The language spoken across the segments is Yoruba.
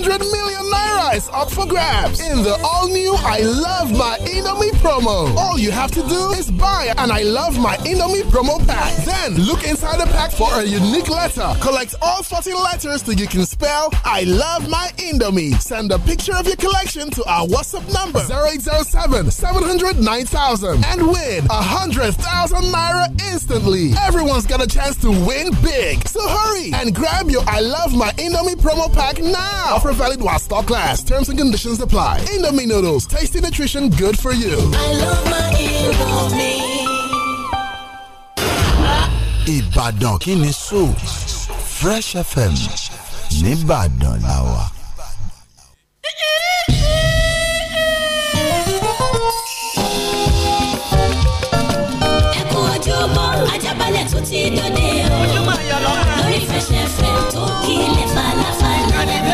100 million is up for grabs in the all new I Love My Indomie promo. All you have to do is buy an I Love My Indomie promo pack. Then look inside the pack for a unique letter. Collect all 14 letters till you can spell I Love My Indomie. Send a picture of your collection to our WhatsApp number 0807 700 9000 and win 100,000 Naira instantly. Everyone's got a chance to win big. So hurry and grab your I Love My Indomie promo pack now. Offer valid while stock lasts. Terms and conditions apply. Indomie noodles, tasty nutrition, good for you. I love my Indomie. Ìbàdàn kí ni so Fresh FM nìbàdàn làwà. ẹkún ojúbọ ajábalẹ̀ tó ti dòde o lórí Fresh FM tó kílẹ̀ falafala.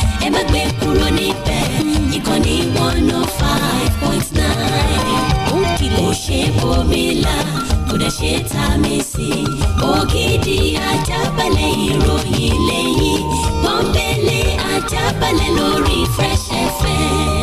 ẹ má gbé kúrò níbẹ̀ ìkànnì one oh five point nine. ó kìlẹ̀ ó ṣe bomi la kò dẹ̀ ṣe ta mi sí. ògidì ajábalẹ̀ ìròyìn lẹ́yìn pọ́npẹ́lẹ́ ajábalẹ̀ lórí Fresh FM.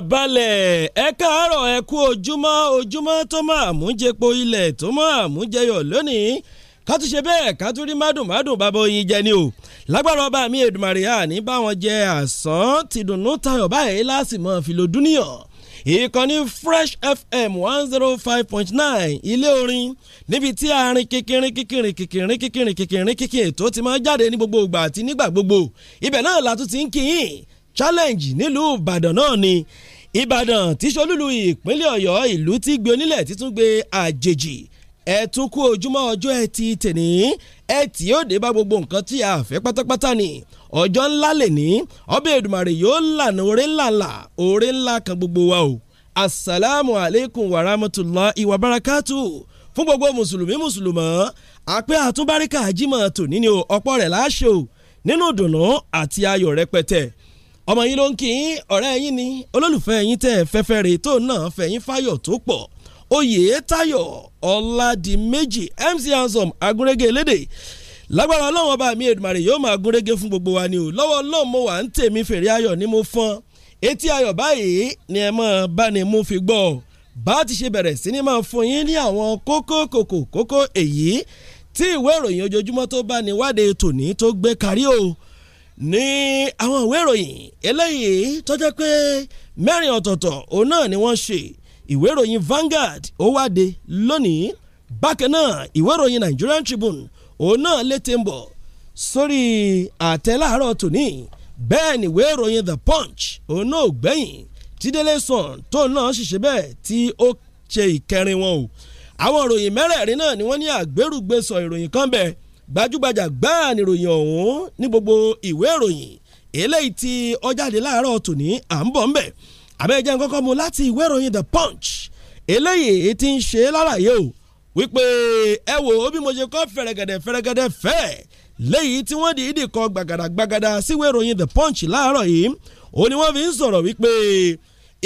balẹ̀ ẹ káàárọ̀ ẹ kú ojúmọ́ ojúmọ́ tó máa mú jẹpo ilẹ̀ tó máa mú jẹyọ̀ lónìí ká bẹ́ẹ̀ ká mádùnmádùn bàbá oyin jẹ ni o lágbára ọba mi Èdùmàrè àní bá jẹ àsán tìdùnnú tayọ̀ báyìí lásìmọ̀ fìlòdúníyàn ìkànnì fresh fm one zero five point nine ilé orin níbi tí àárín kékeré kékeré kékeré kékeré kékeré kékeré tó ti máa jáde ní gbogbo ìgbà àti nígbà gbogbo ibẹ̀ náà la ń kíyìn challenge nílùú ìbàdàn náà ni ìbàdàn tíṣolúlu ìpínlẹ̀ ọ̀yọ́ ìlú tí gbé onílẹ̀ títún gbé àjèjì ẹ̀tún kú ojúmọ́ ọjọ́ ẹtì tèní ẹtì yóò dé bá gbogbo nǹkan tí a fẹ́ pátápátá ni ọjọ́ ńlá lè ní ọbẹ̀ èdùmàrè yóò lànà oore ńlá ńlá oore ńlá kan gbogbo wa o asalaamu aleykum wa rahmatulahi wa barakatu fún gbogbo mùsùlùmí mùsùlùmọ́ àpẹ́ àtúbáríkà ajímọ̀ tòní ni ọ̀pọ̀ rẹ̀ láṣẹ o nínú ìdùnnú àti ayọ̀ rẹpẹtẹ ọmọ yín ló ń kí yín ọ̀rẹ́ yín ni olólùfẹ́ yín tẹ̀ fẹ́fẹ́ rè tó náà fẹ̀yìn fáyọ̀ tó pọ̀ Oyètáyọ̀ Ọládìméjì MC Ansom agúnrégé elédè lágbára ọlọ́run ọba mi Èdùmàrè yóò máa gúnrégé fún gbogbo wa ni o lọ́wọ́ ọlọ́run mo wà ń tèmi fèrè ayọ̀ ni mo fọ́n etí ayọ̀ báyìí ni ẹ mọ̀ bá ni mo fi gbọ́ ọ bá ti ṣe bẹ̀rẹ̀ sí ni máa fún yín ní àwọn kókó kòkó kókó èyí tí ìwé ìròyìn ojoojúmọ́ tó bá ní wádìí tòní tó gbé kárí o ní àwọn ìwé ìròyìn eléyìí tó jẹ́ pé mẹ́rin ọ̀tọ̀ọ̀tọ̀ òun náà ni wọ́n ṣe ìwé ìròyìn Vanguard ó wáde lónìí bákan náà ìwé ìròyìn Nigerian Tribune òun náà létí ń bọ̀ sórí àtẹ tòní bẹ́ẹ̀ ni ìwé ìròyìn The Punch òun náà ò gbẹ̀yìn tídélé sàn tóun náà ṣiṣẹ́ bẹ́ẹ̀ tí ó ṣe ìkẹrin wọn o àwọn ìròyìn mẹ́rẹ̀ẹ̀rin náà ni wọ́n ní àgbérùgbésọ ìròyìn kan bẹ́ẹ̀ gbajúgbajà gbáà níròyìn ọ̀hún ní gbogbo ìwé ìròyìn eléyìí tí ó jáde láàárọ̀ tòní à ń bọ̀ ń bẹ̀ àbẹ́jẹ́ ń kọ́kọ́ mu láti ìwé ìròyìn The Punch eléyìí tí ń ṣe lálàyé o wípé ẹ wò ó bí mo ṣe kọ́ fẹ̀rẹ̀gẹ̀dẹ̀ fẹ̀rẹ̀gẹ̀dẹ̀ fẹ́ẹ̀ léyìí tí wọ́n dìídì kọ gbàgàdàgbàgàdà síwé ìròyìn The Punch láàárọ̀ yìí ó ní wọ́n fi ń sọ̀rọ̀ wípé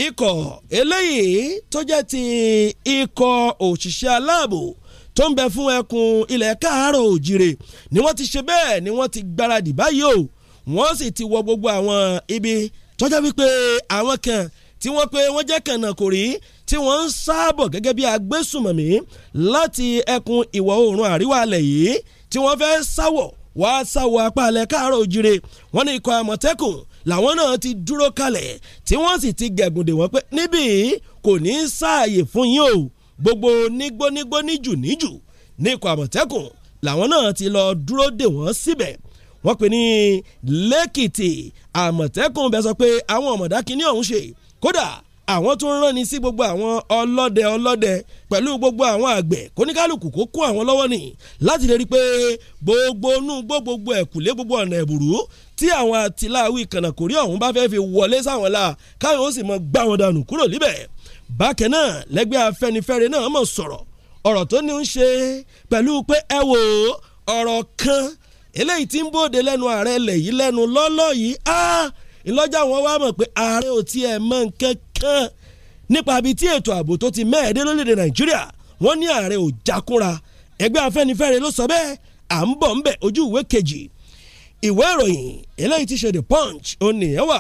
ikọ̀ eléyìí tó jẹ́ ti ikọ̀ òṣìṣẹ́ aláàbò tó ń bẹ fún ẹkùn ilẹ̀ káàárọ̀ òjìrè ni wọ́n ti ṣe bẹ́ẹ̀ ni wọ́n ti gbáradì báyìí o wọ́n sì ti wọ gbogbo àwọn ibi tọ́jà wípé àwọn kan tí wọ́n pé wọ́n jẹ́ kànáà kò rí tí wọ́n ń sáàbọ̀ gẹ́gẹ́ bí agbésùmọ̀mí láti ẹkùn ìwọ̀ oòrùn àríwá alẹ̀ yìí tí wọ́n fẹ́ sáwọ̀ wá sáwọ̀ apá alẹ́ káàárọ̀ òjìrè wọ́n ní ikọ̀ àmọ̀tẹ́kùn làwọn náà ti dúró kalẹ̀ tí wọ́n sì ti gẹ̀gùn dè wọ́n pé níbí kò ní sáàyè fún yín o gbogbo nígbónígbó níjù níjù ní ikọ̀ àmọ̀tẹ́kùn làwọn náà ti lọ dúró dè wọ́n síbẹ̀ wọ́n pè ní lẹ́kìtì àmọ̀tẹ́kùn bẹ́ẹ̀ sọ pé àwọn ọ̀mọ̀dá kìíní ọ̀hún ṣe kódà àwọn tó ń rán ni sí gbogbo àwọn ọlọ́dẹ ọlọ́dẹ pẹ̀lú gbogbo àwọn àgbẹ̀ kóníkálukú kó kún àwọn lọ́wọ́ ni láti lè rí i pé gbogbo inú gbogbo ẹ̀kúlé gbogbo ọ̀nà ẹ̀bùrú tí àwọn àtìláwí kànáà ọ̀hún bá fẹ́ fi wọlé sáwọn la káwọn ó sì mọ gbá wọn dànù kúrò níbẹ̀ bákan náà lẹ́gbẹ́ afẹ́nifẹ́re náà mọ̀ sọ̀rọ̀ ọ̀rọ̀ tó ní ń ṣe pẹ̀lú pé ẹ wò ó ọ̀rọ̀ kan eléyìí tí ń bòde lẹ́nu ààrẹ ilẹ̀ yìí lẹ́nu lọ́lọ́ yìí á ìlọ́jà wọn wá mọ̀ pé ààrẹ ò tiẹ̀ mọ nǹkan kan nípa ibi tí ètò ààbò tó ti mẹ́ẹ̀ẹ́dẹ́ lórílẹ̀‐èdè nàìjíríà wọ́n ní ààrẹ ò jákúnra ẹgbẹ́ afẹ́nifẹ́re ló sọ bẹ́ẹ̀ à ń bọ̀ ńbẹ̀ ojú ìwé kejì ìwé ìròyìn eléyìí ti ṣe the punch òun nìyẹn wà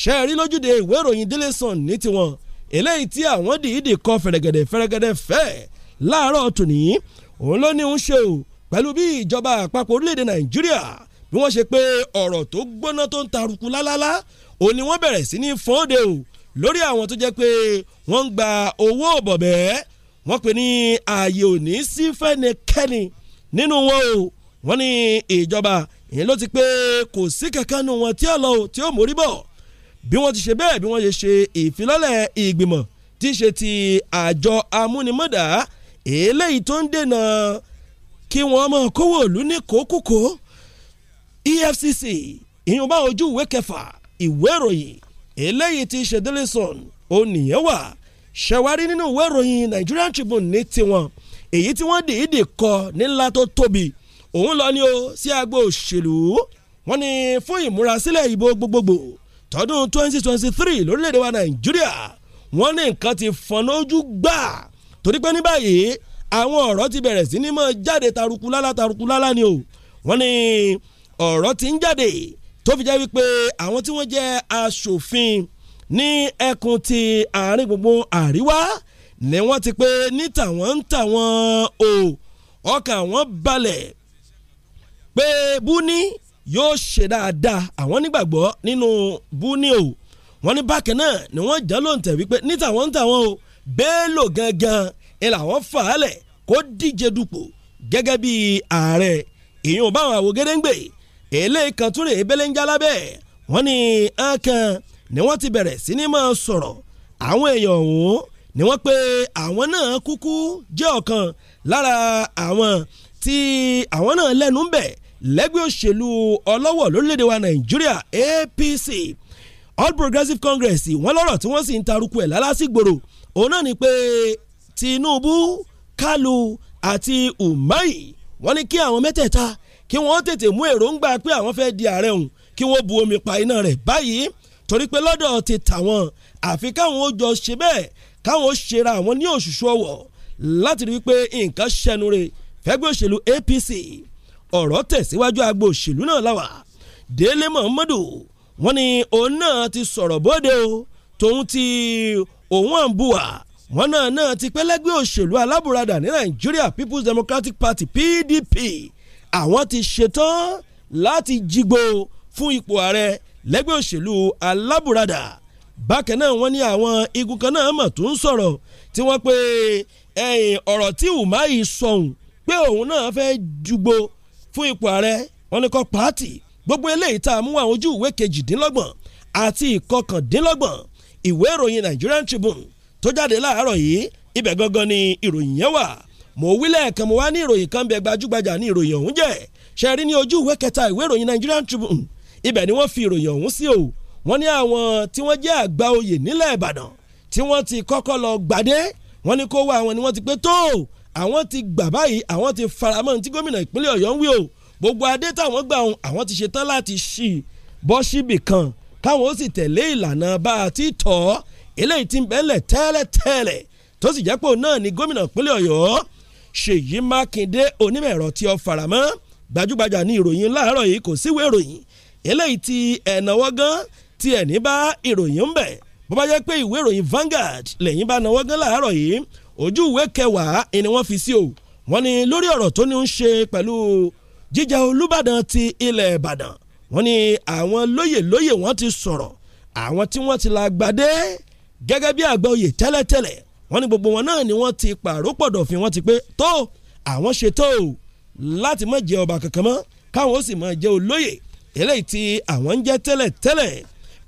ṣẹ́ẹ̀rí lójúde ìwé ìròyìn délé sàn ní tiwọn eléyìí tí àwọn dìídì kọ fẹ̀rẹ̀gẹ̀dẹ̀ fẹ̀rẹ̀gẹ̀dẹ̀ fẹ́ láàárọ̀ tòní òun ló ní ń ṣe o pẹ̀lú bí ìjọba àpapọ̀ orílẹ̀-èdè nàìjíríà bí wọ́n ṣe pé ọ̀rọ̀ tó gbóná tó ń taruku lálálá òun ni wọ́n bẹ̀rẹ̀ sí ní fọ́ọ̀dẹ̀ o lórí àwọn tó jẹ́ pé wọ́n ń gba owó bọ̀bẹ́ wọ́n pè ní ààyè òní sí fẹ́nikẹ́ni nínú wọn o wọ́n ní ìjọba ìyẹn ló ti pé kò sí kankan nù wọn tí ó lọ tí ó mórí bọ̀ bí wọ́n ti ṣe bẹ́ẹ̀ bí wọ́n ṣe ṣe ìfilọ́lẹ̀ ìgbìmọ̀ tí ṣe ti àjọ amúnimọ́dà eléyìí tó ń dènà kí wọ́n mọ̀ kówó ìlú ní kókókó EFCC ìyún bá ojú ìwé kẹfà ìwé ìròyìn eléyìí ti ṣe Daily Sun wà ṣẹwárí nínú ìwé ìròyìn Nigerian Tribune ní tiwọn èyí tí wọ́n dìídì kọ nílá tó tóbi òun lọ ni ó sí agbo òṣèlú wọ́n ní fún ìmúrasílẹ̀ ìbò gbogbogbò tọdún twenty twenty three lórílẹ̀‐èdè wa nàìjíríà wọ́n ní nǹkan ti fọ́n lójú gbà torí pé ní báyìí àwọn ọ̀rọ̀ ti bẹ̀rẹ̀ sí ní máa jáde taruku lálá taruku lálá ni o wọ́n ní ọ̀rọ̀ ti ń jáde tó fi jẹ́ wípé àwọn tí wọ́n jẹ́ aṣòfin ní ẹkùn ti àárín gbùngbùn àríwá ni wọ́n ti pé ní tàwọn ń tàwọn o ọkàn wọn balẹ̀ pé bú ní yóò ṣe dáadáa àwọn nígbàgbọ́ nínú buni o wọ́n ní bákan náà ni wọ́n jẹ́ ló ń tẹ̀ wípé ní tàwọn ń tàwọn o Bello gangan ni làwọn fà á lẹ̀ kó díje dupò gẹ́gẹ́ bí ààrẹ ìyún báwọn àwògedengbe eléyìí kan tún rè é belenja lábẹ́ wọ́n ní ọ̀kan ni wọ́n ti bẹ̀rẹ̀ sí ní máa sọ̀rọ̀ àwọn èèyàn ọ̀hún ni wọ́n pe àwọn náà kúkú jẹ́ ọ̀kan lára àwọn tí àwọn náà lẹ́nu ń lẹ́gbẹ́ òṣèlú ọlọ́wọ̀ lórílẹ̀‐èdè wa nàìjíríà APC All Progressives Congress wọ́n lọ́rọ̀ tí wọ́n sì ń tarúkú ẹ̀ lálásìgbòrò òun náà ni pé Tinubu Kalu àti Umahi wọ́n ní kí àwọn mẹ́tẹ̀ẹ̀ta kí wọ́n tètè mú èròǹgbà pé àwọn fẹ́ di ààrẹ òun kí wọ́n bu omi pa iná rẹ̀ báyìí torí pé lọ́dọ̀ ti tàwọn àfi káwọn ó jọ ṣe bẹ́ẹ̀ káwọn ó ṣera àwọn ní òṣùṣù ọwọ̀ láti rí i pé nǹkan ṣẹnu re fẹ́gbẹ́ òṣèlú APC ọ̀rọ̀ tẹ̀síwájú agbo òṣèlú náà láwà Délé Momodu wọ́n ní òun náà ti sọ̀rọ̀ bóde o tòun ti òun àǹbùwà wọ́n náà náà ti pẹ́lẹ́gbẹ́ òṣèlú alábùradà ní Nigeria People's Democratic Party PDP àwọn ti ṣetán láti jígbó fún ipò ààrẹ lẹ́gbẹ́ òṣèlú alábùradà bákan náà wọ́n ní àwọn igun kan náà mọ̀ tó ń sọ̀rọ̀ tí wọ́n pe ọ̀rọ̀ tí Umahi sọ̀hún pé òun náà fẹ́ jùgbó fún ipò ààrẹ wọn ní kọ́ pàátì gbogbo eléyìí tá a mú àwọn ojú ìwé kejìdínlọ́gbọ̀n àti ìkọkàndínlọ́gbọ̀n ìwé ìròyìn Nigerian Tribune tó jáde láàárọ̀ yìí ibẹ̀ gangan ni ìròyìn yẹn wà mò ń wí lẹ́ẹ̀kan mo wá ní ìròyìn kan bẹ gbajúgbajà ní ìròyìn ọ̀hún jẹ́ ṣe rí ní ojú ìwé kẹta ìwé ìròyìn Nigerian Tribune ibẹ̀ ni wọ́n fi ìròyìn ọ̀hún sí o wọ́n ní àwọn tí wọ́n jẹ́ àgbà oyè nílẹ̀ Ìbàdàn tí wọ́n ti kọ́kọ́ lọ gbadé wọ́n ní kó wá àwọn ni wọ́n ti pé tó àwọn ti gbà báyìí àwọn ti faramọ́ tí gómìnà ìpínlẹ̀ ọ̀yọ́ ń wí o gbogbo adé táwọn gbà ohun àwọn ti ṣetán láti ṣì bọ́ síbì kan káwọn ó sì tẹ̀lé ìlànà bá a ti tọ̀ ọ́ eléyìí ti ń bẹ́lẹ̀ tẹ́lẹ̀tẹ́lẹ̀ tó sì jẹ́ pé òun náà ni gómìnà ìpínlẹ̀ ọ̀yọ́ ṣèyí mákindé onímọ̀-ẹ̀rọ tí ó faramọ́ gbajúgbajà ní ìròyìn láàárọ̀ yìí kò síwèé ìròyìn eléyìí ti ẹ̀nàwọ́ gan ti ẹ̀ní bá ìròyìn ń bẹ̀ bó bá jẹ́ pé ìwé ìròyìn Vanguard lẹ́yìn bá náwó gan láàárọ̀ yìí ojú ìwé kẹwàá ni wọ́n fi sí o wọ́n ní lórí ọ̀rọ̀ tó ní ń ṣe pẹ̀lú jíjà Olúbàdàn ti ilẹ̀ Ìbàdàn wọ́n ní àwọn lóyè lóyè wọ́n ti sọ̀rọ̀ àwọn tí wọ́n ti la gbadé gẹ́gẹ́ bí àgbà oyè tẹ́lẹ̀tẹ́lẹ̀ wọ́n ní gbogbo wọn náà ni wọ́n ti pàrópọ̀dọ̀ fi wọ́n ti pé tó àwọn ṣe tó o láti má jẹ ọba kankan mọ́ káwọn ó sì má jẹ olóyè eléyìí tí àwọn ń jẹ tẹ́lẹ̀tẹ́lẹ̀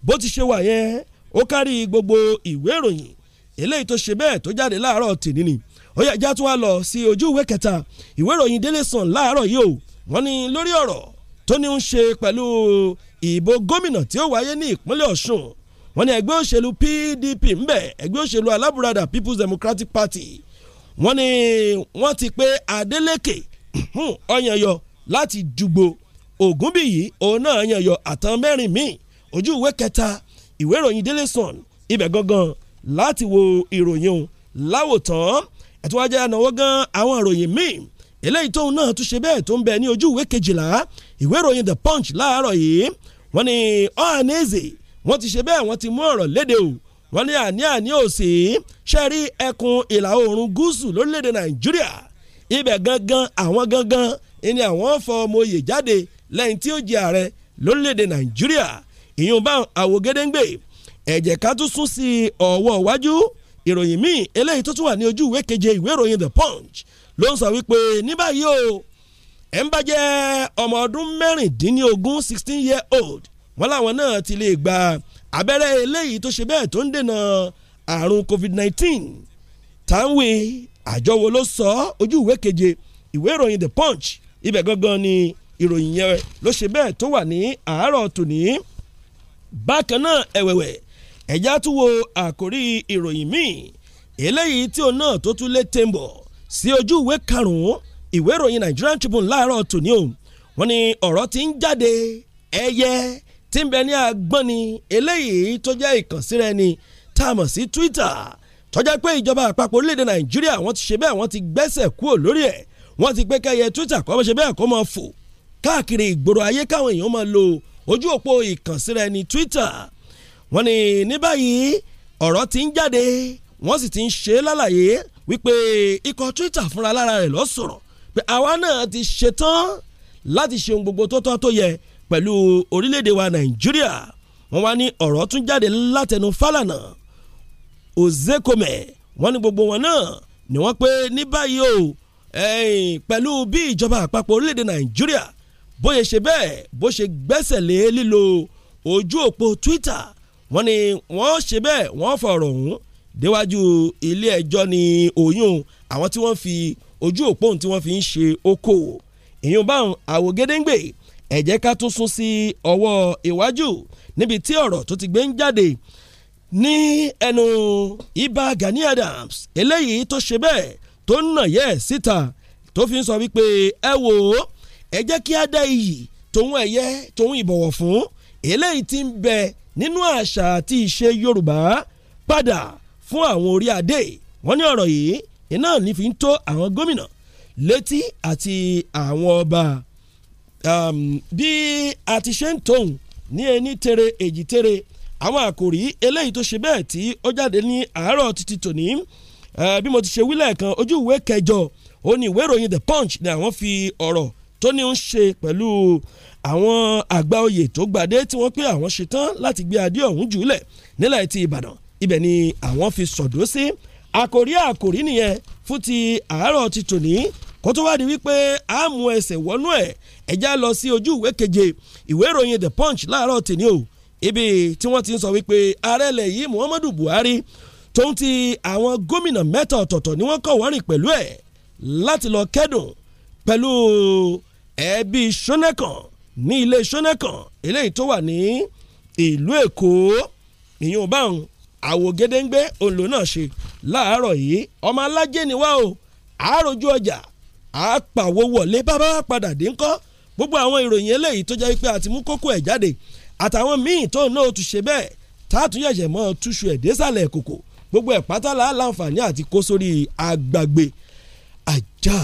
bó ti ṣe wà yẹn ó kárí gbogbo ìwé ìròyìn eléyìí tó ṣe bẹ́ẹ̀ tó jáde láàárọ̀ tèmi ni ó yẹ já tún wá lọ sí ojú ìwé kẹta ìwé ìròyìn Daily Sun láàárọ̀ yìí o wọ́n ní lórí ọ̀rọ̀ tó ní ń ṣe pẹ̀lú ìbò gómìnà tí ó wáyé ní ìpínlẹ̀ Ọ̀ṣun wọ́n ní ẹgbẹ́ òṣèlú PDP ń bẹ ẹgbẹ́ òṣèlú alábùradà People's Democratic Party wọ́n ní wọ́n ti pé Adeleke ọ̀yànyọ láti dùgbò Ògúnbíyì òun náà yànyọ àtàn mẹ́rin míì ojú ìwé kẹta ìwé ìròyìn Daily Sun ibẹ̀ gangan láti wo ìròyìn òun láwòtán ẹ̀tí wọ́n jẹ́ ànáwó gan àwọn ìròyìn míì eléyìí tóun náà tún ṣe bẹ́ẹ̀ tó ń bẹ ní ojú ìwé kejìlá ìwé ìròyìn the punch láàárọ̀ yìí wọ́n ní Ohanaeze wọ́n ti ṣe bẹ́ẹ̀ wọ́n ti mú ọ̀rọ̀ léde o wọ́n ní àní àní òsì ṣẹ́rí ẹkùn ìlà oòrùn gúúsù lórílẹ̀‐èdè Nàìjíríà ibẹ̀ gangan àwọn gangan ni àwọn fọ ọmọ jáde lẹ́yìn tí ó jẹ ààrẹ lórílẹ̀‐èdè Nàìjíríà ìyọ̀nba àwògedengbe ẹ̀jẹ̀ ká tún sún sí ọ̀wọ́ iwájú ìròyìn míì eléyìí tó tún wà ní ojú ìwé keje ìwé ìròyìn The Punch ló ń sọ wípé ní báyìí o ẹ̀ ń bá jẹ́ ọmọ ọdún mẹ́rìndínlógún sixteen year old wọ́n láwọn náà ti lè gba abẹ́rẹ́ eléyìí tó ṣe bẹ́ẹ̀ tó ń dènà àrùn covid nineteen. táwọn àjọ wo ló sọ ojú ìwé keje ìwé ìròyìn The Punch ibẹ̀ gangan ni ìròyìn yẹn ló ṣe bẹ́ẹ̀ tó wà ní àárọ̀ tòní bákan náà ẹ̀wẹ̀wẹ̀ ẹ̀já tún wo àkórí ìròyìn míì eléyìí tí òun náà tó tún lé tèmbọ̀ sí ojú ìwé karùn-ún ìwé ìròyìn Nigerian Tribune láàárọ̀ tòní o wọ́n ní ọ̀rọ̀ tí ń jáde ẹyẹ tí ń bẹ ní agbọ́n ni eléyìí tó jẹ́ ìkànsíra ẹni tá a mọ̀ sí Twitter tó jẹ́ pé ìjọba àpapọ̀ orílẹ̀-èdè Nàìjíríà wọ́n ti ṣe bẹ́ẹ̀ wọ́n ti gbẹ́sẹ̀ kúrò lórí ẹ̀ wọ́n ti pé kẹ́yẹ Twitter kọ́ bó ṣe bẹ́ẹ̀ kó máa fò káàkiri ìgboro ayé káwọn èèyàn máa lo ojú òpó ìkànsíra ẹni Twitter wọ́n ní ní báyìí ọ̀rọ̀ ti ń jáde wọ́n sì ti ń ṣe lálàyé wípé ikọ̀ Twitter fúnra lára rẹ̀ ló sọ̀rọ̀ pé àwa náà ti ṣetán láti ṣe ohun gbogbo tó tọ́ tó yẹ pẹ̀lú orílẹ̀-èdè wa Nàìjíríà wọ́n wá ní ọ̀rọ̀ tún jáde látẹnu Fálànà Ozekome wọ́n ní gbogbo wọn náà ni wọ́n pé ní báyìí o pẹ̀lú bí ìjọba àpapọ̀ orílẹ̀-èdè Nàìjíríà bó ṣe bẹ́ẹ̀ bó ṣe gbẹ́sẹ̀ lé lílo ojú òpó Twitter wọ́n ní wọ́n ṣe bẹ́ẹ̀ wọ́n fọ̀rọ̀ ọ̀hún déwájú ilé ẹjọ́ ní oyún àwọn tí wọ́n fi ojú òpóhùn tí wọ́n fi ń ṣe okòwò ìyún báwọn àwògedengbe ẹ ká tún sún sí ọwọ́ iwájú níbi tí ọ̀rọ̀ tó ti gbé ń jáde ní ẹnu Ìbà Gani Adams eléyìí tó ṣe bẹ́ẹ̀ tó ń nà yẹ́ síta tó fi ń sọ wípé ẹ wò ó ẹ jẹ́ kí á dá iyì tòun ẹ̀yẹ tòun ìbọ̀wọ̀ fún eléyìí tí ń bẹ nínú àṣà àti ìṣe Yorùbá padà fún àwọn orí adé wọ́n ní ọ̀rọ̀ yìí iná ní fi ń tó àwọn gómìnà létí àti àwọn ọba bí a ti ṣe ń tóun ní ẹni tere èjì tere àwọn àkòrí eléyìí tó ṣe bẹ́ẹ̀ tí ó jáde ní àárọ̀ títí tòní bí mo ti ṣe wílẹ̀ kan ojú ìwé kẹjọ ó ní ìwé ìròyìn The Punch ni àwọn fi ọ̀rọ̀ tó ní ń ṣe pẹ̀lú àwọn àgbà oyè tó gbadé tí wọ́n pé àwọn ṣetán láti gbé adé ọ̀hún jùlẹ̀ nílẹ̀ ti Ìbàdàn ibẹ̀ ni àwọn fi sọ̀dọ́ sí àkòrí àkòrí nìyẹn fún ti àárọ̀ ti tòní kó tó wá di wípé a mú ẹsẹ̀ wọnú ẹ̀ ẹ̀já lọ sí ojú ìwé keje ìwé ìròyìn The Punch láàárọ̀ tèmi o ibi tí wọ́n ti ń sọ wípé arẹ́lẹ̀ yìí Muhammadu Buhari tóun ti àwọn gómìnà mẹ́ta ọ̀tọ̀ọ̀tọ̀ ni wọ́n kọ̀ wọ́n pẹ̀lú ẹ̀ láti lọ kẹ́dùn pẹ̀lú ẹbí ṣọ́nẹ́kàn ní ilé Ṣónẹ́kàn eléyìí tó wà ní ìlú Èkó ìyún báwọn àwògedengbe òǹlò náà ṣe láàárọ̀ yìí ọmọ alájẹ ni wá o àárọ̀jú ọjà àpàwọ̀ wọlé bábá padà dé ńkọ́ gbogbo àwọn ìròyìn eléyìí tó jẹ́ pé àti mú kókó ẹ̀ jáde àtàwọn míì tó náà tún ṣe bẹ́ẹ̀ tààtúnyẹ̀ṣẹ̀ mọ́ túṣu ẹ̀ désàlẹ̀ kòkò gbogbo ẹ̀ pátá làá láǹfààní àti kó sórí àgbàgbé ajá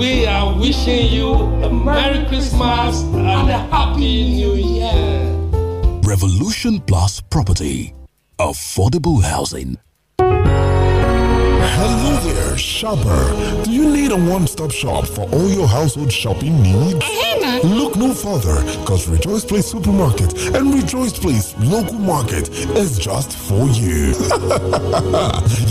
we are wishing you a Merry Christmas and a Happy New Year. Revolution Plus Property. Affordable housing. Hello there, shopper. Do you need a one-stop shop for all your household shopping needs? Look no further, because Rejoice Place Supermarket and Rejoice Place Local Market is just for you.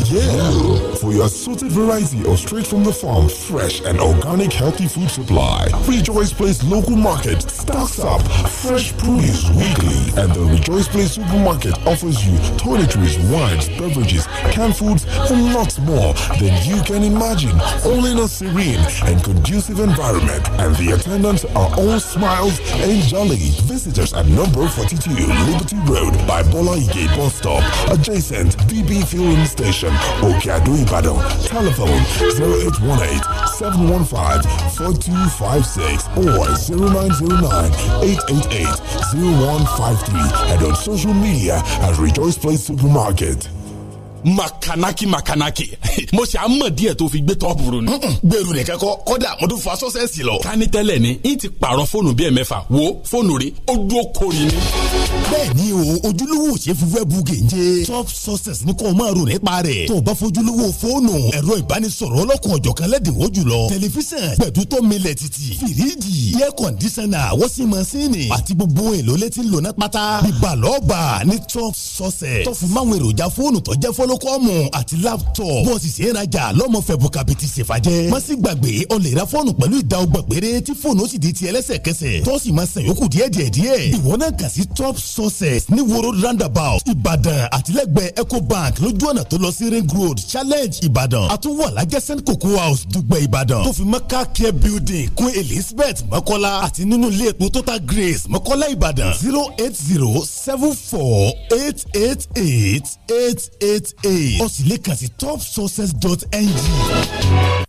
yeah, for your assorted variety of straight from the farm, fresh and organic healthy food supply. Rejoice Place Local Market stocks up fresh produce weekly, and the Rejoice Place Supermarket offers you toiletries, wines, beverages, canned foods, and lots more more than you can imagine, all in a serene and conducive environment. And the attendants are all smiles and jolly. Visitors at number 42 Liberty Road by Bola Ige bus stop, adjacent DB fueling station, Okeado Ibadan. Telephone 0818 715 4256 or 0909 888 0153 and on social media at Rejoice Place Supermarket. makanaki makanaki mo ṣe àmọ̀ díẹ̀ tó fi gbé tọ́pù rò ni. gbèrú nìkan kọ kọ́dà mo tún fa sọ́sẹ̀sì lọ. ká ní tẹ́lẹ̀ ni n ti pààrọ̀ fóònù bíi ẹ̀mẹ́fà wo fóònù rí ó dúró kori ni. bẹ́ẹ̀ni o ojúlówó ṣe fi wẹ́ẹ̀bù gèje top success ni kò máa rò nípa rẹ̀ tó o bá fojúlówó fóònù ẹ̀rọ ìbánisọ̀rọ̀ ọlọ́kùn ọ̀jọ̀kan lẹ́dínwó jùlọ tẹlifíṣàn gbẹ̀dútọ́ milẹ̀ títì fìríjì air conditioner wọ́sí masínì àti gbogbo èlò létí lónà pátá ìbàlọ́ọ̀bà ní top success tó fi máwọn èròjà fóònù tó jẹ́ fọ́l kọ́lọ́kọ́mù àti laptop bọ́ọ̀sì sì ń rajà lọ́mọ fẹ́ bùkàbìtì ṣèfàjẹ́ má sì gbàgbé ọ lè ra fọ́ọ̀nù pẹ̀lú ìdá ọgbà péré tí fóònù ó sì di tiẹ̀ lẹ́sẹ̀kẹsẹ̀ tó sì máa san yòókù díẹ̀ díẹ̀ díẹ̀ ìwọ náà kà sí top sources ní woro roundabout ìbàdàn àtìlẹ́gbẹ̀ẹ́ ecobank lójú ọ̀nà tó lọ sí ring road challenge ìbàdàn àtúwọ̀ alájẹsẹ́ni cocoa house dùgbẹ̀ ìbàdàn tó fi mọ́ care building kún elizabeth mọ́kọ́lá àti nínú ilé epo total grace mọ́kọ́lá ìbàdàn zero eight zero seven four eight eight eight eight eight eight o sì lè kàn sí topsources.ng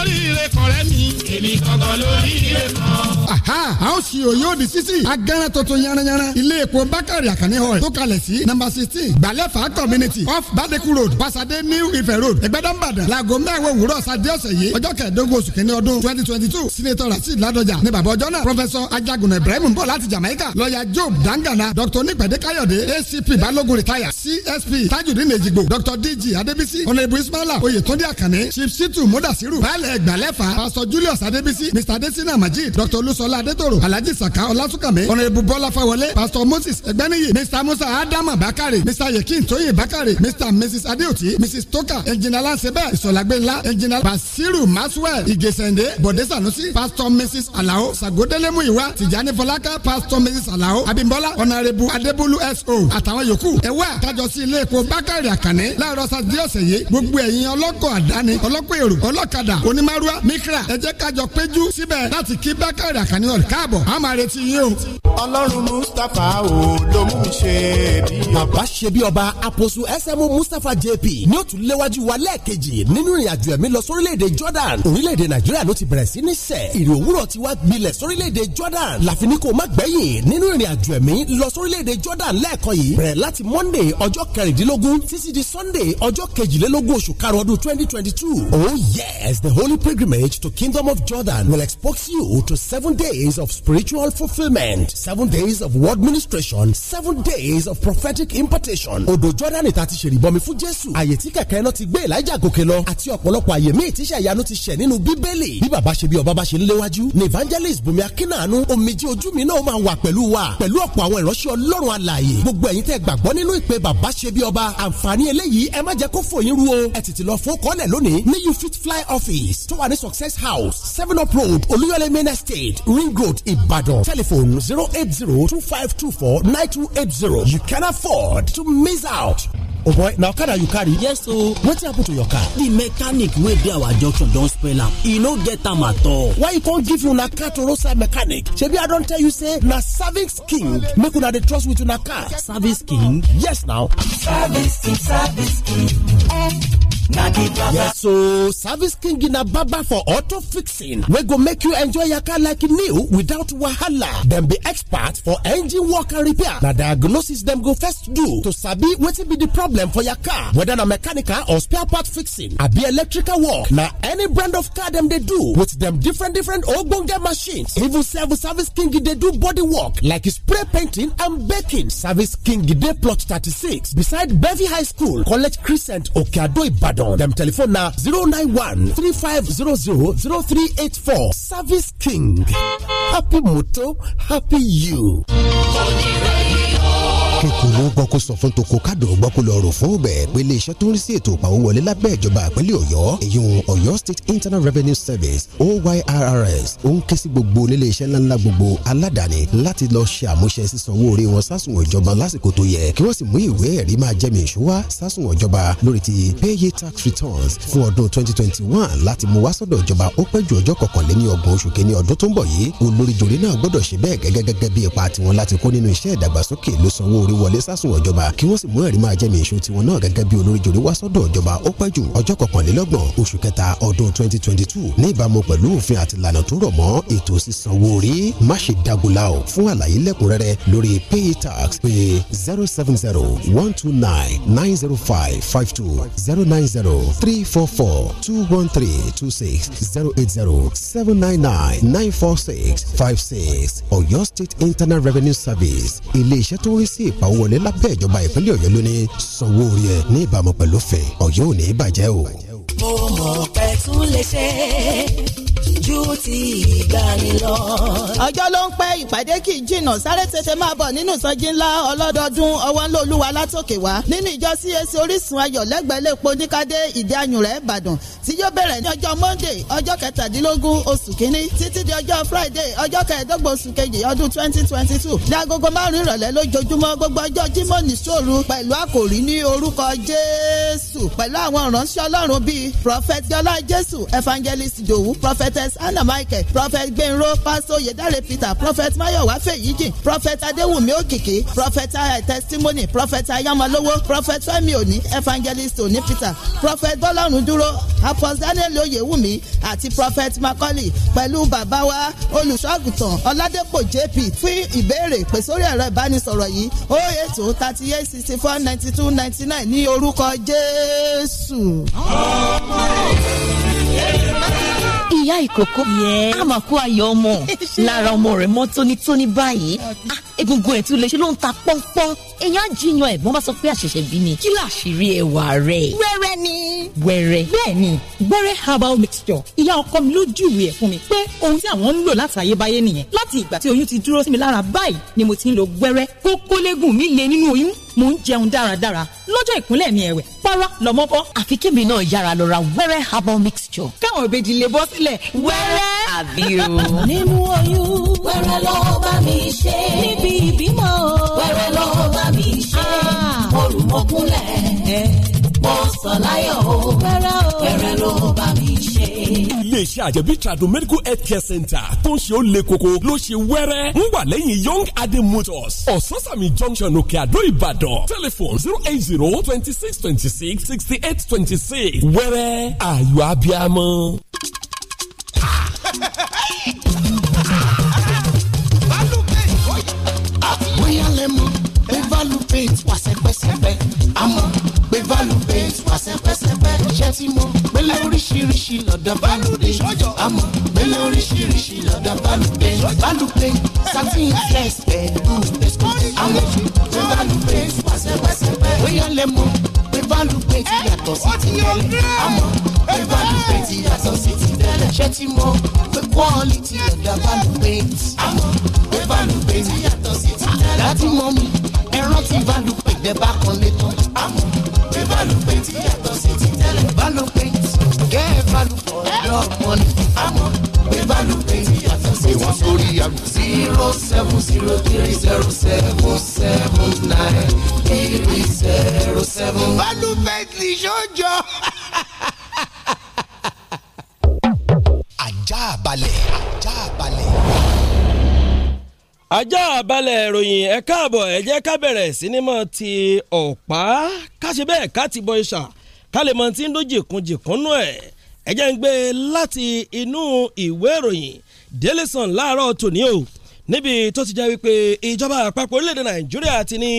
oríire kan mi. èmi gangan lóríire kan. aha a ó ṣí òye òdì sísì. agẹ́rẹ́ tuntun yanranyanran. ilé epo bákàrẹ̀ àkànní hall. tó kalẹ̀ sí nọ́mbà sixteen gbalẹ́fà community off badeku road pasade new ife road ẹgbẹ́dàmbàdàn. laago mẹ́wàá òwúrọ̀ sadi ọ̀sẹ̀ yìí. ọjọ́ kẹẹ̀dógún oṣù kìíní ọdún twenty twenty two senator rasheed ladoja ni bàbá ọjọ́ náà. professor ajagun ibrahim ń bọ̀ láti jamaica. lọ́ọ̀yà job dangana Doctor nípẹ̀dé káyọ̀dé acp balógun retire csp tajudeen ejigbo Doctor dg adebisi honorable ismaila oyetunde akane chief situ mudasiru baálẹ̀ baálẹ̀ ìgbàlẹ́fà pastor julius adébísí mr adesina majid dr olúṣọlá Adetoro, alhaji saka ọlásùnkànmí honorable bọ́lá fáwọlé pastor moses ẹgbẹ́niyì mr musa adama Bakari, mr yekin Toye Bakari, mr and mrs adeoti mrs toka engineer lansebe ìsọ̀làgbẹ́ńlá engineer basiru maxwell ìgèsèǹdé bọ̀dé sanusi pastor mrs alao sagodelemu Iwa, Tijani fọlákà pastor mrs alao abimbola honorable Adebulu so àtàwọn yòókù ẹ wá kájọ sí ilé epo bakare àkànní láàárọ̀ sátidé ọ̀sẹ̀ yìí gbogbo ẹ̀yin ọlọ́kọ̀ àdáni ọlọ́kọ̀ èrò ọlọ́kadà ò onímàrúwá mikra ẹ jẹ́ kájọ péjú síbẹ̀ láti kí bákàrẹ àkànní ọ̀rẹ́ káàbọ̀ a máa retí yín o. ọlọ́run mustapha o ló mú mi ṣe bí ọba. bàbá ṣe bí ọba àpòsù ẹsẹmú mustapha jp ní ó tún léwájú wa lẹ́ẹ̀kejì nínú ìrìnàjò ẹ̀mí lọ sórílẹ̀-èdè jordan orílẹ̀-èdè nàìjíríà ló ti bẹ̀rẹ̀ sí ní sẹ̀ ìrìn òwúrọ̀ ti wá gbilẹ̀ sórílẹ̀-èdè jordan láfi ní kó má gbẹ̀yìn nínú ìrìnàjò ẹ̀mí lọ sórílẹ̀-èdè jordan lẹ́ẹ̀kan yìí bẹ̀rẹ̀ láti monday ọjọ́ kẹrìndínlógún títí di sunday ọjọ́ kejìlélógún oṣù karùn-ún ọdún twenty twenty two oh yes the holy pilgrimage to Kingdom of Jordan will expose you to seven days of spiritual fulfillment, seven days of word ministration, seven days of prophetic impartation. Odo Jordan ta ti ṣèrìbọmi fu Jésù. Àyè tí kẹ̀kẹ́ náà ti gbé Elijah gòkè lọ àti ọ̀pọ̀lọpọ̀ àyè míì tíṣà ìyanu ti ṣẹ̀ nínú Bíbélì. Bí bàbá ṣe bí ọba bá ṣe ń léwájú ni evangelist Bùnmi Akínàánú omijì ojú mi náà máa wà pẹ̀lú wa pẹ̀lú ọ̀pọ̀ àwọn ìránṣẹ́ Ọlọ́run alààyè. Gbogbo ẹ̀yin tẹ́ gbàgbọ́ nínú ìpè bàbá ṣe bí ọba àǹfààní eléyìí ẹ má jẹ́ kó fòyín ru o. Ẹ tètè lọ fún kọ́lẹ̀ lónìí ní You Fit Fly office office tó success house seven up road olúyọlé main estate ring road ìbàdàn telephone zero eight zero two five two four nine two eight zero you can afford to miss out. Oh boy, now car you carry? Yes o. Wetin happen to your car? The mechanic wey dey our junction don spoil am. E no get am at all. Why you come give una car to roadside mechanic? Shebi I don tell you say na Service King make una dey trust with una car. Service King? Yes now. Service King, Service King. Eh. so service king na Baba for auto fixing we go make you enjoy your car like new without wahala Then be expert for engine work and repair na diagnosis them go first do to sabi wetin be the problem for your car whether na mechanical or spare part fixing be electrical work na any brand of car them they do with them different different ogbonge machines even sef service king they do body work like spray painting and baking service king they plot thirty-six beside bevi high school college crescent okeado ibadan. Ibadan. Dem telephone na zero zero zero zero nine one three five three eight four. Service King. Happy Moto, happy you kókòrò gbọ́ kó sọ fún toko kádò gbọ́ kó lọ rò fún bẹ̀ pé iléeṣẹ́ tó ń rí sí ètò ìpawówọlé lábẹ́ ìjọba àpẹẹlẹ ọ̀yọ́ èyún ọ̀yọ́ state internal revenue service oyrs ó ń ké sí gbogbo oníléeṣẹ́ ńláńlá gbogbo aládàáni láti lọ ṣe àmúṣe sísanwó orí wọn sásùn ìjọba lásìkò tó yẹ kí wọ́n sì mú ìwé ẹ̀rí máa jẹ́mi ìṣúwá sásùn ìjọba lórí ti paye tax returns fún ọdún 2021 láti mú wá sọ́dọ̀ ìjọba ó pẹ́ ju ọjọ́ kọkànléní ọgbọ̀n oṣù kìíní ọdún tó ń bọ̀ yìí olóríjorí náà gbọ́dọ̀ ṣe bẹ́ẹ̀ gẹ́gẹ́ jòrí wọlé sásùn ọ̀jọba kí wọ́n sì mú ẹ̀rí máa jẹ́mi èso tiwọn náà gẹ́gẹ́ bí olórí jòrí wá sọ́dọ̀ ọ̀jọba ó pẹ́ jù ọjọ́ kọkànlélọ́gbọ̀n oṣù kẹta ọdún 2022 ní ìbámu pẹ̀lú òfin àti ìlànà tó rọ̀ mọ́ ètò sísanwó orí má ṣe dagunlá o fún àlàyé lẹ́kùnrẹ́rẹ́ lórí paytax pé 07012990552 09034421326 08079994656 Ọ̀yọ́ State Internal Revenue Service ilé iṣẹ́ tó ń rí sí ìpínlẹ̀ pawó wọlé lábẹ́ ìjọba ìpínlẹ̀ ọ̀yọ́ ló ní sanwó orí ẹ̀ ní ìbámu pẹ̀lú òfin ọ̀yọ́ ò ní í bàjẹ́ o. mo mọ̀ pẹ́ tún lè ṣe ju ti ìgbani lọ. ọjọ́ ló ń pẹ́ ìpàdé kì í jìnnà sáré tètè máa bọ̀ nínú ìsọjí ńlá ọlọ́dọọdún ọwọ́ ńlá olúwa látòkè wá nínú ìjọ CAC orísun ayọ̀ lẹ́gbẹ̀ẹ́ lẹ́po níkadé ìdí ayùn rẹ̀ ìbàdàn tí yóò bẹ̀rẹ̀ ní ọjọ́ monday ọjọ́ kẹtàdínlógún oṣù kínní títí di ọjọ́ friday ọjọ́ kẹẹ̀ẹ́dọ́gbọ̀n oṣù kejì ọdún twenty twenty two ní agogo márùn-ún ìrọ̀lẹ́ lójoojúmọ́ gbogbo ọjọ́ jímọ̀ nìṣòro pẹ̀lú àkòrí ní orúkọ jésù pẹ̀lú àwọn ìránṣẹ́ ọlọ́run bíi prophet yọlá jésù evangelist dòwú prophetess prophetess anna michael prophet gbẹ̀nró pastor yedare peter prophet mayowa fèyíjì prophet adéwùmí òkìkí prophet ayé testimony prophet ayámọlówó prophet fẹ́mi òní evangelist òní peter prophet bọ́lọ́run dúró apostle daniel oyèwùmí àti prophet macaulay pẹ̀lú bàbá wa olùṣọ́àgùtàn ọládẹ́pọ̀ jp fún ìbéèrè pè sórí ẹ̀rọ ìbánisọ̀rọ̀ yìí ó oh ètò oh thirty eight sixty four ninety two ninety nine ní orúkọ jésù. ọmọ ìlú ìyá ìkókó àmàkù ayọ̀ ọmọ lára ọmọ rẹ̀ mọ́ tónítóní báyìí egungun ẹ̀ tún lè ṣe ló ń ta pọ́npọ́n èèyàn jiyàn ẹ̀gbọ́n bá sọ pé àṣẹ̀ṣẹ̀ bí ni kí làṣírí ẹwà rẹ̀. wẹ́rẹ́ ni. wẹ́rẹ́. bẹ́ẹ̀ni wẹ́rẹ́ herbal mixture ìyá ọkọ mi ló júwèé fún mi pé ohun tí àwọn ń lò láti àyébáyé nìyẹn láti ìgbà tí oyún ti dúró sí mi lára báyìí ni mo ti ń lo wẹ́rẹ́ kókólégùn mi lè nínú oyún mo ń jẹun dáradára lọ́jọ́ ìkúnlẹ̀ mi ẹ̀wẹ̀ pọ́rọ́ lọ́mọ bọ́. àfi kébì náà yára lọ ra wẹ́rẹ́ herbal mixture. káwọn ìbejì lè bọ́ sílẹ̀ wẹ́rẹ́. àbí o. nínú oyún wẹ́rẹ́ lọ́ọ́ bá mi ṣe. níbi fọwọ́ kúnlẹ̀ mo sọ o kẹrẹ ló bá mi ṣe. iléeṣẹ́ àjẹbí tradu medical health care center tó ń ṣe ó le koko ló ṣe wẹ́rẹ́ ń wà lẹ́yìn young adé motors ososami junction òkè àdó ìbàdàn telephone zero eight zero twenty six twenty six sixty eight twenty six wẹ́rẹ́ ayọ̀ abiamọ. bóyá lẹ́mọ̀ pé value paint wà sẹ́pẹ́sẹ́pẹ́ fà sẹ́pẹ́sẹ́pẹ́ iṣẹ́ tí mo gbélé oríṣiríṣi lọ́dọ̀ balùdé àmọ́ gbélé oríṣiríṣi lọ́dọ̀ balùdé balùdé satin flex pẹ̀lú àwọn ìṣòro balùdé fà sẹ́pẹ́sẹ́pẹ́ bóyá lẹ mọ̀ pé balùdé ti yàtọ̀ sí ti tẹ́lẹ̀ àmọ́ pé balùdé ti yàtọ̀ sí ti tẹ́lẹ̀ iṣẹ́ tí mo pé quality lọ́dọ̀ balùdé àmọ́ pé balùdé ti yàtọ̀ sí ti tẹ́lẹ̀ láti mọ mi ẹran ti balùdé gbẹ bá kan lé tán àmọ́ balùwẹ̀ tí yàtọ̀ sí ti tẹ́lẹ̀. balùwẹ̀ gẹ́ balùwẹ̀ ọ̀dọ́ mọ́ni. àmọ́ pé balùwẹ̀ tí yàtọ̀ sí ti tẹ́lẹ̀. ìwọ̀n sórí àmì. zero seven zero three zero seven seven nine three zero seven. balùwẹ̀ ti sọ́jọ́. ajá balẹ̀ ajá balẹ̀ ajá balẹ̀ ìròyìn ẹ káàbọ̀ ẹ jẹ́ ká bẹ̀rẹ̀ sinimá ti ọ̀pá káṣe bẹ́ẹ̀ ká ti bọ ìṣà ká lè mọ tí ń dún jìkúnjìkún nù ẹ̀ ẹ jẹ́ ń gbé láti inú ìwé ìròyìn Daily Sun láàárọ̀ tòní o níbi tó ti jẹ́ wípé ìjọba àpapọ̀ orílẹ̀-èdè Nàìjíríà ti ní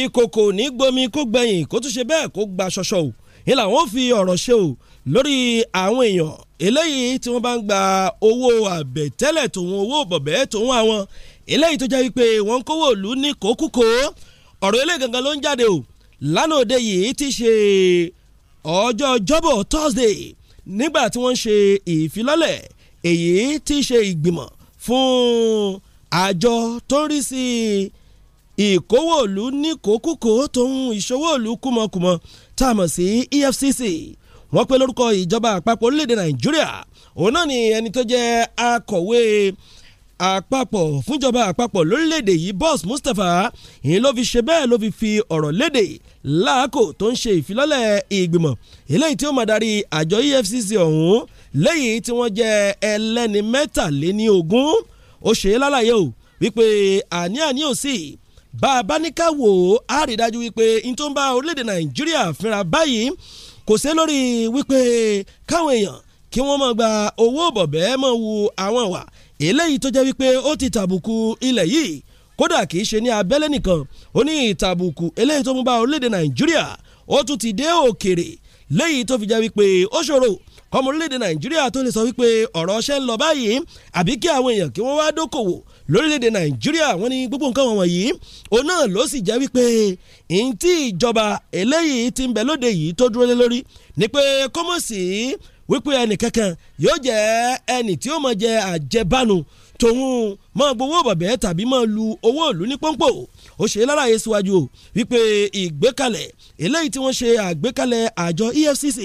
ìkòkò ní gbomi kó gbẹ̀yìn kó tún ṣe bẹ́ẹ̀ kó gba ṣọṣọ o ni làwọn ò fi ọ̀rọ̀ ṣe o lórí àwọn èèyàn eléyìí tí wọ́n bá ń gba owó àbẹ̀tẹ́lẹ̀ tòun owó bọ̀bẹ́ tòun àwọn eléyìí tó jẹ́ wípé wọ́n ń kówó ìlú ní kókúkó ọ̀rọ̀ eléyìí gangan ló ń jáde o lánàá òde yìí ti ṣe ọjọ́ jọ́bọ̀ Thursday nígbà tí wọ́n ń ṣe ìfilọ́lẹ̀ èyí ti ṣe ìgbìmọ̀ fún àjọ tó ń rí sí ìkówó ìlú ní kókúkó tó ń ìṣòwò ìlú kúmọkùmọ tá a mọ̀ sí EFCC wọ́n pe lórúkọ ìjọba àpapọ̀ orílẹ̀-èdè Nàìjíríà òun náà ni ẹni tó jẹ́ akọ̀wé àpapọ̀ fúnjọba àpapọ̀ lórílẹ̀‐èdè yìí boss Mustapha ìyẹn ló fi ṣe bẹ́ẹ̀ ló fi fi ọ̀rọ̀ léde láàkó tó ń ṣe ìfilọ́lẹ̀ ìgbìmọ̀ eléyìí tí ó máa darí àjọ EFCC ọ̀hún lẹ́yìn tí wọ́n jẹ́ ẹlẹ́ni mẹ́tàléní ogún ó ṣe é lálàyé o wípé àní àní ò sí bá a bá ní ká wò ó á rí dájú wípé n tó ń bá orílẹ̀-èdè Nàìjíríà fínra báyìí kò sí lórí wípé káwọn èèyàn kí wọ́n máa gba owó bọ̀bẹ́ máa wu àwọn wà eléyìí tó jẹ́ wípé ó ti tàbùkù ilẹ̀ yìí kódà kì í ṣe ní abẹ́lé nìkan ó ní ìtàbùkù eléyìí tó mú bá orílẹ̀-èdè nàìjíríà ó tún ti dé òkèrè léyìí tó fi jẹ́ wípé ó ṣòro kọ́mọ orílẹ̀-èdè nàìjíríà tó lè sọ wípé ọ̀rọ̀ ṣe ń lọ báyìí àbí kí àwọn èèyàn kí wọ́n wá dókòwò lórílẹ̀-èdè nàìjíríà wọ́n ní gbogbo nǹkan wọn wọ̀nyí òun náà ló sì jẹ́ wípé ntí ìjọba eléyìí ti ń bẹ lóde yìí tó dúró lé lórí ni pé kọ́mọ̀sí wípé ẹnì kankan yóò jẹ́ ẹnì tí ó máa jẹ àjẹbánu tòun máa gbowó bàbẹ́ tàbí máa lu owó ìlú ní pọ́npọ́ ó ṣe lálàyé síwájú o wípé ìgbékalẹ̀ eléyìí tí wọ́n ṣe àgbékalẹ̀ àjọ EFCC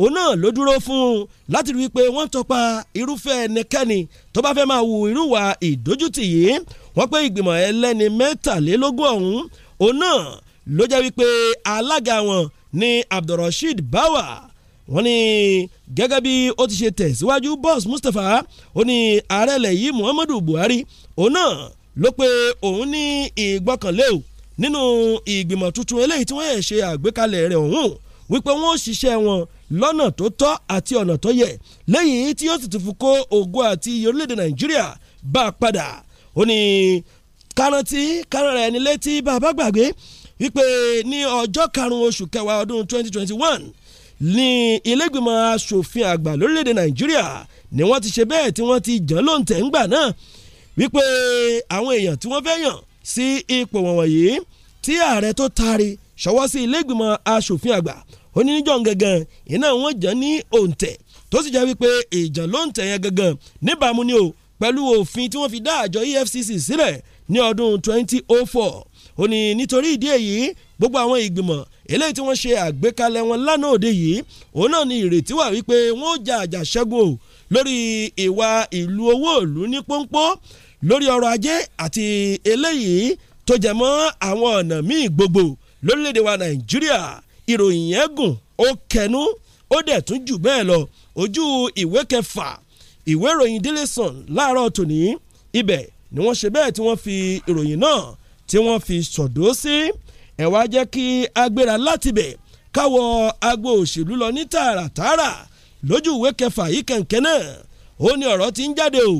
òun náà ló dúró fún láti rí i pé wọ́n tọpa irúfẹ́ ẹnikẹ́ni tó bá fẹ́ máa wu irúwà ìdójútì yìí wọ́n pé ìgbìmọ̀ ẹlẹ́ni mẹ́tàlélógún ọ̀hún òun náà ló jẹ́ wípé alága wọn ni Abdulrasheed Bawar wọ́n ní gẹ́gẹ́ bí ó ti ṣe tẹ̀síwájú boss Mustapha ó ní ààrẹ ilẹ̀ Muhammadu Buhari òun náà ló pe òun ní ìgbọ́kànlé o nínú ìgbìmọ̀ tuntun eléyìí tí wọ́n yẹ̀ ṣe àgbékalẹ̀ rẹ̀ ọ̀hún wípé wọ́n ó ṣiṣẹ́ wọn lọ́nà tó tọ́ àti ọ̀nà tó yẹ lẹ́yìn tí yóò sì tún fi kó ògo àti iye orílẹ̀-èdè Nàìjíríà bá a padà ó ní kárántí kárán rẹ̀ ní létí bàbá gbàgbé wípé ní ọjọ́ karùn-ún oṣù kẹwàá ọdún 2021 ní ilégbìmọ̀ asòfin àgbà lórílẹ̀‐èdè nàìjíríà ni wọ́n ti ṣe bẹ́ẹ̀ tí wọ́n ti jàn lóǹtẹ̀ ńgbà náà wípé àwọn èèyàn tí wọ́n fẹ́ yàn sí ipò wọ̀nyí tí ààrẹ tó taari ṣọwọ́ sí ilégbìmọ̀ asòfin àgbà oníníjọ́ gangan iná wọn jàn ní òǹtẹ̀ tó sì jẹ́ wípé ìjàn lóǹtẹ̀ yẹn gangan níbàámu ni o pẹ̀lú òfin tí wọ́n fi dá àjọ EFCC sílẹ̀ ní ọdún 2004 ó ní nítorí ìdí èyí gbogbo àwọn ìgbìmọ̀ eléyìí tí wọ́n ṣe àgbékalẹ̀ wọn lánàá òde yìí òun náà ni ìrètí wà wípé wọ́n ó jà àjàṣẹ́gun o lórí ìwà ìlú owó ìlú ní pọ́npọ́ lórí ọrọ̀ ajé àti eléyìí tó jẹ mọ́ àwọn ọ̀nà míì gbogbo lórílẹ̀‐èdè wa nàìjíríà ìròyìn yẹn gùn ó kẹnu ó dẹ̀ tún jù bẹ́ẹ̀ lọ ojú ìwé kẹfà ìwé ìròyìn Daily láàárọ̀ tòní ibẹ̀ ni wọ́n ṣe bẹ́ẹ̀ tí wọ́n fi ìròyìn náà tí wọ́n fi sọ̀dọ́ sí ẹ̀ wá jẹ́ kí agbéra láti bẹ̀ káwọ agbo òṣèlú lọ ní tààràtààrà lójú ìwé kẹfà yìí kẹ̀kẹ́ náà ó ní ọ̀rọ̀ tí ń jáde o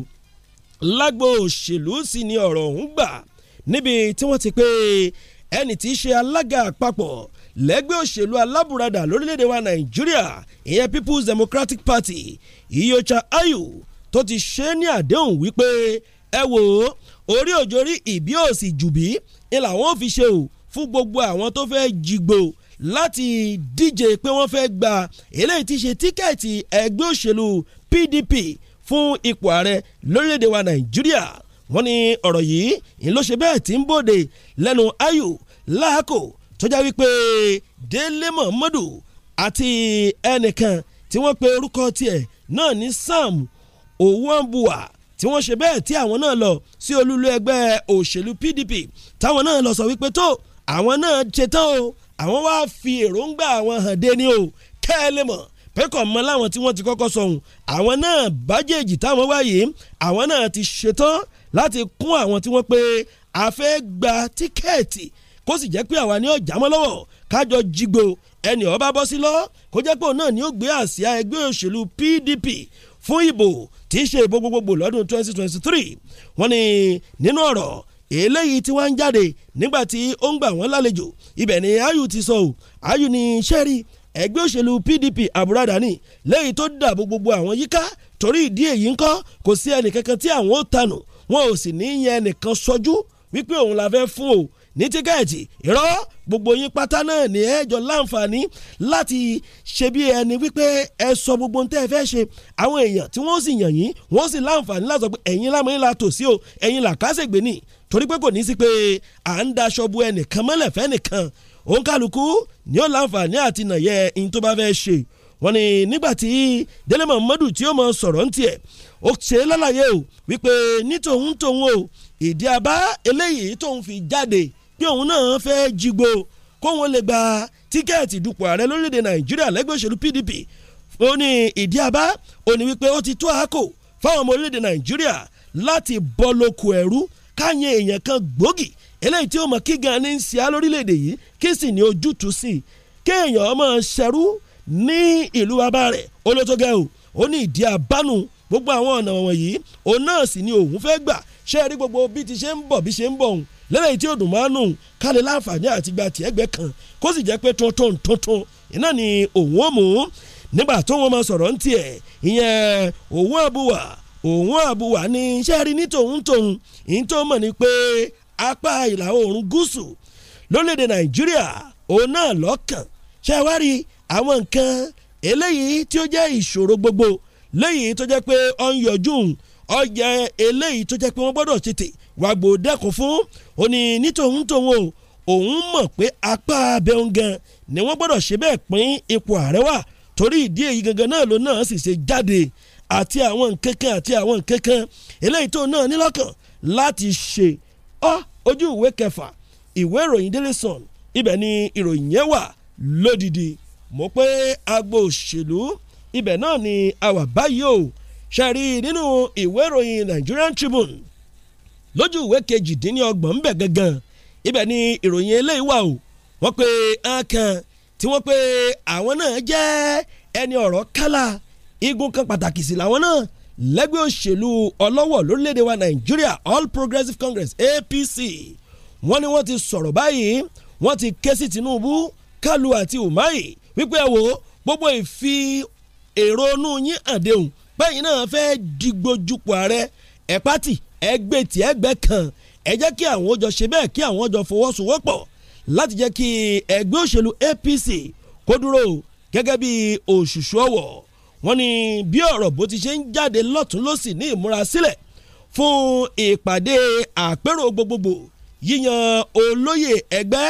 lágbo òṣèlú sì ni ọ̀rọ̀ ọ̀hún gbà níbi tí wọ́n ti pé ẹni tí í ṣe alága àpapọ̀ lẹ́gbẹ́ òṣèlú alábùradà lórílẹ̀‐èdè wa nàìjíríà ìyẹn people's democratic party iyocha ayu tó ti ṣe ní àdéhùn wípé ẹ wò ó orí òjòrí ìbí òsì jùbí ni làwọn ò fi ṣe o fún gbogbo àwọn tó fẹ́ jìgbò láti díje pé wọ́n fẹ́ gba eléyìí ti ṣe tíkẹ́ẹ̀tì ẹgbẹ́ òṣèlú PDP fún ipò ààrẹ lórílẹ̀‐èdè wa Nàìjíríà wọ́n ní ọ̀rọ̀ yìí ìlóṣe bẹ́ẹ̀ tí ń bòde lẹ́nu ayò láàkó tó já wípé Délé Momodu àti ẹnìkan tí wọ́n pe orúkọ tiẹ̀ náà ní Sam Owóǹbùwà tí wọ́n ṣe bẹ́ẹ̀ tí àwọn náà lọ sí olúlu ẹgbẹ́ òṣèlú PDP táwọn náà lọ sọ wípé tó àwọn náà ṣetán o àwọn wá fi èròǹgbà àwọn hàn dé ni o kẹ́ ẹ lè mọ̀ pẹ́kọ̀ mọ́ láwọn tí wọ́n ti kọ́kọ́ sọ̀hún àwọn náà bájèjì táwọn wáyé àwọn náà ti ṣetán láti kún àwọn tí wọ́n pé a fẹ́ gba tíkẹ́ẹ̀tì kó sì jẹ́ pé àwa ni ọjà mọ́ lọ́wọ́ kájọ jigbo ẹni ọba bọ́ sí lọ kó jẹ́ pé òun náà ni ó gbé àsíá ẹgbẹ́ òṣèlú PDP fún ìbò tí í ṣe ìbò gbogbogbò lọ́dún 2023 wọ́n ní nínú ọ̀rọ̀ eléyìí tí wọ́n ń jáde nígbà tí ó ń gbà wọ́n lálejò ibẹ̀ ni ayù ti sọ ọ́ ayù ni sẹ́rí ẹgbẹ́ òṣèlú PDP àbúradà ni lẹ́yìn tó dàbò gbogbo àwọn yíká torí ìdí èyí ńkọ́ kò sí ẹnìkankan tí àwọn ò tanù wọn ò sì ní yẹn ẹnìkan sọjú wípé òun la fẹ́ fún o ní tíkẹ́ẹ̀tì irọ́ gbogbo yín pátá náà ní ẹjọ́ láǹfààní láti ṣe bí ẹni wípé ẹ sọ gbogbo ohun tẹ́ ẹ fẹ́ ṣe àwọn èèyàn tí wọ́n sì yàn yín wọ́n sì láǹfààní láti sọ pé ẹ̀yin lámọ̀ la tò sí o ẹ̀yin là kásẹ̀gbè ni torí pé kò ní sí pé à ń daṣọ bu ẹnìkan mọ́lẹ̀ fẹ́ nìkan òun kálukú ni ó láǹfààní àti nàyẹ in tó bá fẹ́ ṣe wọ́n ní nígbà tí Délé Momodu tí ó mọ sọ̀rọ̀ ń tiẹ̀ ó ṣe lálàyé o wípé ní tòun tòun o ìdí abá eléyìí tóun fi jáde pé òun náà fẹ́ jígbó kóun lè gba tíkẹ́ẹ̀tì dupò ààrẹ lórílẹ̀‐èdè nàìjíríà lẹ́gbẹ́ òṣèlú pdp ó ní ìdí abá ó ní wípé ó ti tó àákò fáwọn ọmọ orílẹ̀‐èdè nàìjíríà láti bọ́ lóko ẹ̀rú káyẹn èèyàn kan gbòógì eléyìí tí ó mọ kí gan ni ń ṣe á lórílẹ̀‐èdè yìí kí sì ní ojútùú sí i kéèyàn ọmọ ṣẹrú ní ìlú bàbá rẹ̀ olótógẹ́ o ó ní ìdí abánu gbogbo àwọn ọ̀nà wọ̀nyí òun náà sì ni òun fẹ́ gbà ṣé gbogbo bí ti ṣe ń bọ̀ bí ṣe ń bọ̀ òun lẹ́yìn tí òdùn máa nù kálẹ̀ láǹfààní àti gba tiẹ̀ kan kó sì jẹ́ pé tuntun tuntun iná ni òun ó mú nígbà tó wọn máa sọ̀rọ̀ ń tiẹ̀ ìyẹn òun àbúwà òun àbúwà ní iṣẹ́ rí ní tòun tòun ìyẹn tó mọ̀ ni pé apá ìlà oòrùn gúúsù lórílẹ̀‐èdè nàìjíríà òun náà lọ́kàn ṣe wá rí àwọn nǹkan eléyìí tí ó jẹ́ ìṣòro gbogbo léyìí tó jẹ́ pé ọ̀ ń yọjú ọjà eléyìí tó jẹ́ pé wọ́n gbọ́dọ̀ tètè wàgbò dẹ́kun fún ó ní nítòun tòun o òun mọ̀ pé apá abẹ́hùn gan ni wọ́n gbọ́dọ̀ ṣe bẹ́ẹ̀ pín ipò ààrẹ wà torí ìdí èyí gangan náà ló náà sì ṣe jáde àti àwọn nkankan àti àwọn nkankan eléyìí tó náà nílọ́kàn láti ṣe ọ́ ojú ìwé kẹfà ìwé ìròyìn Daily Sun ibẹ̀ ni ìròyìn yẹn wà lódìdí mọ̀ pé agbo òṣèlú ibẹ̀ náà ni àwa báyìí o ṣẹ̀rí nínú ìwé ìròyìn Nigerian Tribune lójú ìwé kejìdínlọ́gbọ̀n ńbẹ̀ gangan ibẹ̀ ni ìròyìn eléyìí wà o wọ́n pe ọkàn tí wọ́n pe àwọn náà jẹ́ ẹni ọ̀rọ̀ kálá igun kan pàtàkì sí làwọn náà lẹ́gbẹ́ òṣèlú ọlọ́wọ̀ lórílẹ̀‐èdè wa Nigeria, All Progressives Congress APC wọ́n ní wọ́n ti sọ̀rọ̀ báyìí wọ́n ti ké sí Tinubu Kalu àti Umahi wípé ẹ wo gbogbo ìfi èrò inú yín àdéhùn bẹ́yìn náà fẹ́ digbójúpọ̀ ààrẹ ẹ̀ pátì ẹgbẹ́ tí ẹgbẹ́ kan ẹ jẹ́ kí àwọn jọ ṣe bẹ́ẹ̀ kí àwọn jọ fọwọ́sowọ́pọ̀ láti jẹ́ kí ẹgbẹ́ òṣèlú APC kó dúró gẹ́gẹ́ bí òṣùṣù ọ̀wọ̀ wọ́n ní bí ọ̀rọ̀ bó ti ṣe ń jáde lọ́tún lọ́sì ní ìmúrasílẹ̀ fún ìpàdé àpérò gbogbogbò yíyan olóyè ẹgbẹ́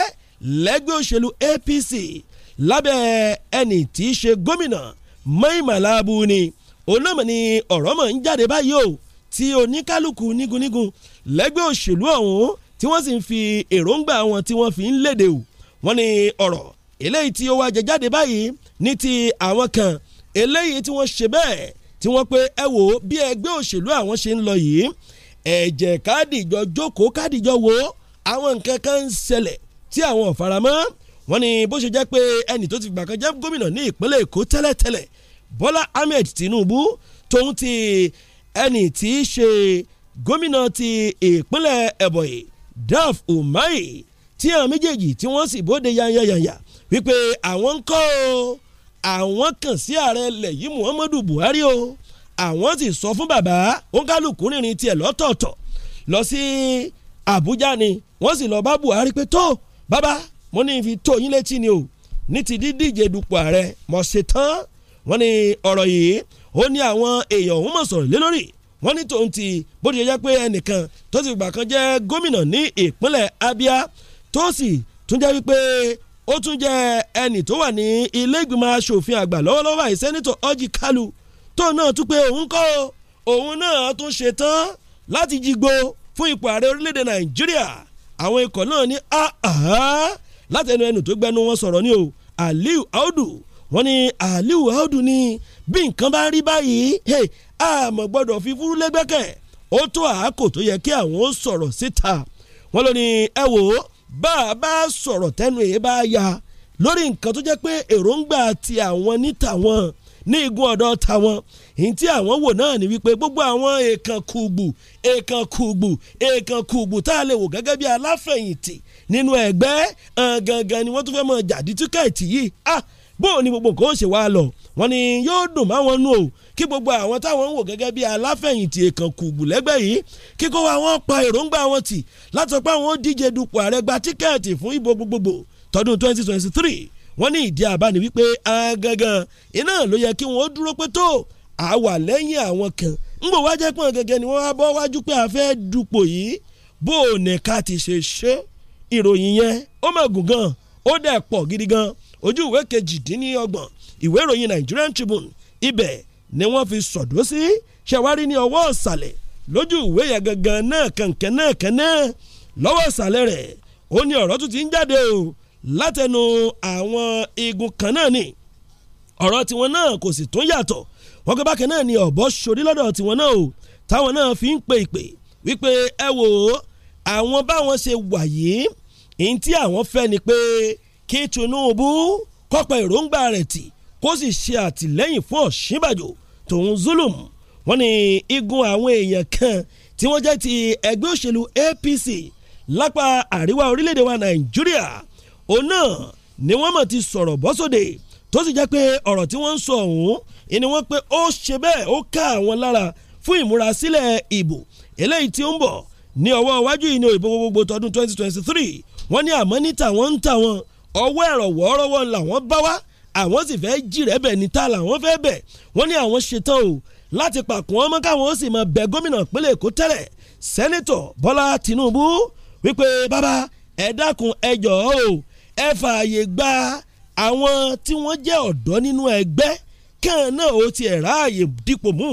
lẹ́gbẹ́ òṣèlú APC lábẹ́ ẹni tí í ṣe gómìnà Mai Mala onámọ̀ ni ọ̀rọ̀ mọ̀ ń jáde báyìí o tí oníkálukú nígunnígun lẹ́gbẹ́ òṣèlú ọ̀hún tí wọ́n sì ń fi èròǹgbà wọn tí wọ́n fi ń léde o wọ́n ní ọ̀rọ̀ eléyìí tí ó wá jẹ jáde báyìí ní ti àwọn kan eléyìí tí wọ́n ṣe bẹ́ẹ̀ tí wọ́n pé ẹ wò ó bí ẹgbẹ́ òṣèlú àwọn ṣe ń lọ yìí ẹ̀jẹ̀ kádìjọ jókòó kádìjọ wo àwọn nǹkan kan ń ṣẹlẹ̀ tí àwọn ò faramọ́ wọ́n ní bó ṣe jẹ́ pé ẹnì tó ti gbà jẹ́ gómìnà ní ìpínlẹ̀ Èkó tẹ́lẹ̀tẹ́lẹ̀ Bọ́lá Ahmed Tinubu tóun ti ẹni tí í ṣe gómìnà ti ìpínlẹ̀ Ebonyi Daf Umahi tí àwọn méjèèjì tí wọ́n sì bóde yanyanyanya wípé àwọn ń kọ́ o àwọn kàn sí ààrẹ ilẹ̀ yìí Muhammadu Buhari o àwọn sì sọ fún bàbá òǹkálùkù rìnrìn tiẹ̀ lọ́tọ̀ọ̀tọ̀ lọ sí Àbújá ni wọ́n sì lọ bá Buhari pé tó bàbá mo ní fi tó yín létí ni o ní ti dídíje dupò ààrẹ mo ṣe tán wọ́n ní ọ̀rọ̀ yìí ó ní àwọn èèyàn òun mọ̀ sọ̀rọ̀ lé lórí wọ́n ní tòun ti bó ti jẹ́ pé ẹnìkan tó ti gbà kan jẹ́ gómìnà ní ìpínlẹ̀ Abia tó sì tún jẹ́ wípé ó tún jẹ́ ẹnì tó wà ní ilé ìgbìmọ̀ asòfin àgbà lọ́wọ́lọ́wọ́ àyè sẹ́nitọ̀ Orji Kalu tó náà tún pé òun kọ́ òun náà tún ṣetán láti jígbó fún ipò ààrẹ orílẹ̀-èdè Nàìjíríà àwọn ikọ̀ náà ní àhá látẹnu ẹnu tó gbẹnu wọn sọ̀rọ̀ ní o Aliu Audu wọ́n ní Aliu Audu ní bí nǹkan bá rí báyìí àmọ́ gbọ́dọ̀ fi fúrú lẹ́gbẹ́kẹ̀ ó tó àákò tó yẹ kí àwọn ó sọ̀rọ̀ síta wọ́n ló ní ẹ wò ó bá a bá sọ̀rọ̀ tẹnu èyí bá ya lórí nǹkan tó jẹ́ pé èròǹgbà ti àwọn ní tàwọn ní igun ọ̀dọ̀ tàwọn ìyìn tí àwọn wò náà ni wípé gbogbo àwọn èèkàn kùgbù èèkàn kùgbù èèkàn kùgbù tá a lè wò gẹ́gẹ́ bí aláfẹ̀yìntì nínú ẹgbẹ́ eh, gangan ni wọ́n tún fẹ́ mọ jàdí tíkẹ́ẹ̀tì yìí ah bó ni ní gbogbo nǹkan ó ṣe wá lọ wọ́n ní yóò dùn máwọn nù o kí gbogbo àwọn táwọn ń wò gẹ́gẹ́ bí aláfẹ̀yìntì èèkàn kùgbù lẹ́gbẹ́ yìí kíkó àwọn pa èròǹgbà wọn tì látọ̀ pé àwọn ó díje dupò ààrẹ gba tíkẹ́ẹ̀tì fún ìbò gbogbogbò tọdún 2023 wọ́n ní ìdí àbáni wípé agangan iná ló yẹ kí wọ́n dúró pé tó àwà lẹ́yìn àwọn kan ń bò wá pọ̀ gẹ́gẹ́ ni wọ́n wá bọ́ wájú pé a fẹ́ dupò yìí bó o nìka ti ṣe ṣe ìròyìn yẹn ó mọ̀ gùn gan ó dẹ̀ pọ̀ gidi gan ojú ìwé kejìdínlọ́gbọ̀n ìwé ìròyìn Nigerian Tribune ibẹ̀ ni wọ́n fi sọ̀dọ́ sí ṣẹ̀wárí ní ọwọ́ ọ̀sàlẹ̀ lójú ìwé yẹn gangan náà kànkẹ́ náà kàn náà lọ́wọ́ ọ̀sàlẹ̀ rẹ̀ ó ní ọ̀rọ̀ tún ti ń jáde o látẹnu àwọn igun kan náà ni ọ̀rọ̀ tiwọn náà kò sì tún yàtọ̀ wọ́n gbé bákẹ́ náà ni ọ̀bọ sórí lọ́dọ̀ tiwọn náà o táwọn náà fi ń pe ìpè wípé ẹ wò ó àwọn báwọn ṣe wà yìí ní tí àwọn fẹ́ ni pé kí Tinubu kọ́pọ̀ èròǹgbà rẹ̀ tì kó sì ṣe àtìlẹ́yìn fún Ọ̀ṣínbàjò tòun Zulum wọ́n ní igun àwọn èèyàn kan tí wọ́n jẹ́ ti ẹgbẹ́ òṣèlú APC lápá àríwá orílẹ̀-èdè wa Nàìjíríà òun náà ni wọ́n mọ̀ ti sọ̀rọ̀ bọ́sọ̀dẹ̀ tó sì jẹ́ pé ọ̀rọ̀ tí wọ́n ń sọ ọ̀hún ni wọ́n pé ó ṣe bẹ́ẹ̀ ó ká àwọn lára fún ìmúrasílẹ̀ ìbò eléyìí tí ó ń bọ̀ ní ọwọ́ iwájú ìní ìbò gbogbo tọdún 2023 wọ́n ní àmọ́ ní tàwọn ń tàwọn ọwọ́ ẹ̀rọ wọ́ọ́rọ́wọ́ làwọn bá wá àwọn sì fẹ́ jìrẹ́ bẹ̀ níta làwọn fẹ́ bẹ̀ wọ́n ní àwọn ṣetán o láti pàkún ọmọ káwọn ó sì máa bẹ gómìnà ìpínlẹ̀ Èkó tẹ́lẹ̀ sẹ́nitọ̀ Bọ́lá Tinubu wípé bàbá ẹ dákun ẹ jọ̀ọ́ o ẹ fààyè gba àwọn tí wọ́n jẹ́ ọ̀dọ́ nínú ẹgbẹ́ kàn náà ó ti ẹ̀ ráàyè dípò mú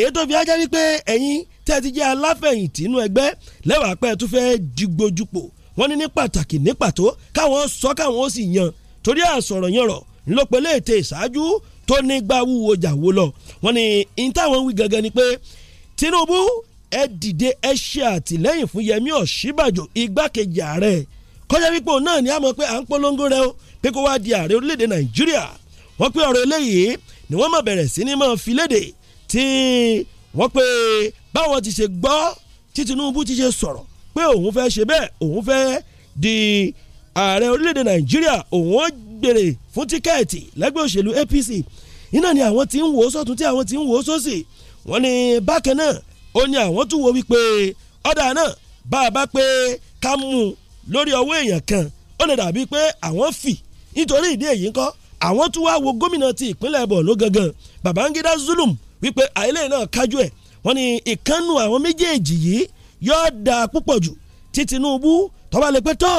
èyí tó fi ajá wípé ẹ̀yin tẹ́ ti jẹ́ aláfẹ̀yìntì nínú ẹgbẹ́ lẹ́wàá pẹ́ tó fẹ́ digbójúpọ̀ wọ́n ní ní pàtàkì ní pàtó káwọn sọ káwọn ó sì yan torí àsọ̀rọ̀ yan rọ̀ ńlọpẹ̀lẹ̀ ètè ìṣáájú tó ní gbà wúwo jà wó lọ wọ́n ní ní táwọn wí gangan ni pé Tinubu ẹ dìde ẹ ṣe àtìlẹ́yìn fún Yẹmí Ọ̀ṣínbàjò igbákejì ààrẹ kọjá wípé òun náà ni a mọ̀ pé à ń polongo rẹ o pé kó wáá di ààrẹ orílẹ̀-èdè Nàìjíríà wọ́n pé ọ̀rọ̀ eléyìí ni wọ́n máa bẹ̀rẹ̀ sí ni máa fi léde tí wọ́n pé báwọn ti ṣe gbọ́ tí Tinubu ti ṣe sọ̀rọ̀ pé òun fẹ́ ṣe bẹ́ẹ̀ òun fẹ́ di ààrẹ orílẹ̀-èdè nàìjíríà òun ó gbèrè fún tíkẹ́ẹ̀tì lẹ́gbẹ́ òṣèlú APC iná ni àwọn tí ń wò ó sọ́tún tí àwọn tí ń wò ó sósì wọ́n ní bákan náà ó ní àwọn tún wo wípé ọ̀dà náà bá a bá pé ká mú un lórí ọwọ́ èèyàn kan ó lè dàbí pé àwọn fì nítorí ìdí èyí ńkọ́ àwọn tún wá wo gómìnà ti ìpínlẹ̀ Borno gangan Babangida Zulum wípé àìlè náà kájú ẹ̀ wọ́n ní ìkànnù àwọn méjèèjì yìí yóò da púpọ̀ jù tí Tinubu tó bá lè pé tó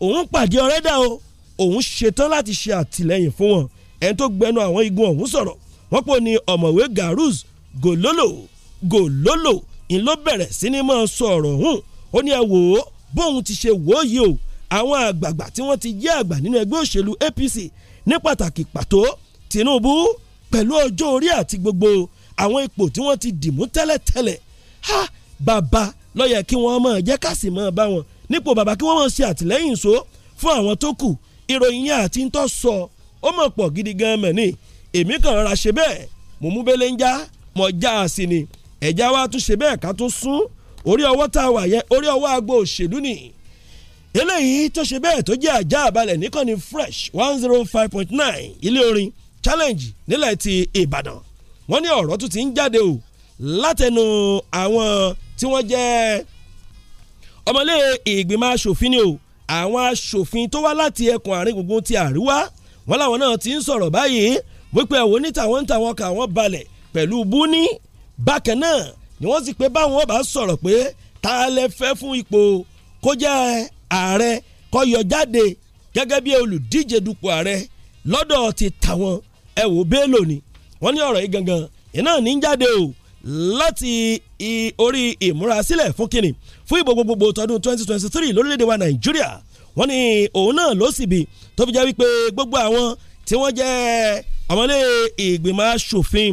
òun pàdé ọ̀rẹ́ dà o òun ṣetán láti ṣe àtìlẹ́yìn fún wọn ẹni tó gbẹnu àwọn igun ọ̀hún sọ̀rọ̀ wọ́n pò ní ọ̀mọ̀wé Garuz Gololo Gololo ń ló bẹ̀rẹ̀ sí ni máa sọ ọ̀rọ̀ hùn ó ní ẹ wò ó bóun ti ṣe wò ó yìí o àwọn àgbààgbà tí wọ́n ti jẹ́ àgbà nínú ẹgbẹ́ òṣèlú APC ní pàtàkì pàtó Tinubu pẹ̀lú ọjọ́ orí àti gbogbo àwọn ipò tí wọ́n ti dìmú tẹ́lẹ̀tẹ́lẹ̀ ha bàbá lọ́yẹ̀ kí wọ́n mọ̀ jẹ́ ká sì mọ̀ bá wọn nípò bàbá kí wọ́n mọ̀ ṣe àtìlẹ́yìn so fún àwọn tó kù ìròyìn yẹn àti ń tọ́ sọ ó mọ̀ pọ̀ gidi gan mẹ́ni èmi kàn rà ṣe bẹ́ẹ̀ mò mú bẹ́lẹ̀ ń já mọ̀ já a sì ni ẹ̀já wa tún ṣe bẹ́ẹ̀ ká tún sún orí ọwọ́ tá a wà yẹn orí ọwọ́ agbo òṣèlú nìyí eléyìí tó ṣe bẹ́ẹ̀ tó jẹ́ àjà àbálẹ̀ níkànnì fresh one zero five point nine ilé orin challenge nílẹ̀ ti Ìbàdàn wọ́n ní ọ̀rọ̀ tún ti ń jáde o látẹnu àwọn tí wọ́n jẹ́ ọmọlé ìgbìmọ̀ asòfin ni o àwọn asòfin tó wá láti ẹkùn àárín gbùngbùn ti àríwá wọn làwọn náà ti ń sọ̀rọ̀ báyìí wípé ẹ̀wọ̀n níta wọn ń ta wọn kà wọ́n balẹ̀ pẹ̀lú búní bákan náà ni wọ́n sì pé báwọn bá sọ̀rọ̀ pé ta lẹ fẹ́ fún ipò kó jẹ́ ààrẹ kó yọ jáde gẹ́gẹ́ bí olùdíje dupò ààrẹ lọ́dọ̀ ti tàwọn ẹ̀wò bẹ́ẹ̀ lónìí wọ́n ní ọ̀rọ̀ yìí gangan ìnáà ní jáde o láti orí ìmúrasílẹ̀ fún kínní fún ìbò gbogbogbò tọdún 2023 lórílẹ̀‐èdè wa nàìjíríà wọ́n ní òun náà ló sì bí tó fi jẹ́ wípé gbogbo àwọn tí wọ́n jẹ́ ọmọlé ìgbìmọ̀ asòfin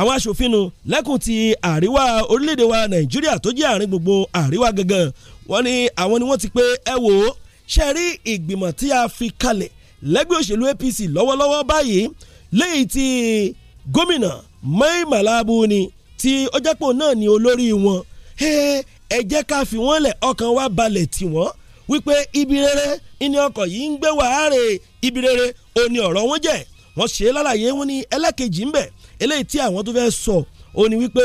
àwọn asòfin nu lẹ́kùn ti àríwá orílẹ̀‐èdè wa nàìjíríà tó jẹ́ àárín gbogbo àríwá gangan wọ́n ní àwọn ni wọ́n ti pé ẹ wò ó ṣe rí ìgbìmọ̀ tí a fi kalẹ̀ lẹ́gbẹ́ òṣèlú APC lọ́wọ́lọ́wọ́ báyìí lẹ́yìn tí gómìnà Mai Malabu ni tí ó jẹ́ pé náà ni olórí wọn ẹ jẹ́ ká fi wọ́n lẹ̀ ọkàn wa balẹ̀ tì wọ́n wípé ibi rere ni ọkọ̀ yìí ń gbé wàhálà ibi rere ó ní ọ̀rọ̀ wọn jẹ́ wọ́n ṣe é lálàyé wọn ní ẹlẹ́kejì ń bẹ̀ eléyìí tí àwọn tó fẹ́ sọ ó ní wípé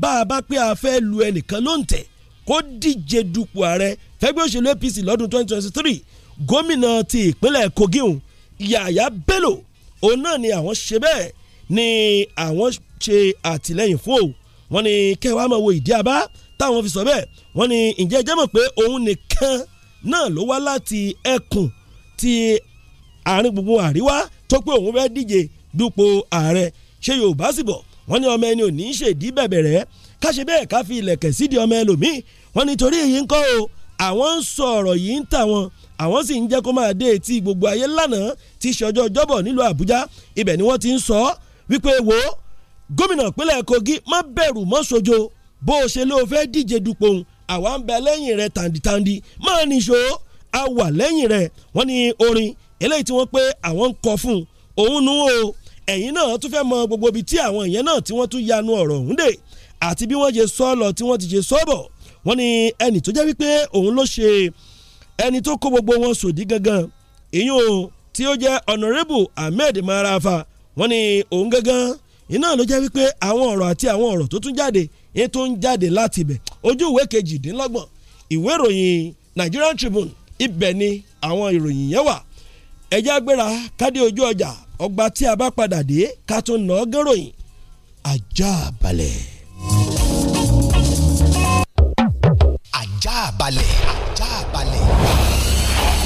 bá a bá pé a fẹ́ lu ẹnìkan ló ń tẹ̀ kó díje dupò ààrẹ fẹ́gbẹ́ òṣèlú APC lọ́dún 2023 gómìnà ti ìpínlẹ̀ Kogi òun Yàyà Bello òun náà ni àwọn ṣe bẹ́ẹ̀ ni àwọn ṣe àtìlẹ́yìn fún òun wọ́n ní kẹwàá máa wo ìdí abá táwọn fi sọ bẹ́ẹ̀ wọ́n ní ǹjẹ́ jẹ́ mọ̀ pé òun nìkan náà ló wá láti ẹkùn ti àárín gbogbo àríwá tó pé òun fẹ́ díje dupò ààrẹ ṣé Yorùbá sì bọ̀ wọ́n ní ọmọ ẹni ò ní í ṣèdí bẹ̀bẹ̀ rẹ̀ káṣe bẹ́ẹ̀ ká fi ilẹ̀kẹ̀ sídìí ọmọ ẹlòmíì wọ́n ní torí èyí ń kọ́ o àwọn ń sọ ọ̀rọ̀ yìí ń tà wọn àwọn sì ń jẹ́ kó máa dé etí gbogbo ayé lánàá tí ṣọjọ́ ọjọ́bọ̀ nílùú Àbújá ibẹ̀ ni wọ́n ti ń sọ wípé wo gómìnà ìpínlẹ̀ Kogi má bẹ̀rù mọ́ sojo bó o ṣe ló fẹ́ díje dupò òun àwa ń bẹ lẹ́yìn rẹ̀ tàǹdìtàǹdì máa nìṣó a wà lẹ́yìn rẹ̀ wọ́n ní orin eléyìí tí wọ́n pé àwọn ń kọ fún òun nu o ẹ̀yìn náà tún fẹ́ mọ gbogbo ibi tí àwọn èèyàn náà tí wọ́n tún yanu ọ̀rọ̀ ọ̀hún dè àti bí wọ́n ṣe sọ lọ tí wọ́n ti ṣe sọ bọ̀ wọ́n ní ẹnì tó jẹ́ wípé òun ló ṣe ẹni tó kó gbogbo wọn sòdí gangan ìyún tí ó jẹ́ honourable Ahmed Marafa wọ́n ní òun gangan iná ló jẹ́ wípé àwọn ọ̀rọ̀ àti àwọn ọ̀rọ̀ tó tún jáde ní tó ń jáde láti ibẹ̀ ojú ìwé kejìdínlọ́gbọ̀n ìwé ìròyìn Nigerian Tribune ibẹ̀ ni àwọn ìròyìn yẹn wà ẹjẹ́ agbéra kádé ojú ọjà ọgbà tí a bá padà dé ká tún nà ọ́ gẹ́ròyìn ajá balẹ̀. ajá balẹ̀ ajá balẹ̀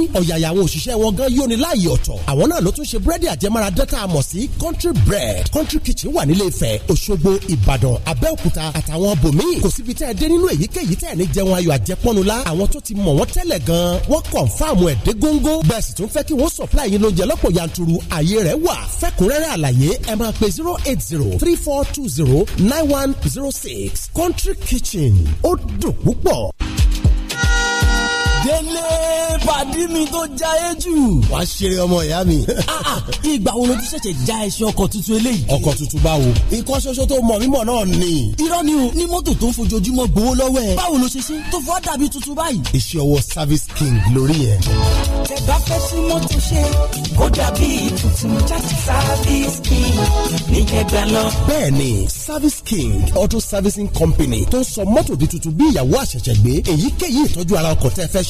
ní òṣìṣẹ́ wọn gan yóni láàyè ọ̀tọ̀ àwọn náà ló tún ṣe búrẹ́dì àjẹmára dán tá sí country bread country kitchen wà nílé Ifẹ̀ Òṣogbo Ìbàdàn Abẹ́òkúta àtàwọn bòmíì kò síbi tẹ́ ẹ dé nínú èyíkéyìí tẹ́ ẹ ní jẹun ayọ̀ àjẹpọ́nu la àwọn tó ti mọ̀ wọ́n tẹ́lẹ̀ gan wọ́n kọ̀ǹfàmù ẹ̀ dé góńgó bẹ́ẹ̀ sì tún fẹ́ supply yín lóúnjẹ lọ́pọ̀ yanturu ààyè rẹ̀ wà fẹ́kúnrẹ́rẹ́ àlàyé ẹ máa zero eight zero three four two zero nine one zero six country kitchen ó dùn délé pàdí mi tó já e jù. wàá ṣeré ọmọ ìyá mi. Ah, ah, ìgbà wo ló ti ṣẹ̀ṣẹ̀ já ẹṣin ọkọ̀ tuntun eléyìí. ọkọ̀ tuntun báwo. ikọ́ ṣoṣo tó mọ̀ mímọ̀ náà ni. irọ́ ni o ní mọ́tò tó ń fojoojúmọ́ gbowó lọ́wọ́ ẹ̀. báwo ló ṣe ṣe tó fọ́ dàbí tuntun báyìí. iṣẹ́ ọwọ́ service king lórí yẹn. tẹ bá fẹ́ sí mọ́tò ṣe kó dàbí tuntun service king ní kẹgbẹ́ lọ. bẹ́ẹ̀ni service king auto servicing company tó ń sọ mọ́tò di tuntun bí ìyàwó àṣẹ̀ṣẹ̀ gbé èyíkéyìí ìtọ́jú ara ọkọ̀ tẹ́ fẹ́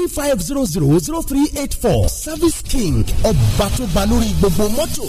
three five zero zero zero three eight four service king ọba tó ba lórí gbogbo mọ́tò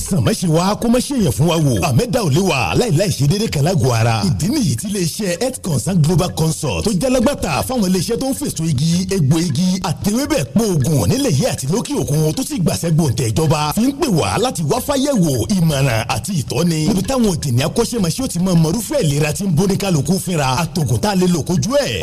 àìsàn má wa kó má ṣe yẹn fún wa wò àmẹ́dá ò lè wa aláìláì ṣe déédéé kan lágọ̀ọ́ ìdí nìyí tí iléeṣẹ́ health consult global consult tó jalagbàtà fáwọn iléeṣẹ́ tó ń fèsò igi egbò igi àtẹwébẹ̀ pọ̀ oògùn nílẹ̀ yìí àti lókè òkun tó sì gbàṣẹ́ gbòǹtẹ̀ ìjọba fi ń pè wá láti wá fáyẹ̀wò ìmọ̀ràn àti ìtọ́ni níbi táwọn òdìní akọ́ṣẹ́mọṣẹ́ ò ti mọ mọ̀rúfẹ́ ìlera tí ń bóni kálukú fínra àtògùn tá a lè lò kojú ẹ̀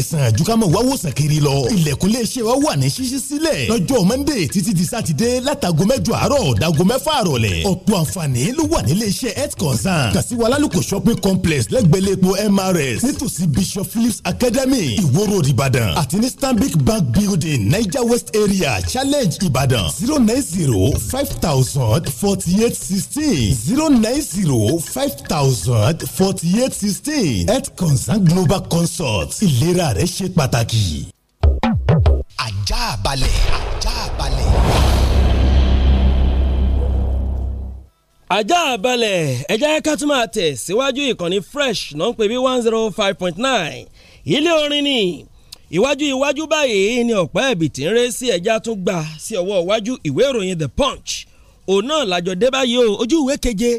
àìsàn àjùkámọ̀ wá wòsàn kiri lọ. ilẹ̀kùn lè ṣe wa wà ní ṣíṣí sílẹ̀. lọ́jọ́ mọ́ndé títí di sátidé látago mẹ́jọ àárọ̀ dago mẹ́fà rọ̀lẹ́. ọ̀pọ̀ àǹfààní ló wà nílé iṣẹ́ health concern. kàṣíwá lálùkò shopping complex lẹ́gbẹ̀lẹ́ epo mrs nítòsí bishop phillips academy ìwòrò ìbàdàn àti ní stanbic bank building niger west area challenge ìbàdàn zero nine zero five thousand forty eight sixteen zero nine zero five thousand forty eight sixteen health concern global consult ìlera àlàáfíà rẹ ṣe pàtàkì. ajá balẹ̀ ajá balẹ̀. ajá balẹ̀ ẹ̀já ká tún máa tẹ̀ síwájú ìkànnì fresh náà ń pè bí one zero five point nine ilé orin ni ìwájú ìwájú báyìí ni ọ̀pá ẹ̀bì tí ń ré sí ẹja tún gbà sí ọwọ́ iwájú ìwé ìròyìn the punch òun náà làjọ dé báyìí o ojú ìwé keje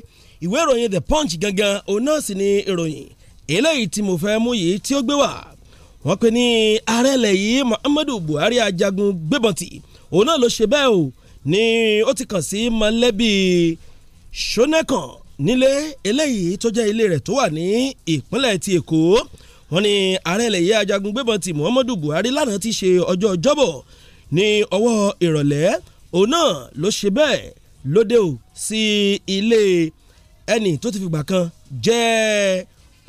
ìwé ìròyìn the punch gangan òun náà sì ni ìròyìn eléyìí tí mo fẹ́ mú yìí tí ó gbé wá wọ́n pe ní arẹ́lẹ̀ yìí Muhammadu Buhari ajagun gbébọn tì òun náà ló ṣe bẹ́ẹ̀ o ni ó ti kàn sí mọ̀lẹ́bí Ṣónẹ́kàn nílé eléyìí tó jẹ́ ilé rẹ̀ tó wà ní ìpínlẹ̀ ti Èkó wọ́n ní arẹ́lẹ̀ yìí ajagun gbébọn tì Muhammadu Buhari lánàá ti ṣe ọjọ́ ọjọ́bọ̀ ní ọwọ́ ìrọ̀lẹ́ òun náà ló ṣe bẹ́ẹ̀ lóde o sí ilé ẹni tó ti fìgbà kan jẹ́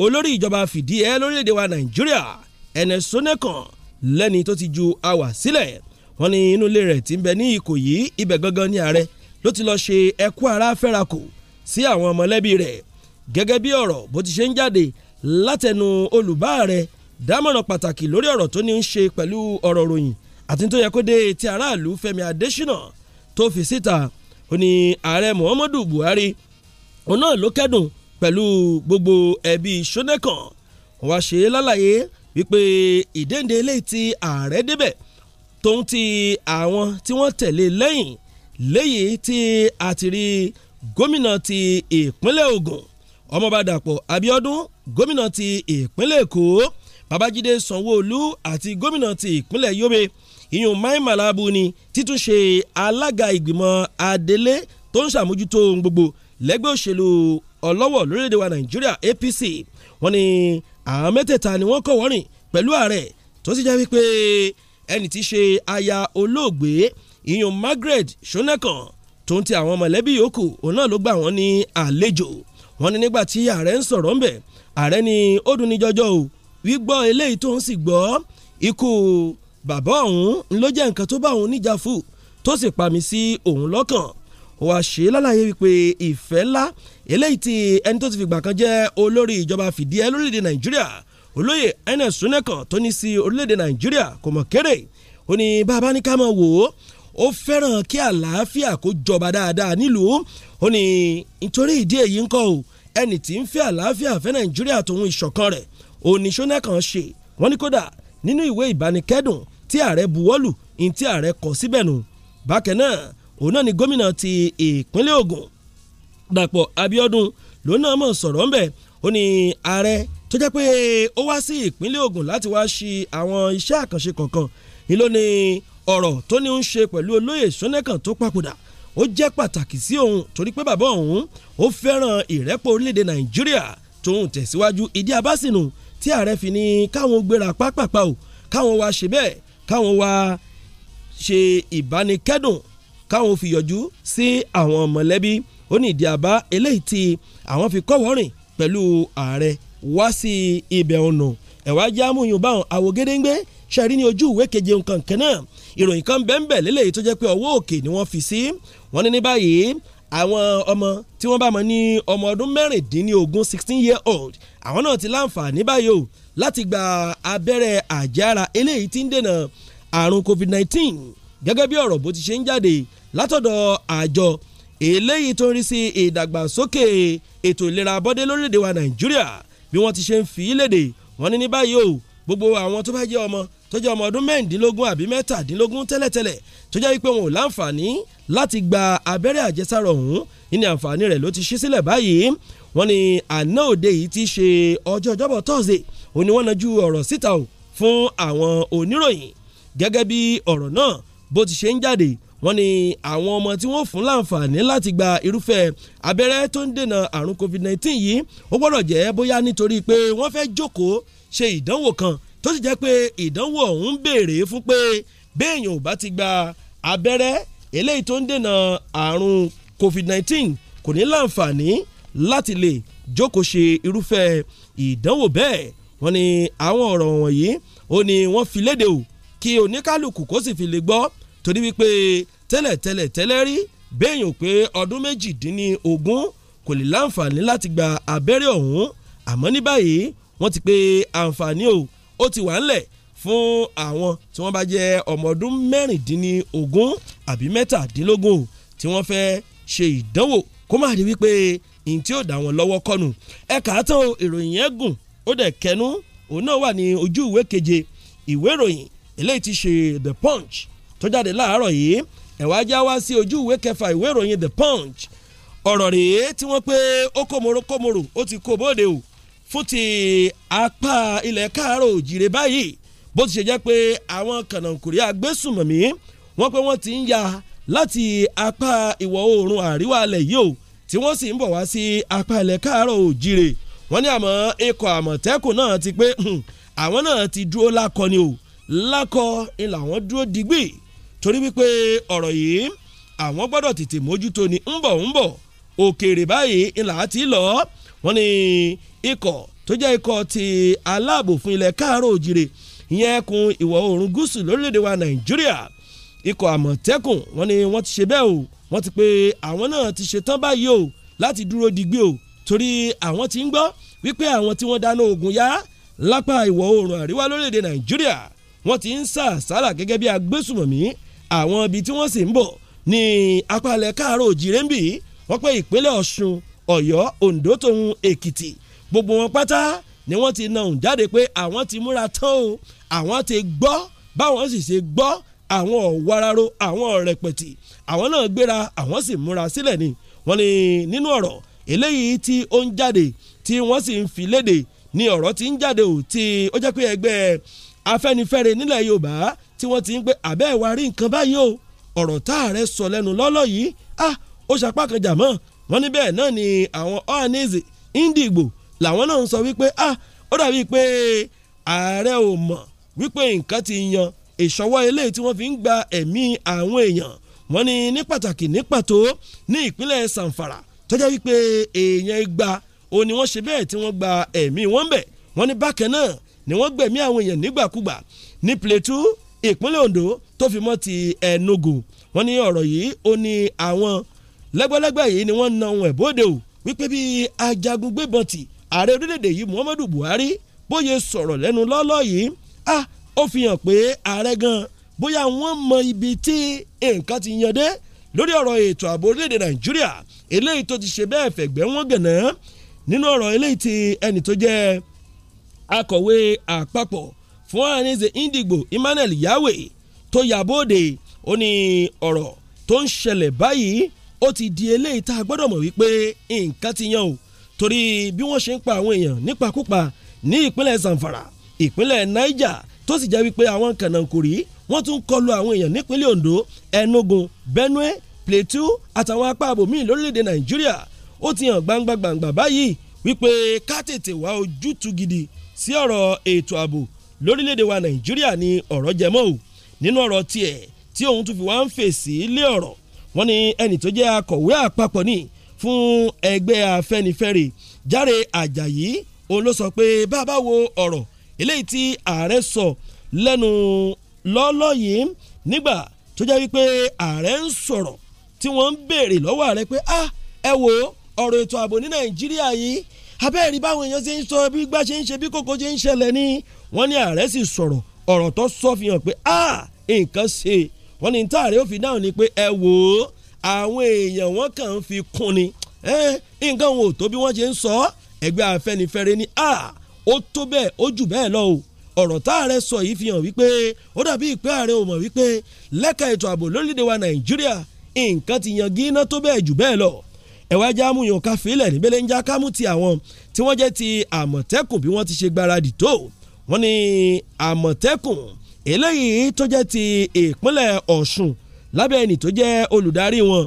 olórí ìjọba fìdí ẹ lórílẹ̀ Ernest Shonekan lẹ́ni tó ti ju àwà sílẹ̀ wọ́n ní inú ilé rẹ̀ ti ń bẹ ní Ìkòyí ibẹ̀ gangan ní ààrẹ ló ti lọ́ọ́ ṣe ẹkú ara fẹ́rakù sí àwọn mọ̀lẹ́bí rẹ̀ gẹ́gẹ́ bí ọ̀rọ̀ bó ti ṣe ń jáde látẹnu olùbá rẹ̀ dámọ̀ràn pàtàkì lórí ọ̀rọ̀ tó ní í ṣe pẹ̀lú ọ̀rọ̀ ròyìn àti tó yẹ kó dé ti aráàlú Fẹ́mi Adésínà tó fi síta ó ní ààrẹ Muhammadu Buhari òun náà ló kẹ́dùn pẹ̀lú gbogbo ẹbí Ṣónẹ́kàn wàá ṣe é lálàyé wípé ìdéǹde eléyìí tí ààrẹ débẹ̀ tóun ti àwọn tí wọ́n tẹ̀lé lẹ́yìn léyìí ti rí gómìnà ti ìpínlẹ̀ ogun. ọmọọba Dàpọ̀ Abíọ́dún gómìnà ti ìpínlẹ̀ Èkó Babájídé Sanwó-Olú àti gómìnà ti ìpínlẹ̀ Yobe ìyún Mai Mala Buni títúnṣe alága ìgbìmọ̀ adelé tó ń ṣàmójútó ohun gbogbo lẹ́gbẹ́ òṣèlú ọlọ́wọ̀ lórílẹ̀‐èdè wa Nàìjíríà APC wọ́n ní àwọn mẹ́tẹ̀ẹ̀ta ni wọ́n kọ̀ wọ́rìn pẹ̀lú ààrẹ tó sì jẹ́ wípé ẹni tí í ṣe aya olóògbé ìyún Margaret Shonekan tó ń ti àwọn mọ̀lẹ́bí yòókù òun náà ló gbà wọ́n ní àlejò wọ́n ní nígbà tí ààrẹ ń sọ̀rọ̀ ńbẹ̀ ààrẹ ni ó dùn jọjọ o wígbọ́ eléyìí tó ń sì gbọ́ ikú bàbá òun ló jẹ́ nǹkan tó bá òun níjà fún tó sì pa sí òun lọ́kàn wàá ṣe lálàyé wípé ìfẹ́ ńlá eléyìí tí ẹni tó ti fìgbà kan jẹ́ olórí ìjọba fìdíhẹ lórílẹ̀‐èdè nàìjíríà olóyè ernest sunekan tó ní sí orílẹ̀‐èdè nàìjíríà kò mọ̀ kéré ó ní bàbá ní ká máa wò ó ó fẹ́ràn kí àlàáfíà kó jọba dáadáa nílùú ó ní nítorí ìdí èyí ńkọ́ o ẹni tí ń fẹ́ àlàáfíà fẹ́ nàìjíríà tòun ìṣọ̀kan rẹ̀ òní sunekan ṣe wọ́n ní kódà nínú ìwé ìbánikẹ́dùn tí ààrẹ buwọ́lù ní tí ààrẹ kọ síbẹ̀ nù bákẹ́ náà òun náà ni gómìnà ti ìpínlẹ̀ Ògùn Dàpọ̀ Abíọ́dún lòun náà mọ̀ sọ̀rọ̀ ńbẹ̀ ó ní ààrẹ tó jẹ́ pé ó wá sí ìpínlẹ̀ Ògùn láti wá ṣe àwọn iṣẹ́ àkànṣe kọ̀ọ̀kan ni ló ní ọ̀rọ̀ tó ní ń ṣe pẹ̀lú olóyè Ṣónẹ́kàn tó papòdà ó jẹ́ pàtàkì sí òun torí pé bàbá òun ó fẹ́ràn ìrẹ́pọ̀ orílẹ̀-èdè Nàìjíríà tóun tẹ̀síwájú ìdí abásìnù tí ààrẹ fi ní káwọn gbéra pápápá o káwọn wá ṣe bẹ́ẹ̀ káwọn wá ṣe ìbánikẹ́dùn káwọn fi yọjú sí àwọn mọ̀lẹ́bí ó ní ìdí àbá eléyìí tí àwọn fi kọ́wọ́ rìn pẹ̀lú ààrẹ wá sí ibẹ̀ ọ̀nà ẹ̀wá jámúyùn báwọn àwògedengbe ṣẹ́rí ní ojú ìwé keje nǹkan kan náà ìròyìn kan bẹ́ẹ̀nbẹ̀ lélẹ́yìí tó jẹ́ pé ọwọ́ òkè ni wọ́n fi sí wọ́n ní ní báyìí àwọn ọmọ tí wọ́n bá mọ̀ ní ọmọ ọdún mẹ́rìndínlógún sixteen year old àwọn náà ti láǹfààní báyìí o láti gba abẹ́rẹ́ àjàrà eléyìí tí ń dènà àrùn covid nineteen gẹ́gẹ́ bí ọ̀rọ̀ bó ti ṣe ń jáde látọ̀dọ̀ àjọ eléyìí tó ń rí sí ìdàgbàsókè ètò ìlera abọ́dé lórílẹ̀‐èdè wa nàìjíríà bí wọ́n ti ṣe ń fi í léde wọ́n ní ní báyìí o gbogbo àwọn tó bá jẹ́ ọmọ tó jẹ́ ọmọ ọdún mẹ́rìndínlógún àbí mẹ́tàdínlógún tẹ́lẹ̀tẹ́lẹ̀ tó jẹ́ wípé wọn ò láǹfààní láti gba abẹ́rẹ́ àjẹsára ọ̀hún ní àǹfààní rẹ̀ ló ti ṣí sílẹ̀ báyìí wọ́n ní àná òde yìí ti ṣe ọjọ́ ọjọ́bọ̀ tọ́sídẹ̀ òní wọ́n náà ju ọ̀rọ̀ síta o fún àwọn oníròyìn gẹ́gẹ́ bí ọ̀rọ̀ náà bó ti ṣe ń jáde wọ́n ní àwọn ọmọ tí wọ́n fún láǹfààní láti gba irúfẹ́ abẹ́rẹ́ tó ń dènà àrùn covid-19 yìí ó gbọ́dọ̀ jẹ́ bóyá nítorí pé wọ́n fẹ́ jókòó ṣe ìdánwò kan tó sì jẹ́ pé ìdánwò ọ̀hún ń béèrè fún pé béèyàn ò bá ti gba abẹ́rẹ́ eléyìí tó ń dènà àrùn covid-19 kò ní láǹfààní láti lè jókòó ṣe irúfẹ́ ìdánwò bẹ́ẹ̀ wọ́n ní àwọn ọ̀rọ̀ wọ̀nyí ó ní wọ́n fi léde o kí oníkálukú kó sì fi lè gbọ́ torí wípé tẹ́lẹ̀ tẹ́lẹ̀ tẹ́lẹ̀ rí béèyàn pé ọdún méjìdínlógún kò lè láǹfààní láti gba abẹ́rẹ́ ọ̀hún àmọ́ ní báyìí wọ́n ti pé àǹfààní o ó ti wà ńlẹ̀ fún àwọn tí wọ́n bá jẹ́ ọmọ ọdún mẹ́rìndínlógún àbí mẹ́tàdínlógún tí wọ́n fẹ́ ṣe ìdánwò kó má di wípé ní tí ó dá wọn lọ́wọ́ kọ́nu ẹ̀ka àtàn ìròyìn yẹn gùn ó dẹ̀ kẹnu òun náà wà ní ojú ìwé keje ìwé ìròyìn eléyìí ti ṣe The Punch tó jáde láàárọ̀ yìí ẹ̀wá já wá sí ojú ìwé kẹfà ìwé ìròyìn The Punch ọ̀rọ̀ rèé tí wọ́n pé ó kòmòrò kòmòrò ó ti kó bóde o fún ti apá ilẹ̀ káàárọ̀ òjìrè báyìí bó ti ṣe jẹ́ pé àwọn kànáńkùrí agbésùmọ̀mí wọ́n pé wọ́n ti ń ya láti apá ìwọ̀ oòrùn àríwá alẹ̀ yìí o tí wọ́n sì ń bọ̀ wá sí apá ilẹ̀ káàárọ̀ òjìrè wọ́n ní àmọ́ ikọ̀ àmọ̀tẹ́kùn náà ti pé hmm, àwọn náà ti dúró lákọ ni o lákọ ni làwọn dúró digbí torí wípé ọ̀rọ̀ yìí àwọn gbọ́dọ̀ tètè mójútó ni ń bọ̀ ń bọ̀ òkèèrè báyìí ńlá ti lọ wọ́n ní ikọ̀ tó jẹ́ ikọ̀ ti aláàbò fún ilẹ̀ káàárọ̀ òjìrè ìyẹn ẹkùn ìwọ̀ oòrùn gúúsù lórílẹ̀‐èdè wa nàìjíríà ikọ̀ àmọ̀tẹ́kùn wọ́n ní wọ́n ti ṣe bẹ́ẹ̀ o wọ́n ti pé àwọn náà ti ṣe tán báyìí o láti dúró digbí o torí àwọn ti ń gbọ́ wípé àwọn tí wọ́n dáná ogun yá lápá ìwọ̀ oòrùn àríwá lórílẹ̀‐èdè nàìjíríà wọ́n ti ń sà sálà gẹ́gẹ́ bí agbésùmọ̀mí àwọn ibi tí wọ́n sì ń bọ̀ ní apalẹ̀ káàró òjìrè ń bì í wọ́n pé ìpínlẹ̀ ọ̀ṣun ọ̀yọ́ oǹdó tòun èkìtì gbogbo wọn pátá ni wọ́n ti nà ń jáde pé àwọn ti múra tán o àwọn ti gbọ́ báwọn sì ṣe gbọ́ àwọn ọ̀wararo àwọn ọ̀rẹ̀pẹ̀tì àwọn náà gbéra àwọn sì múra sílẹ̀ ni wọ́n ní nínú ọ̀rọ̀ eléyìí tí ó ń jáde tí wọ́n sì ń fi léde ni ọ̀rọ̀ ti ń jáde ò tí ó jẹ́ pé ẹgbẹ́ afẹ́nifẹ́re nílẹ̀ yorùbá tí wọ́n ti ń gbé àbẹ́ ìwà rí nǹkan báyìí o ọ̀rọ̀ tá a rẹ sọ lẹ́nu lọ́lọ́ yìí ah ó ṣapá kan jà mọ́ wọ́n ní bẹ́ẹ̀ náà ni àwọn Ohanaeze Ndigbo làwọn náà ń sọ wípé ah ó dàbí pé ààrẹ ò mọ̀ wípé nǹkan ti yan ìṣọwọ́ eléyìí tí wọ́n fi ń gba ẹ̀mí àwọn èèyàn wọ́n ní ní pàtàkì ní pàtó ní ìpínlẹ̀ Sanfara tó jẹ́ wípé èèyàn igba ó ní wọ́n ṣe bẹ́ẹ̀ tí wọ́n gba ẹ̀mí wọn bẹ̀ wọ́n ní bákan náà ni wọ́n gbẹ̀mí àwọn èèyàn nígbàkúgbà ní Plateau ìpínlẹ̀ Ondo tó fi mọ́ ti Enugu wọ́n ní ọ̀rọ̀ yìí ó ní àwọn lẹ́gbẹ́lẹ́gbẹ́ yìí ni wọ́n ń na ohun ẹ̀bọ́dẹ o wípé bí ajagun gbébọn tì ààrẹ orílẹ̀-èdè yìí Muhammadu Buhari bóyá sọ̀rọ̀ lẹ́nu lọ́lọ́ yìí ah ó fi hàn pé ààrẹ gan bóyá wọ́n mọ ibi tí nǹkan ti yan dé lórí ọ̀rọ̀ ètò ààbò orílẹ̀-èdè Nàìjíríà eléyìí tó ti ṣe bẹ́ẹ̀ fẹ̀gbẹ́ wọn gànà nínú ọ̀rọ̀ eléyìí ti ẹni tó jẹ́ akọ̀wé àpapọ̀ fún Ohanaeze Ndigbo Emmanuel Yahweh tó yàbóde ó ní ọ̀rọ̀ tó ń ṣẹlẹ̀ báyìí ó ti di eléyìí tá a gbọ́dọ̀ mọ̀ wípé nǹkan ti yan o torí bí wọ́n ṣe ń pa àwọn èèyàn nípakúpa ní ìpínlẹ̀ Zamfara ìpínlẹ̀ Niger tó sì jẹ́ wípé àwọn kànáńkùrì wọ́n tún kọlu àwọn èèyàn nípínlẹ̀ Ondo Enugu Benue Plateau àtàwọn apá abòmíì lórílẹ̀‐èdè Nàìjíríà ó ti hàn gbangba gbangba báyìí wípé ká tètè wá ojútùú gidi sí ọ̀rọ̀ ètò ààbò lórílẹ̀‐èdè wa nàìjíríà ni ọ̀rọ̀ jẹmọ́ o nínú ọ̀rọ̀ tiẹ̀ tí òun tún fi wá ń fèsì lé ọ̀rọ̀ wọn ni ẹnì tó jẹ́ akọ̀wé àpapọ̀ ní fún ẹgbẹ́ afẹ́nifẹ́re járe àjàyí òun ló sọ pé bá a bá wo ọ̀rọ̀ eléyìí tí ààrẹ sọ lẹ́nu lọ́lọ́ yìí nígbà tó jẹ́ wípé ààrẹ ń sọ̀rọ̀ tí wọ́n ń béèrè lọ́wọ́ ààrẹ pé ah ẹ wo ọ̀rọ̀ ètò ààbò ní nàìjíríà yìí abẹ́ẹ̀rí báwọn èèyàn ṣe ń sọ bí gbá ṣe ń ṣe bí kòkó ṣe ń ṣẹlẹ̀ ní wọ́n ní ààrẹ sì sọ̀rọ̀ ọ̀rọ̀ tó sọ fi hàn pé a nǹkan ṣe wọ́n ní táàrẹ́ ó fi dáhùn ni pé ẹ wò ó àwọn èèyàn wọn kàn ń fi kún ni nǹkan wọn ò tó bí wọ́n ṣe ń sọ ẹgbẹ́ afẹ́nifẹ́re ni a ó tó bẹ́ẹ̀ ó jù bẹ́ẹ̀ lọ o ọ̀rọ̀ táàrẹ sọ yìí fi hàn wípé ó dàbí ìpè ààrẹ ò mọ̀ wípé lẹ́ka ètò ààbò lórílẹ̀‐èdè wa Nàìjíríà nǹkan ti yan gíná tó bẹ́ẹ̀ jù bẹ́ẹ̀ lọ ẹ̀wá ajá múyàn káfílẹ̀ níbẹ̀ lẹ́ńjà kámú ti àwọn tí wọ́n jẹ́ ti Àmọ̀tẹ́kùn bí wọ́n ti ṣe gbáradì tó wọ́n ní àmọ̀tẹ́kùn eléyìí tó jẹ́ ti ìpínlẹ̀ ọ̀ṣun lábẹ́ ẹni tó jẹ́ olùdarí wọn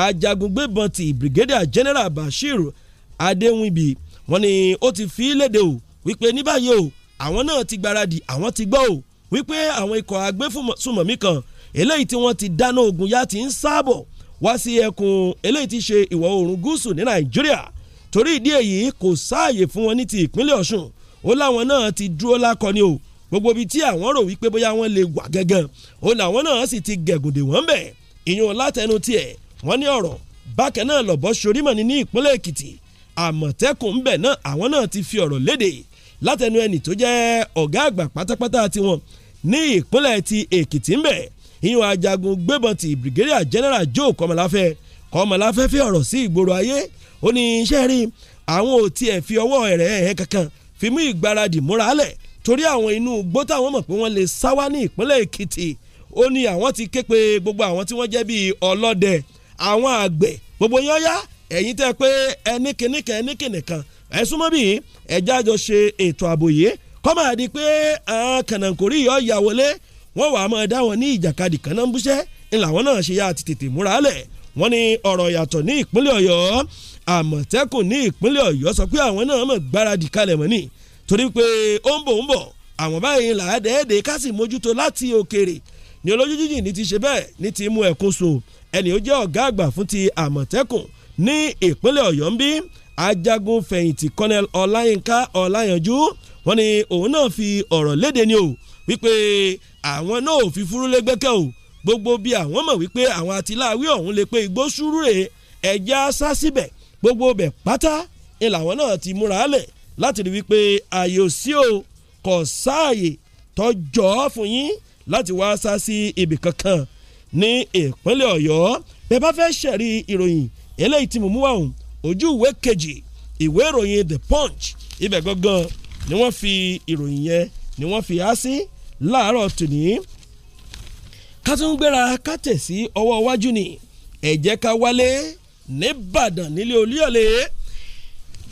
ajagungbébọn ti brigadier general bashir adéwìnbí wọ́n ní ó ti fi léde o wípé ní báyìí o àwọn náà ti gbáradì àwọn ti gbọ́ o wípé àwọn ikọ̀ agbésùmọ̀mí kan eléyìí tí wọ́n ti dáná ogun yá ti ń sáàbọ̀ wá sí ẹkùn eléyìí ti ṣe ìwọ̀ oòrùn gúúsù ní nàìjíríà torí ìdí èyí kò sáàyè fún wọn ní ti ìpínlẹ̀ ọ̀ṣun ó láwọn náà ti dúró lákọni o gbogbo ibi tí àwọn rò wípé bóyá wọ́n lè wà gángan ó làwọn náà sì ti gẹ̀gùndè wọ́n bẹ̀ ìyún látẹnu tiẹ̀ wọ́n ní ọ̀rọ̀ bákẹ́ náà lọ̀bọ́ sorímọ̀ ní ní ìpínlẹ̀ Èkìtì àmọ̀tẹ́kùn bẹ̀ náà àwọn náà ti fi ọ̀rọ̀ léde látẹnu ẹni tó jẹ́ ọ̀gá àgbà pátápátá tiwọn ní ìpínlẹ̀ ti Èkìtì ń bẹ̀ ìyún ajagun gbébọn ti Brigadier General Joe Kọmọláfẹ́ Kọmọláfẹ́ fi ọ̀rọ̀ sí ìgboro ayé ó ní iṣẹ́ rí àwọn ò tiẹ̀ fi ọwọ́ rẹ̀ ẹ̀ kankan Fimu mú ìgbáradì múra lẹ̀ torí àwọn inú igbó táwọn mọ̀ pé wọ́n lè sá wá ní ìpínlẹ̀ Èkìtì ó ní àwọn ti ké pe gbogbo àwọn tí wọ́n jẹ́ bíi ọlọ́dẹ àwọn àgbẹ̀ gbogbo yán yá ẹ̀yin tẹ́ pé ẹnìkìnìkan ẹnìkìnìkan ẹ súnmọ́ bí ẹ̀já jọ ṣe ètò ààbò yìí kọ́ máa pé àwọn kànáńkórì yọ ya wọlé wọ́n wàá máa dá wọn ní ìjàkadì kan náà ń búṣẹ́ ńlá wọn náà ṣe yá àti tètè múra lẹ̀ wọ́n ní ọ̀rọ̀ yàtọ̀ àmọ̀tẹ́kùn ní ìpínlẹ̀ ọ̀yọ́ sọ pé àwọn náà mọ̀ gbáradì kalẹ̀ mọ́ ni torí pé ó ń bọ̀ ń bọ̀ àwọn báyìí là á dẹ́ẹ̀dẹ́ ká sì mójútó láti òkèrè ní olójú jíjìn ní ti ṣe bẹ́ẹ̀ ní ti mú ẹ̀kún so ẹni ó jẹ́ ọ̀gá àgbà fún ti àmọ̀tẹ́kùn ní ìpínlẹ̀ ọ̀yọ́ ń bí ajagun fẹ̀yìntì colonel ọláyínká ọláyànjú wọ́n ní òun náà fi ọ̀rọ̀ léde ni o wípé àwọn náà ò fi fúrú lẹ́gbẹ́kẹ̀ o gbogbo bí àwọn mọ̀ wípé àwọn àtìláwí ọ̀hún lè pé igbó súrúrè ẹ̀já sá síbẹ̀ gbogbo bẹ̀ pátá ni làwọn náà ti múra lẹ̀ láti rí wípé ààyè ò sí o kò sáàyè tọjọ́ fún yín láti wá sá sí ibì kankan ní ìpínlẹ̀ ọ̀yọ́ bẹ́ẹ̀ bá fẹ́ ṣẹ̀rí ìròyìn eléyìí tí mo mú wá ojú ìwé kejì ìwé ìròyìn the punch ibẹ̀ gangan ni wọ́n fi ìròyìn yẹn ni wọ́n fi há sí láàárọ̀ tòní ká tún gbéra ká tẹ̀ sí ọwọ́ iwájú ni ẹ ká wálé nìbàdàn nílé olúyọ̀lé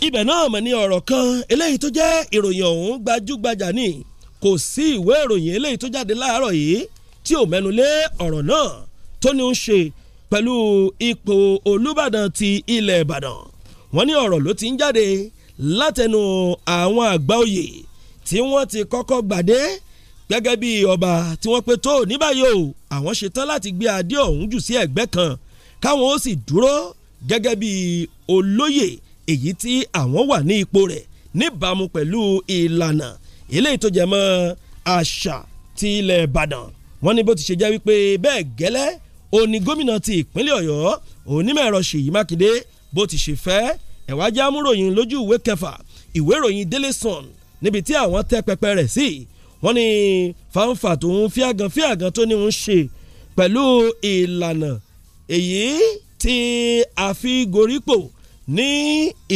ibẹ̀ náà mọ̀ ní ọ̀rọ̀ kan eléyìí tó jẹ́ ìròyìn ọ̀hún gbajúgbajà ni kò sí ìwé ìròyìn eléyìí tó jáde láàárọ̀ yìí tí ò mẹ́nu lé ọ̀rọ̀ náà tó ní ń ṣe pẹ̀lú ipò olúbàdàn ti ilẹ̀ ìbàdàn wọ́n ní ọ̀rọ̀ ló ti ń jáde látẹnu àwọn àgbà oyè tí wọ́n ti kọ́kọ́ gbàdé gẹ́gẹ́ bí ọba tí wọ́n pe tó ní báyìí o àwọn ṣetán láti gbé adé ọ̀hún jù sí ẹ̀gbẹ́ kan káwọn ó sì dúró gẹ́gẹ́ bí olóyè èyí tí àwọn wà ní ipò rẹ̀ níbàámu pẹ̀lú ìlànà eléyìí tó jẹ mọ́ àṣà ti ilẹ̀ Ìbàdàn wọ́n ní bó ti ṣe jẹ́ wípé bẹ́ẹ̀ gẹ́lẹ́ òní gómìnà ti ìpínlẹ̀ Ọ̀yọ́ onímọ̀ ẹ̀rọ Ṣèyí Mákindé bó ti ṣe fẹ́ ẹ̀wájú amúròyìn lójú ìwé kẹfà ìwé ìròyìn Daily Sun níbi tí àwọn tẹ́ pẹpẹ rẹ̀ sí wọ́n ní fanfa tó ń fíàgàn fíàgàn tó ní ń ṣe pẹ̀lú ìlànà èyí tí a fi gorípò ní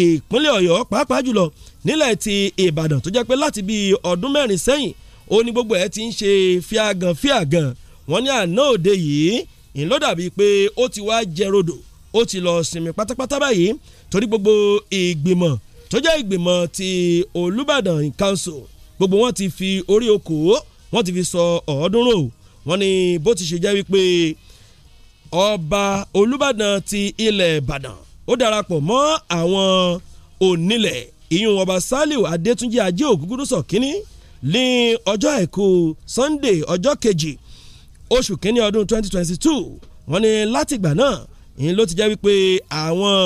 ìpínlẹ̀ ọ̀yọ́ pàápàá jùlọ nílẹ̀ ti ìbàdàn tó jẹ́ pé láti bíi ọdún mẹ́rin sẹ́yìn ó ní gbogbo ẹ̀ ti ń ṣe fíagàn fíagàn wọ́n ní àná òde yìí ìló dàbíi pé ó ti wá jẹ rodò ó ti lọ sinmi pátápátá báyìí torí gbogbo ìgbìmọ̀ tó jẹ́ ìgbìmọ̀ ti olùbàdàn council gbogbo wọn ti fi orí oko wọn ti fi sọ ọ̀ọ́dúnrún wọ́n ní bó ti ṣe jẹ́ wípé ọba olúbàdàn ti ilẹ̀ ìbàdàn ó darapọ̀ mọ́ àwọn onílẹ̀ ìyún ọba saliu adétúnjì ajé ògúngúrúsọ kínní ní ọjọ́ àìkú sunday ọjọ́ kejì oṣù kínní ọdún 2022 wọ́n ní látìgbà náà ìyẹn ló ti jẹ́ wípé àwọn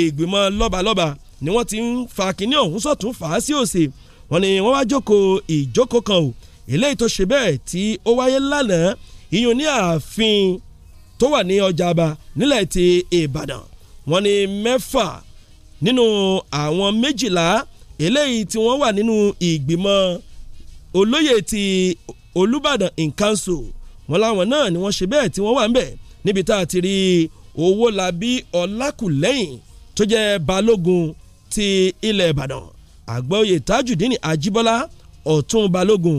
ìgbìmọ̀ lọ́balọ́ba ni wọ́n ti ń fa kínní ọ̀hún sọ̀tún fà á sí òsì wọ́n ní wọ́n wá jókòó ìjókòó kan o eléyìí tó ṣe bẹ́ẹ̀ tí ó wáyé lánàá ìyún ní ààfin tó wà ní ọjà àbá nílẹ̀ ti Ìbàdàn wọ́n ní mẹ́fà nínú àwọn méjìlá eléyìí tí wọ́n wà nínú ìgbìmọ̀ olóyè ti Olúbàdàn in council wọ́n láwọn náà ni wọ́n ṣe bẹ́ẹ̀ tí wọ́n wà ń bẹ̀ níbi tá a ti rí Owólabí Ọlákùlẹ́yìn tó jẹ́ balógun ti ilẹ̀ Ìbàdàn àgbọ̀yé Tajudeen Ajíbọ́lá ọ̀tún balógun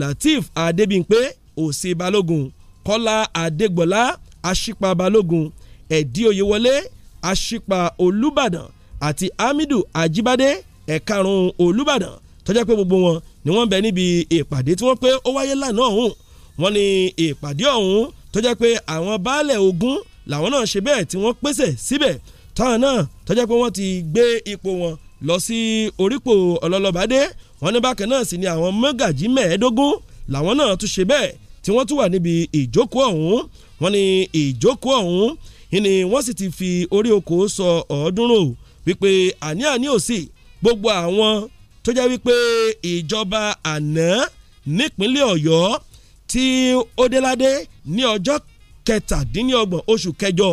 Lateef Adébímpé òsì balógun Kọ́lá Adégbọ́lá aṣípa balógun ẹ̀dí oyèwọlé aṣípa olúbàdàn àti hamidu ajibade ẹ̀karùn-ún olúbàdàn tó jẹ́ pé gbogbo wọn ni wọ́n bẹ níbi ìpàdé tí wọ́n pé ó wáyé lánàá ọ̀hún wọ́n ní ìpàdé ọ̀hún tó jẹ́ pé àwọn baálẹ̀ ogun làwọn náà ṣe bẹ́ẹ̀ tí wọ́n pèsè síbẹ̀ táwọn náà tó jẹ́ pé wọ́n ti gbé ipò wọn lọ sí orípò ọlọ́lọ́bàdé wọ́n ní bákan náà sì ni àwọn mọ́gàjí mẹ́ẹ̀ẹ́dógún làwọn náà tún ṣe bẹ́ẹ̀ tí wọ́n tún wà níbi ìjókòó ọ̀hún wọ́n ní ìjókòó ọ̀hún ni wọ́n sì ti fi orí oko sọ ọ̀ọ́dúnrún wípé àní-àní ò sí gbogbo àwọn tó jẹ́ wípé ìjọba àná nípínlẹ̀ ọ̀yọ́ tí ó déládé ní ọjọ́ kẹtàdínlọ́gbọ̀n oṣù kẹjọ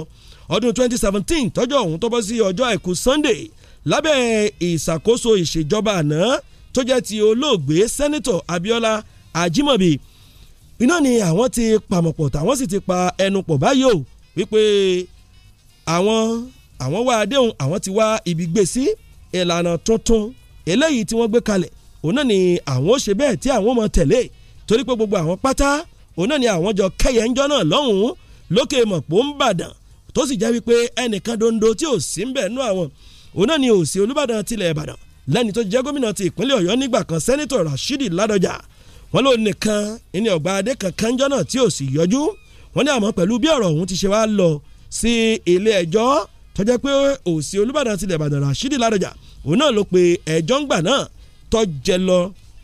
ọdún 2017 tọ́jọ́ ọ̀hún tó bọ́ sí ọjọ́ àìkú Sunday lábẹ́ ìṣàkóso ìṣèjọba àná tó jẹ́ ti olóògbé sẹ́nitọ̀ Abiola Ajimobi iná ni àwọn ti pàmọ̀pọ̀ tàwọn sì ti pa ẹnu pọ̀ báyìí o wípé àwọn àwọn wá adéhùn àwọn ti wá ibi gbé sí ìlànà tuntun eléyìí tí wọ́n gbé kalẹ̀ òun náà ni àwọn ó ṣe bẹ́ẹ̀ tí àwọn mọ̀ tẹ̀lé torí pé gbogbo àwọn pátá òun náà ni àwọn jọ kẹ́yẹ̀ ńjọ́ náà lọ́hùn-ún lókè mọ̀pọ̀ ń bàdàn tó sì jẹ́ wípé ẹnìkan dondo tí ò sí ń bẹ̀ nú àwọn òun náà ni òsì Olúbàdàn tilẹ̀ Ìbàdàn lẹ́ni tó jẹ́ gómìnà ti ìpínlẹ̀ Ọ̀yọ́ nígbà kan sẹ́nitọ̀ Rashidi Ládọjà wọ́n ló nìkan ìní ọ̀gbà adé kankan jọ́nà tí ò sì yọjú wọ́n ní àmọ́ pẹ̀lú bí ọ̀rọ̀ ọ̀hún ti ṣe wá lọ sí ilé ẹjọ́ tọ́jẹ́ pé òsì Olúbàdàn tilẹ̀ Ìbàdàn Rashidi Ládọjà òun náà ló pe ẹjọ́ ńgbà náà tọ́jẹ lọ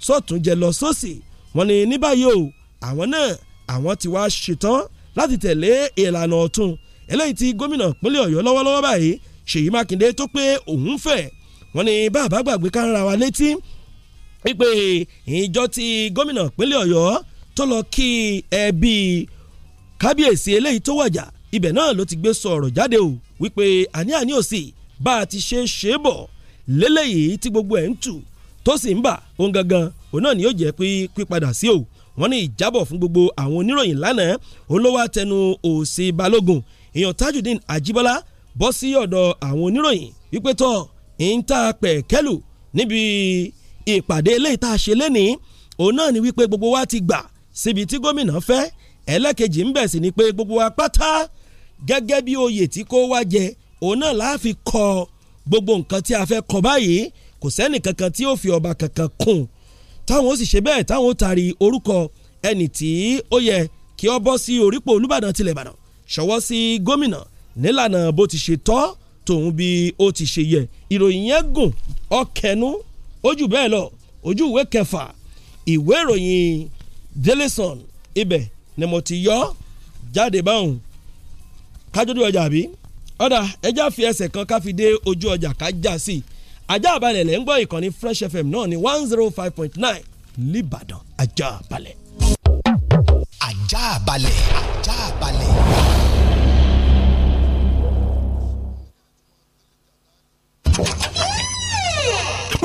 sọ́tún jẹ lọ sósì wọ́n ní ní báyìí o àwọn náà àwọn ti wá ṣetán láti tẹ̀lé ìlànà ọ̀tún eléyìí tí gómìnà pínlẹ̀ Ọ̀yọ́ lọ́wọ́lọ́wọ́ báyìí Ṣèyí Mákindé tó pé òun fẹ́ wọ́n ní bàbá gbàgbé ká ń ra wa létí wípé ìjọ tí gómìnà ìpínlẹ̀ ọ̀yọ́ tó lọ kí ẹbí kábíyèsí eléyìí tó wàjà ibẹ̀ náà ló ti gbé sọ̀rọ̀ jáde o wípé àní àní ò sí bá a ti ṣe é ṣe é bọ̀ lélẹ́yìí tí gbogbo ẹ̀ ń tù tó sì ń bà òun gangan òun náà ni yóò jẹ́ pé pípadà sí o wọ́n ní ìjábọ̀ fún gbogbo àwọn oníròyìn lánàá olówó àtẹnu òsì balógun èèyàn tajudeen ajibola bọ́ sí ọ̀dọ̀ àwọn oníròyìn wípé tọ́ ń ta níbi ìpàdé eléyìí tá a ṣe lénìí òun náà ni wípé gbogbo wa ti gbà síbi tí gómìnà fẹ́ ẹlẹ́kejì ń bẹ̀ sí ni pé gbogbo wa pátá gẹ́gẹ́ bí oyè tí kò wá jẹ òun náà la fi kọ gbogbo nǹkan tí a fẹ́ kọ báyìí kò sẹ́nì kankan tí ó fi ọba kankan kùn táwọn ó sì ṣe bẹ́ẹ̀ táwọn ó tari orúkọ ẹni tí ó yẹ kí ó bọ́ sí orípò Olúbàdàn tilẹ̀ Ìbàdàn ṣọwọ́ sí gómìnà nílànà bó ti ṣe tọ́ tòun bí ó ti ṣe yẹ ìròyìn yẹn gùn ọkẹnu ojú bẹ́ẹ̀ lọ ojú ìwé kẹfà ìwé ìròyìn Daily Sun ibẹ̀ ni mo ti yọ jáde báwọn kájọ́dé ọjà bí ọ̀dà ẹja fi ẹsẹ̀ kan ká fi dé ojú ọjà ká já sí i ajá àbálẹ̀ lẹ́ ń gbọ́ ìkànnì Fresh FM náà ni one zero five point nine l'Íbàdàn ajá àbálẹ̀. ajá àbálẹ̀ ajá àbálẹ̀. Thank you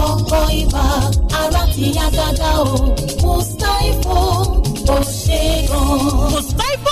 ọkọ̀ ibà ara ti yá gágá o mustapho ò ṣe é gan. mustapho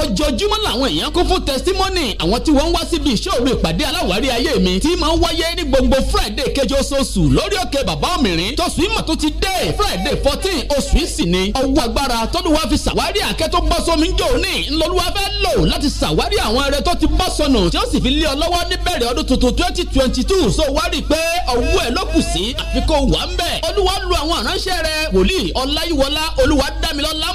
ojoojúmọ́ làwọn èèyàn kún fún tẹsítímọ́nì àwọn tí wọ́n ń wá síbi ìṣòro ìpàdé aláwárí ayé mi tí máa ń wáyé ní gbogbo friday kejì oṣooṣù lórí òkè bàbá òmìnirin tóṣù ìmọ̀ tó ti dé friday fourteen oṣù ìsìn ni ọwọ́ agbára tọ́dún wa fi ṣàwárí àkẹ́ tó bọ́ sómi ń jò ní ńlọ́lúwa fẹ́ lò láti ṣàwárí àwọn ẹrẹ tó ti bọ́ sọnù tí ó sì fi lé ọ lọ́wọ́ níbẹ̀rẹ̀ ọdún tuntun twenty twenty two so wá rí i pé ọwọ́ ẹ ló kù sí àfikún wà ń bẹ̀ olúwa lu àwọn àránṣẹ́ rẹ̀ wòlíì ọláyíwọlá olúwa dámilọ́lá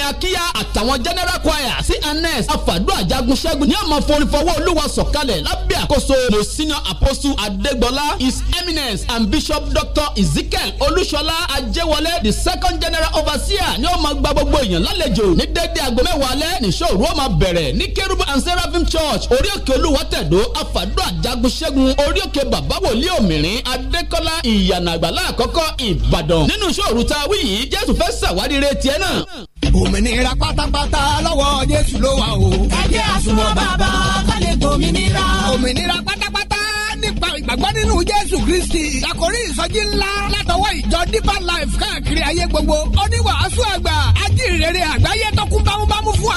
Fẹ́mi Akíyà àtàwọn general choir sí anes afàdúrà jagun ní àmọ́ forinfọwọ́ olúwa sọ̀kalẹ̀ lábẹ́ àkóso mo senior apostle Adégbọlá his eminence and bishop doctor Ezekiel Olúṣọlá Ajéwọlé the second general overseer ni ó máa gba gbogbo èèyàn lálejò ní dédé aago mẹ́wàá alẹ́ níṣòro ó máa bẹ̀rẹ̀ ní kérúbù and seraphim church orí òkè olúwatẹ̀dó afàdúrà jagun ṣẹ́gun orí òkè bàbá wòlíì òmìnirin Adékọ́lá ìyànàgbàlá àkọ́kọ́ Ìbàdàn nínú ṣòru ta wíyí Jésù fẹ́ ṣàwárí rẹ̀ tiẹ̀ náà òmìnira pátápátá lọ́wọ́ Jésù ló wà o. ẹ jẹ́ àsùnwọ̀n bàbá ká lè gbòmìnira. òmìnira pátápátá nípa ìgbàgbọ́ nínú Jésù Kristi. Àkòrí ìsọjí ńlá látọwọ́ ìjọ Deeper Life káàkiri ayé gbogbo. Oníwàásù àgbà ajínrere àgbáyé tó fún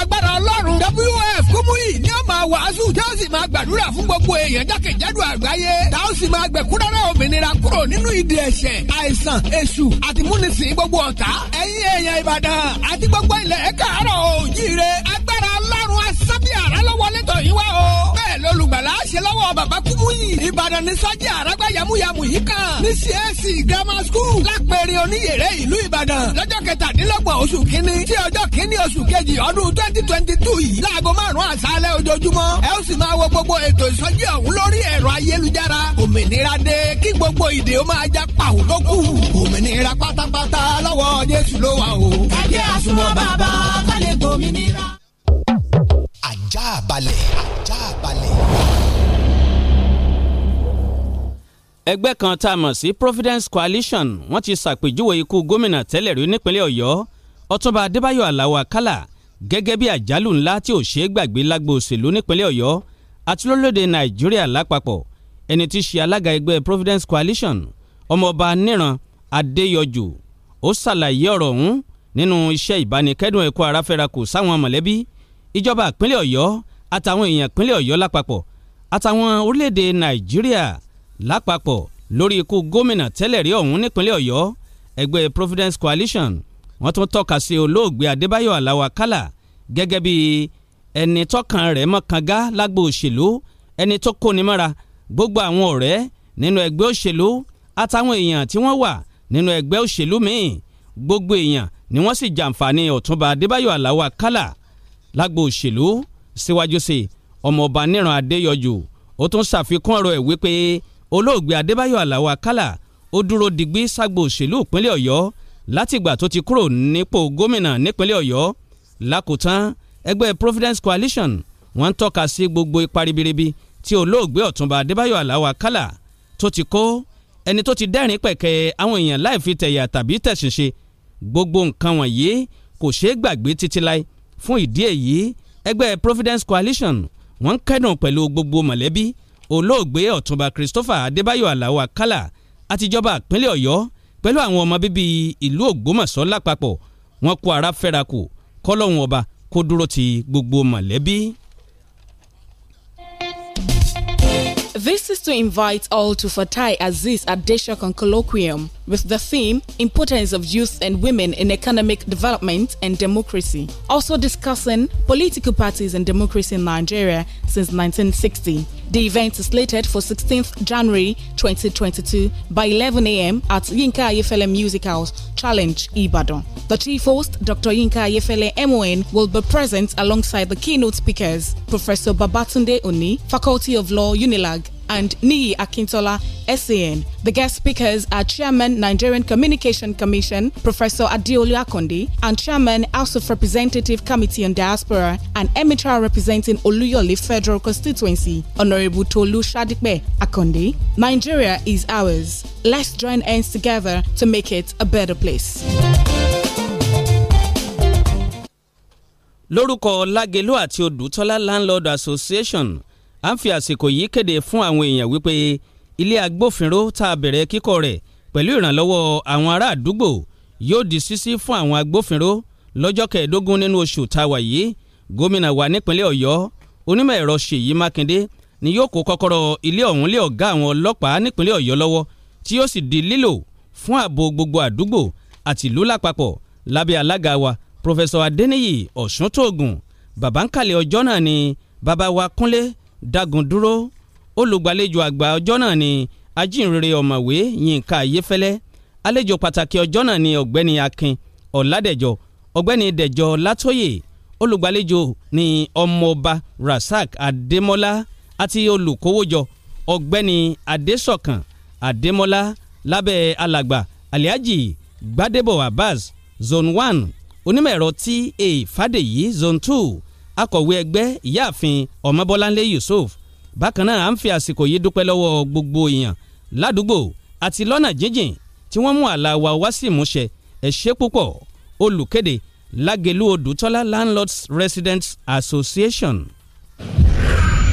agbára Ọlọ́run. WM Olúmúyì ni ó máa wàásù tí ó sì máa gbàdúrà fún gbogbo èèyàn jákèjádò àgbáyé tá ó sì máa gbẹ̀kúrẹ́rẹ́ òmìnira kúrò nínú ìdè ẹ̀ṣẹ̀ àìsàn èṣù àti múnisìn gbogbo ọ̀tá ẹ̀yin èèyàn Ìbàdàn àti gbogbo ilẹ̀ káàárọ̀ oòjíire agbára alárun asábíàrá lọ́wọ́lẹ́tọ̀ yín wá o olùgbàlà ṣe lọ́wọ́ bàbá kúmú yìí ìbàdàn ní sọ́jà àràgbà yamuyamu yìí kan ní csc grammar school lápẹ̀rẹ̀ oníyèrè ìlú ìbàdàn lọ́jọ́ kẹtàdínlọ́gbọ̀n oṣù kínní tí ọjọ́ kínní oṣù kejì ọdún twenty twenty two yìí láago márùn-ún àṣálẹ̀ ojoojúmọ́ ẹ ó sì máa wo gbogbo ètò ìsọjí ọ̀hún lórí ẹ̀rọ ayélujára òmìnira dé kí gbogbo ìdè ó máa já pàwó tó kù òmìnira pátápátá lọ́wọ́ jésù ló wà o. kájẹ́ àsùnwọ̀n bàbá kálẹ̀ gbòmìnira ajá balẹ̀ ajá balẹ̀. ẹgbẹ́ kan tá a mọ̀ sí Providence Coalition wọ́n ti ṣàpèjúwe ikú gómìnà tẹ́lẹ̀ rí nípínlẹ̀ Ọ̀yọ́ Ọ̀túnba Adébáyọ̀ Aláwọ̀ Àkàlà gẹ́gẹ́ bí àjálù ńlá tí ò ṣeé gbàgbé lágbo òṣèlú nípínlẹ̀ Ọ̀yọ́ àti lórílẹ̀‐èdè Nàìjíríà lápapọ̀ ẹni tí ṣe alága ẹgbẹ́ Providence Coalition ọmọọba Níran Adéyọjú ó ṣàlàyé ọ̀rọ̀ ọ̀hún nínú iṣẹ́ ìbánikẹ́dùn ẹ̀kọ́ aráfẹ́ra kò sáwọn mọ̀lẹ́bí ìjọba ìpínlẹ̀ ọ̀yọ́ àtàwọn èèyàn ìpínlẹ̀ ọ̀yọ́ lápapọ̀ àtàwọn orílẹ̀-èdè nàìjíríà lápapọ̀ lórí ikú gómìnà tẹ́lẹ̀ rí ọ̀hún nípínlẹ̀ ọ̀yọ́ ẹgbẹ́ Providence Coalition wọ́n tún tọ́ka sí olóògbé adébáyọ̀ aláwa àkàlà gẹ́gẹ́ bí ẹni tọ́kàn rẹ̀ mọ́kànga lágbo òṣèlú ẹni tó kóni mọ́ra gbogbo àwọn ọ̀rẹ́ nínú ẹgbẹ́ òṣèlú àtàwọn èèyàn tí wọ́n wà nínú ẹgbẹ́ òṣèlú míì gbogbo èèyàn ni wọ́n sì jàǹfààní ọ̀túnba adébáyọ̀ aláwa àkàlà lágbo òṣèlú síwájú sí ọmọọba níran adéyọjú ó tún ṣàfikún ọ̀rọ̀ ẹ̀ wípé olóògbé adébáyọ̀ aláwọ̀ àkàlà ó dúró digbí ságbo òṣèlú ìpínlẹ̀ ọ̀yọ́ látìgbà tó ti kúrò nípò gómìnà nípínlẹ̀ ọ̀yọ́ lákòótán ẹgbẹ́ providence coalition wọ́n ń tọ́ka sí gbogbo ipa ribiribi tí olóògbé ọ̀túnba adébáyọ̀ aláwọ̀ àkàlà tó ti kó ẹni tó ti dẹ́rìn pẹ̀kẹ́ àwọn èèyàn láì fi tẹ̀yà tàbí tẹ̀sìn ṣe gbogbo nǹkan wọ̀nyí kò ṣeé gbàgbé títí láì fún ìdí èyí ẹgbẹ́ Providence Coalition wọ́n ń kẹ́dùn pẹ̀lú gbogbo mọ̀lẹ́bí olóògbé ọ̀túnba Christopher Adébáyọ̀ Aláwọ̀ Àkàlà àtijọba ìpínlẹ̀ Ọ̀yọ́ pẹ̀lú àwọn ọmọ bíbí ìlú Ògbómọ̀ṣọ́ lápapọ̀ wọ́n kó ara fẹ́ra kù kọ́lọ́hún ọba kó dúró ti gbogbo mọ̀lẹ́bí. This is to invite all to Fatai Aziz Adeshakon Colloquium with the theme Importance of Youth and Women in Economic Development and Democracy, also discussing political parties and democracy in Nigeria since 1960. The event is slated for 16th January 2022 by 11 a.m. at Yinka Ayefele Music House, Challenge, Ibadan. The chief host, Dr. Yinka Ayefele MON, will be present alongside the keynote speakers, Professor Babatunde Oni, Faculty of Law, Unilag, and Nii Akintola, SAN. The guest speakers are Chairman Nigerian Communication Commission, Professor Adeolu Akonde, and Chairman House of Representative Committee on Diaspora and MHR representing Oluyole Federal Constituency, Honorable Tolu Shadikbe Akonde. Nigeria is ours. Let's join hands together to make it a better place. lórúkọ lágelú àti odùtọ́lá landlord association à ń fi àsìkò yìí kéde fún àwọn èèyàn wípé ilé agbófinró tá a bẹ̀rẹ̀ kíkọ́ rẹ̀ pẹ̀lú ìrànlọ́wọ́ àwọn ará àdúgbò yóò di sísí fún àwọn agbófinró lọ́jọ́ kẹẹ̀ẹ́dógún nínú oṣù táwa yìí gómìnà wa nípínlẹ̀ ọ̀yọ́ onímọ̀ ẹ̀rọ ṣèyí mákindé ni yóò kó kọ́kọ́rọ́ ilé ọ̀hún lé ọ̀gá àwọn ọlọ́pàá nípínlẹ̀ ọ̀yọ́ lọ́wọ́ tí yóò sì di lílò fún ààbò gbogbo àdúgbò àti ìlú lápapọ̀ lábẹ́ alága wa pòfẹ́sọ̀ adéníyì ọ̀ṣuntóògùn bàbá ọjọ́ náà ni bàbá wa kúnlé dágun dúró olùgbàlejò àgbà ọjọ́ náà ni ajínrere ọ̀mọ̀wé yínká ayéfẹ́lẹ́ àlejò pàtàkì ọjọ́ náà ni ọ̀gbẹ́ni akin ọ̀làdẹ̀jọ ọ̀gbẹ́ni dẹ̀jọ látòyè olùgbàlejò ni ọmọọba rasak adémọ́lá àti olùkówójọ ọ̀gbẹ́ni adésọ̀kàn adémọ́lá lábẹ́ alàgbà aliaji gbadebo abaz zone one onímọ̀ ẹ̀rọ ta fàdèyí zone two akọ̀wé ẹgbẹ́ ìyáàfin ọmọbọ́láńlé Yusuf bákan náà à ń fi àsìkò yìí dúpẹ́ lọ́wọ́ gbogbo èèyàn ládùúgbò àti lọ́nà jíjìn tí wọ́n mú àlá wa wá sí ìmúṣẹ ẹ púpọ̀ olùkéde Lágelú Odùtọ́lá Landlords Residents Association.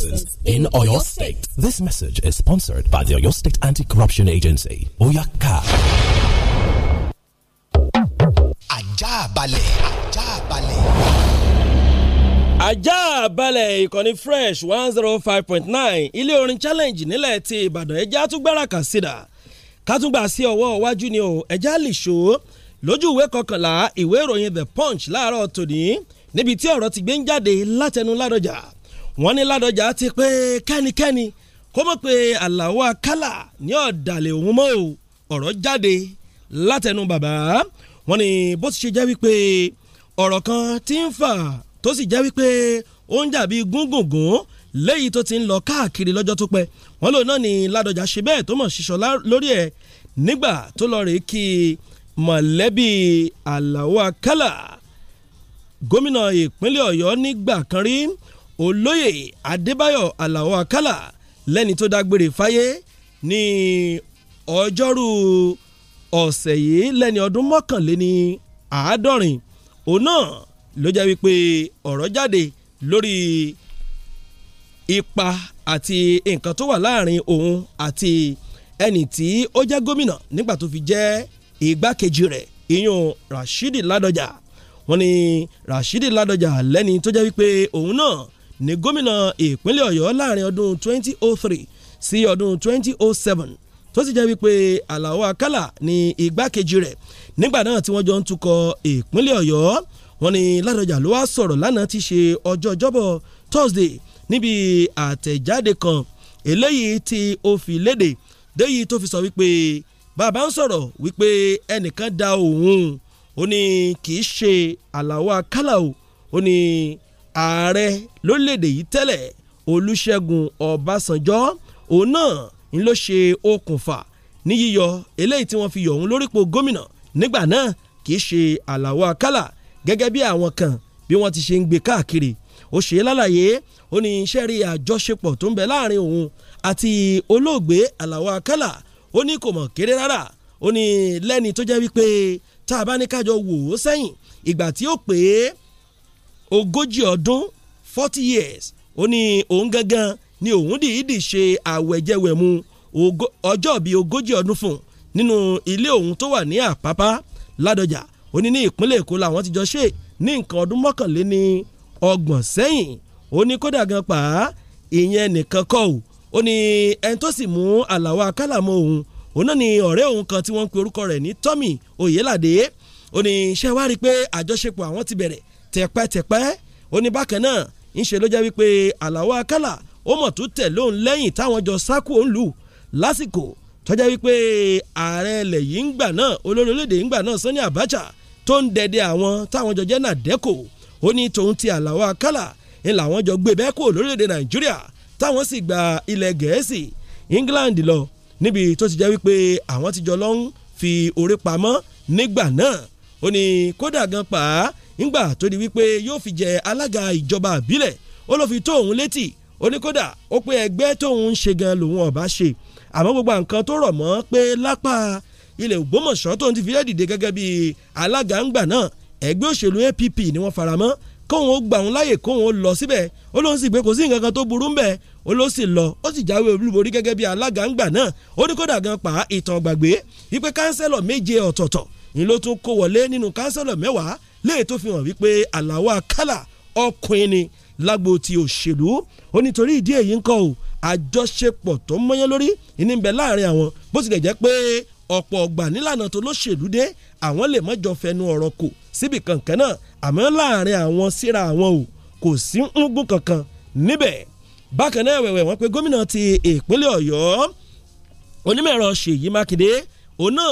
citizens in Oyo State. This message is sponsored by the Oyo State Anti-Corruption Agency, Oyaka. Ajabale, Ajabale. ajá balẹ̀. ajá balẹ̀ ìkànnì fresh one zero oh five point nine ilé orin challenge nílẹ̀ ti ìbàdàn ẹja àtúgbára kà sídà kátúgbà sí ọwọ́ iwájú ni o ẹja lè ṣó lójú ìwé kọkànlá ìwé ìròyìn the punch láàárọ̀ tòní níbi tí ọ̀rọ̀ ti gbé ń jáde látẹnu ládọjà wọ́n ní ládọjà ti pé kẹ́nikẹ́ni kó mọ̀ pé àlàó àkàlà ní ọ̀dàlẹ̀ òun mọ́ o ọ̀rọ̀ jáde látẹnu bàbá wọ́n ní bó ti ṣe jẹ́ wípé ọ̀rọ̀ kan ti ń fà tó sì jẹ́ wípé ó ń jà bíi gúngùngùn léyìí tó ti ń lọ káàkiri lọ́jọ́ tó pẹ́ wọ́n lò náà ní ládọjà ṣe bẹ́ẹ̀ tó mọ̀ ṣiṣọ́ lórí ẹ̀ nígbà tó lọ rèé kí mọ̀lẹ́bí àlàó àkàlà gómìnà ìpínlẹ̀ ọ̀yọ́ nígbà kan rí olóyè adébáyọ̀ aláọ̀ àkàlà lẹ́ni tó dágbére fáyé ní ọjọ́rú ọ̀sẹ̀ yìí lẹ́ni ọdún mọ́kànléní àádọ́rin òun náà ló jẹ́ wípé ọ̀rọ̀ jáde lórí ipa àti nǹkan tó wà láàrin òun àti ẹni tí ó jẹ́ gómìnà nígbà tó fi jẹ́ igbákejì rẹ̀ ìyún Rashidi Ládọjà wọ́n ní Rashidi Ládọjà lẹ́ni tó jẹ́ wípé òun náà ní gómìnà ìpínlẹ̀ ọ̀yọ́ láàrin ọdún 2003 sí ọdún 2007 tó sì jẹ́ wípé àlàó akálà ní igbákejì rẹ̀ nígbà náà tí wọ́n jọ ń tukọ̀ ìpínlẹ̀ ọ̀yọ́ wọn ni ládọjà ló wá sọ̀rọ̀ lánàá ti ṣe ọjọ́ ọjọ́bọ̀ Thursday níbi àtẹ̀jáde kan eléyìí tí ó fi léde déyìí tó fi sọ wípé bàbá ń sọ̀rọ̀ wípé ẹnìkan da òun ó ní kì í ṣe àlàó akálà o ó ní ààrẹ lórílẹ̀‐èdè yìí tẹ́lẹ̀ Olúṣẹ́gun Ọbásanjọ́ òun náà ń ló ṣe okùnfà ní yíyọ eléyìí tí wọ́n fi yọ òun lórípò gómìnà nígbà náà kì í ṣe Àlàó Akálà gẹ́gẹ́ bí àwọn kan bí wọ́n ti ṣe ń gbé káàkiri ó ṣe é lálàyé ó ní iṣẹ́ rí àjọṣepọ̀ tó ń bẹ láàrin òun àti olóògbé Àlàó Akálà ó ní kò mọ̀ kéré rárá ó ní lẹ́ni tó jẹ́ wípé tá a bá ní kájọ wò ó sẹ́yìn ìgbà tí ó pè é ogójì ọdún forty years ó ní òun gangan ni òun dìídì ṣe àwẹ̀jẹwẹ̀mu ọjọ́ bíi ogójì ọdún fún nínú ilé òun tó wà ní àpápá ládọjà ó ní ní ìpínlẹ̀ èkó làwọn ti jọ ṣe ní nǹkan ọdún mọ́kànléní ọgbọ̀n sẹ́yìn ó ní kódà gan pa ìyẹn nìkan kọ́ ò ó ní ẹni tó sì mú àlàó akálàmọ́ òun òun náà ni ọ̀rẹ́ òun kan tí wọ́n ń pe orúkọ rẹ̀ ní Tommy Oyèládé ó ní ṣe wá rí i pé àjọṣepọ̀ àwọn ti bẹ̀rẹ̀ tẹ̀pẹ́tẹ̀pẹ́ oníbàkẹ́ náà ń ṣe ló jẹ́ wípé àlàó akálà ó mọ̀ tó tẹ̀ lóun lẹ́yìn táwọn jọ sákò ń lù lásìkò tọ́jà wípé ààrẹ ilẹ̀ yìí ń gbà náà olórí orílẹ̀-èdè yìí ń gbà náà Sani Abacha tó ń dẹ̀dẹ̀ àwọn táwọn jọ jẹ́ nàdẹ́kò ó ní tòun ti àlàó akálà ń làwọn jọ gbé bẹ́ẹ̀ kó lórílẹ̀‐èdè nàìjíríà táwọn sì gba ilẹ̀ gẹ̀ẹ́sì england lọ níbi tó ti jẹ́ wípé àwọn ti jọ lọ fi orí pamọ́ nígbà náà ó ní kódà gan pa ńgbà tó di wípé yóò fi jẹ alága ìjọba àbílẹ̀ ó ló fi tó òun létí ó ní kódà ó pé ẹgbẹ́ tóun ń ṣe gan lòun ọ̀bá ṣe àmọ́ gbogbo nǹkan tó rọ̀ mọ́ pé lápá ilẹ̀ Ògbómọ̀ṣọ́ tóun ti fi dìde gẹ́gẹ́ bí alága ńgbà náà ẹgbẹ́ òṣèlú APP ni wọ́n faramọ́ kóun ó gbà òun láàyè kóun ó lọ síbẹ̀ ó lóun sì gbé kò sí nǹkan kan tó burú ńbẹ̀ ó ló sì lọ ó sì jáwé olúborí gẹ́gẹ́ bí alága ńgbà náà ó ní kódà gan pa ìtàn gbàgbé wípé káńsẹ́lọ̀ méje ọ̀tọ̀ọ̀tọ̀ ni ló tún kó wọlé nínú káńsẹ́lọ̀ mẹ́wàá léè tó fi hàn wípé àlàó àkàlà ọkùnrin ni lágbo ti òṣèlú ó nítorí ìdí èyí ń kọ́ ò àjọṣepọ̀ tó ń mọ́yán lórí ìníbẹ̀ láàrin àwọn bó tilẹ̀ jẹ́ pé ọ̀pọ̀ ọgbà nílànà tó lóṣèlú dé àwọn lè mọ́jọ fẹnu ọ̀rọ̀ kò síbi kankan náà àmọ́ láàrin àwọn síra àwọn ò kò sí ngún kankan níbẹ̀ bákan náà wẹ̀wẹ̀ wọ́n pé gómìnà ti ìpínlẹ̀ ọ̀yọ́ onímọ̀ẹ̀rọ ṣèyí mákindé òun náà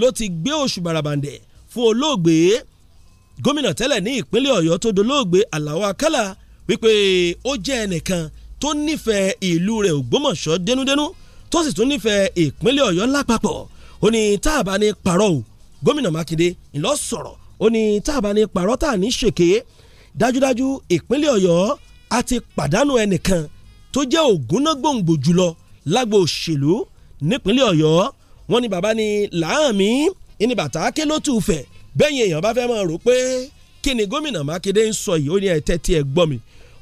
ló ti gbé òṣùbàràbàǹdẹ̀ fún olóògbé gómìnà tẹ́lẹ̀ ní ìpínlẹ̀ ọ̀yọ́ tó dolóògbé Alao Akala wípé ó jẹ́ ẹnìkan tó nífẹ̀ẹ́ ìlú rẹ̀ Ògbómọ̀ṣọ́ dénúdénú tó sì tún nífẹ̀ẹ́ ìpínlẹ̀ ọ̀yọ́ lápapọ̀ ó ní tá a bá ní parọ́ o gómìnà Mákindé ńlọ sọ̀rọ̀ ó ní tá a bá ní parọ́ tá a ní ṣèké dájúdájú ìpínlẹ̀ ọ̀yọ́ a ti pàdánù ẹnìkan tó jẹ́ ògúnná jùlọ ni làámi ìní bàtà ké bẹ́yìn èèyàn bá fẹ́ máa rò pé kí ni gómìnà Mákindé ń sọ yìí ó ní ẹ̀tẹ́ tí gbọ́ mi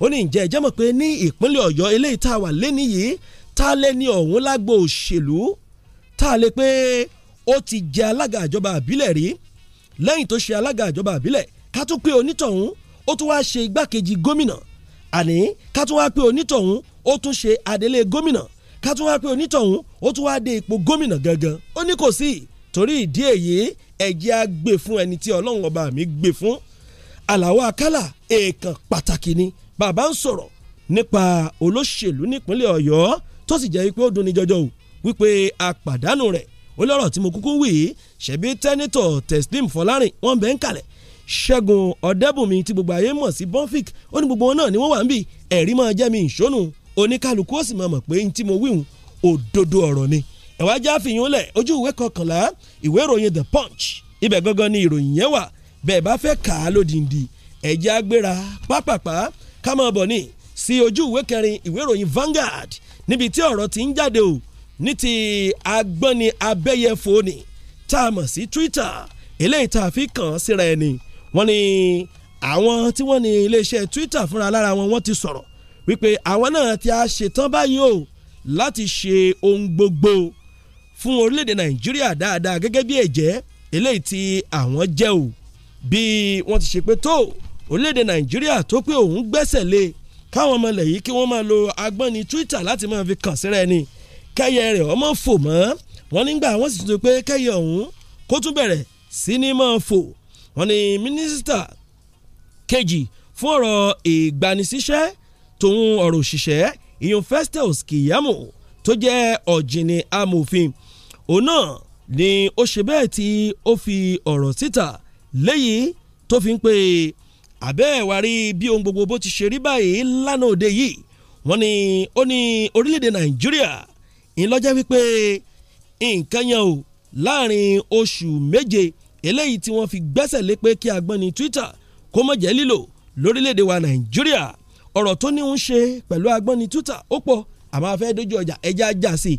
ó ní ǹjẹ́ ẹ mọ̀ pé ní ìpínlẹ̀ Ọ̀yọ́ eléyìí tá a wà lẹ́ni yìí tá a lé ní ọ̀hún lágbo òṣèlú tá a lè pé ó ti jẹ́ alága àjọba àbílẹ̀ rí lẹ́yìn tó ṣe alága àjọba àbílẹ̀ ká tún pé onítọ̀hún ó tún wá ṣe igbákejì gómìnà àní ká tún wá pé onítọ̀hún ó tún ṣe adelé gómìnà ká tún wá pé onítọ̀hún ó tún wá dé ipò gómìnà gangan ó ní kò sí torí ìdí èyí ẹ̀jẹ̀ á gbé fún ẹni tí ọlọ́run ọba mi gbé fún àlàó àkàlà èèkàn pàtàkì ni bàbá ń sọ̀rọ̀ nípa olóṣèlú nípínlẹ̀ ọ̀yọ́ tó sì jẹ́ wípé ó dunni jọjọ o wípé àpàdánù rẹ̀ ó lọ́rọ̀ tí mo kúkú wì í ṣebí tẹ́nitọ̀ Teslim Fọlárìn wọ́n bẹ́ẹ̀ ń kalẹ̀ Ṣẹ́gun Ọ̀dẹ́bùnmi tí gbogbo ayé mọ̀ sí Bonfic ó ní gbogbo wọn náà ni wọ́n wà ń bì ẹ̀rí máa jẹ́ mi ìṣónú oníkálukú ó sì máa mọ̀ pé ní tí mo wíhun òdodo ọ̀rọ̀ ni ẹ̀wá já fìyún lẹ̀ ojú ìwé kọkànlá ìwé ìròyìn the punch ibẹ̀ gangan ni ìròyìn yẹn wà bẹ́ẹ̀ bá fẹ́ kà á lódìndí ẹ̀jẹ̀ agbéra pápápá kámọ́ bọ̀ ni sí ojú ìwé kẹrin ìwé ìròyìn Vanguard níbi tí ọ̀rọ̀ ti ń jáde o ní ti agbọ́ni abẹ́yẹfò ni tá a mọ̀ sí Twitter eléyìí tá a fi kàn án síra ẹni wọ́n ní àwọn tí wọ́n ní iléeṣẹ́ Twitter fúnra lára wọn wọ́n ti sọ̀rọ̀ wípé àwọn náà ti a ṣetán báyìí o láti ṣe ohun gbogbo fún orílẹ̀-èdè nàìjíríà dáadáa gẹ́gẹ́ bí ẹ̀jẹ́ eléyìí tí àwọn jẹ́ o bí wọ́n ti ṣe pé tó orílẹ̀-èdè nàìjíríà tó pé òun gbẹ́sẹ̀ lé káwọn ọmọ ilẹ̀ yìí kí wọ́n máa lo agbọ́ni twitter láti máa fi kàn síra ẹni kẹ́yẹ rẹ̀ ọmọ fò mọ́ wọ́n nígbà wọ́n sì tún pé kẹ́yẹ ọ̀hún kó tún bẹ̀rẹ̀ sí ní máa fò wọ́n ní mínísítà kejì fún ọ̀rọ̀ ìgbanisíṣẹ́ tòun ọ̀rọ̀ òṣìṣẹ́ ìyọ̀n Festus Keyamo tó jẹ́ ọ̀jìnì amòfin òun náà ni ó ṣe bẹ́ẹ̀ tí ó fi ọ̀rọ̀ síta léyìí tó fi ń pe àbẹ́ ẹ̀wà rí bí ohun gbogbo bó ti ṣe rí báyìí lánàá òde yìí wọ́n ní ó ní orílẹ̀-èdè nàìjíríà ìlọ́jẹ́ wípé nǹkan yẹn o láàrin oṣù méje eléyìí tí wọ́n fi gbẹ́sẹ̀ lé pé kí agbọ́ni Twitter kó má jẹ́ lílò lórílẹ̀‐èdè wa Nàìjíríà ọ̀rọ̀ tó ní ń ṣe pẹ̀lú agbọ́ni Twitter ó pọ̀ àmọ́ afẹ́ dojú ọjà ẹja ajá sí i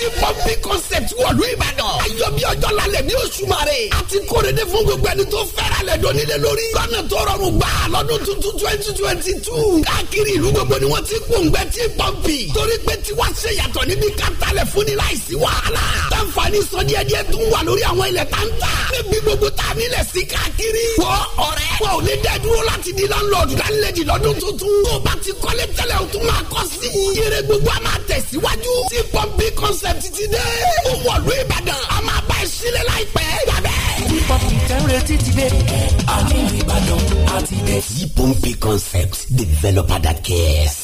bísí pọ́ńpì concept wọ̀lú ìbàdàn. ayọ̀ bí ọjọ́ lálẹ́ ní oṣù mare. a ti kóre de fún gbogbo ẹni tó fẹ́ràn lẹ̀ dọ́ni lé lórí. lọ́nà tó rọrùn gbà lọ́dún tuntun twenty twenty two. káàkiri ìlú gbogbo ni wọ́n ti gbòǹgbẹ́ tí pọ́ńpì. torí pé tiwa ṣe yàtọ̀ níbi kátàlẹ̀ fún ni láìsí wàhálà. táǹfààní sọdíẹ̀díẹ̀ tún wà lórí àwọn ilẹ̀ táǹtà. níbi gbogbo ta nílẹ̀ sí káàkiri. wọ ọ̀rẹ́ wọn ò ní dẹ́dúró láti di lọ́nlọ́ọ̀dù dánilẹ́jì lọ́dún tuntun. tó o bá ti kọ́lé tẹ́lẹ̀ o tún máa kọ́ sí. yẹrẹ gbogbo a máa tẹ̀síwájú. tí pọ́ńpì concept títí dé. ó wọ̀lú Ìbàdàn a máa bá ẹ sílẹ̀ láìpẹ́. yàbẹ́ hip-hop ìtẹ́rẹ̀ títí dé. àti Ìbàdàn àti dé. zipompi concept developer that cares.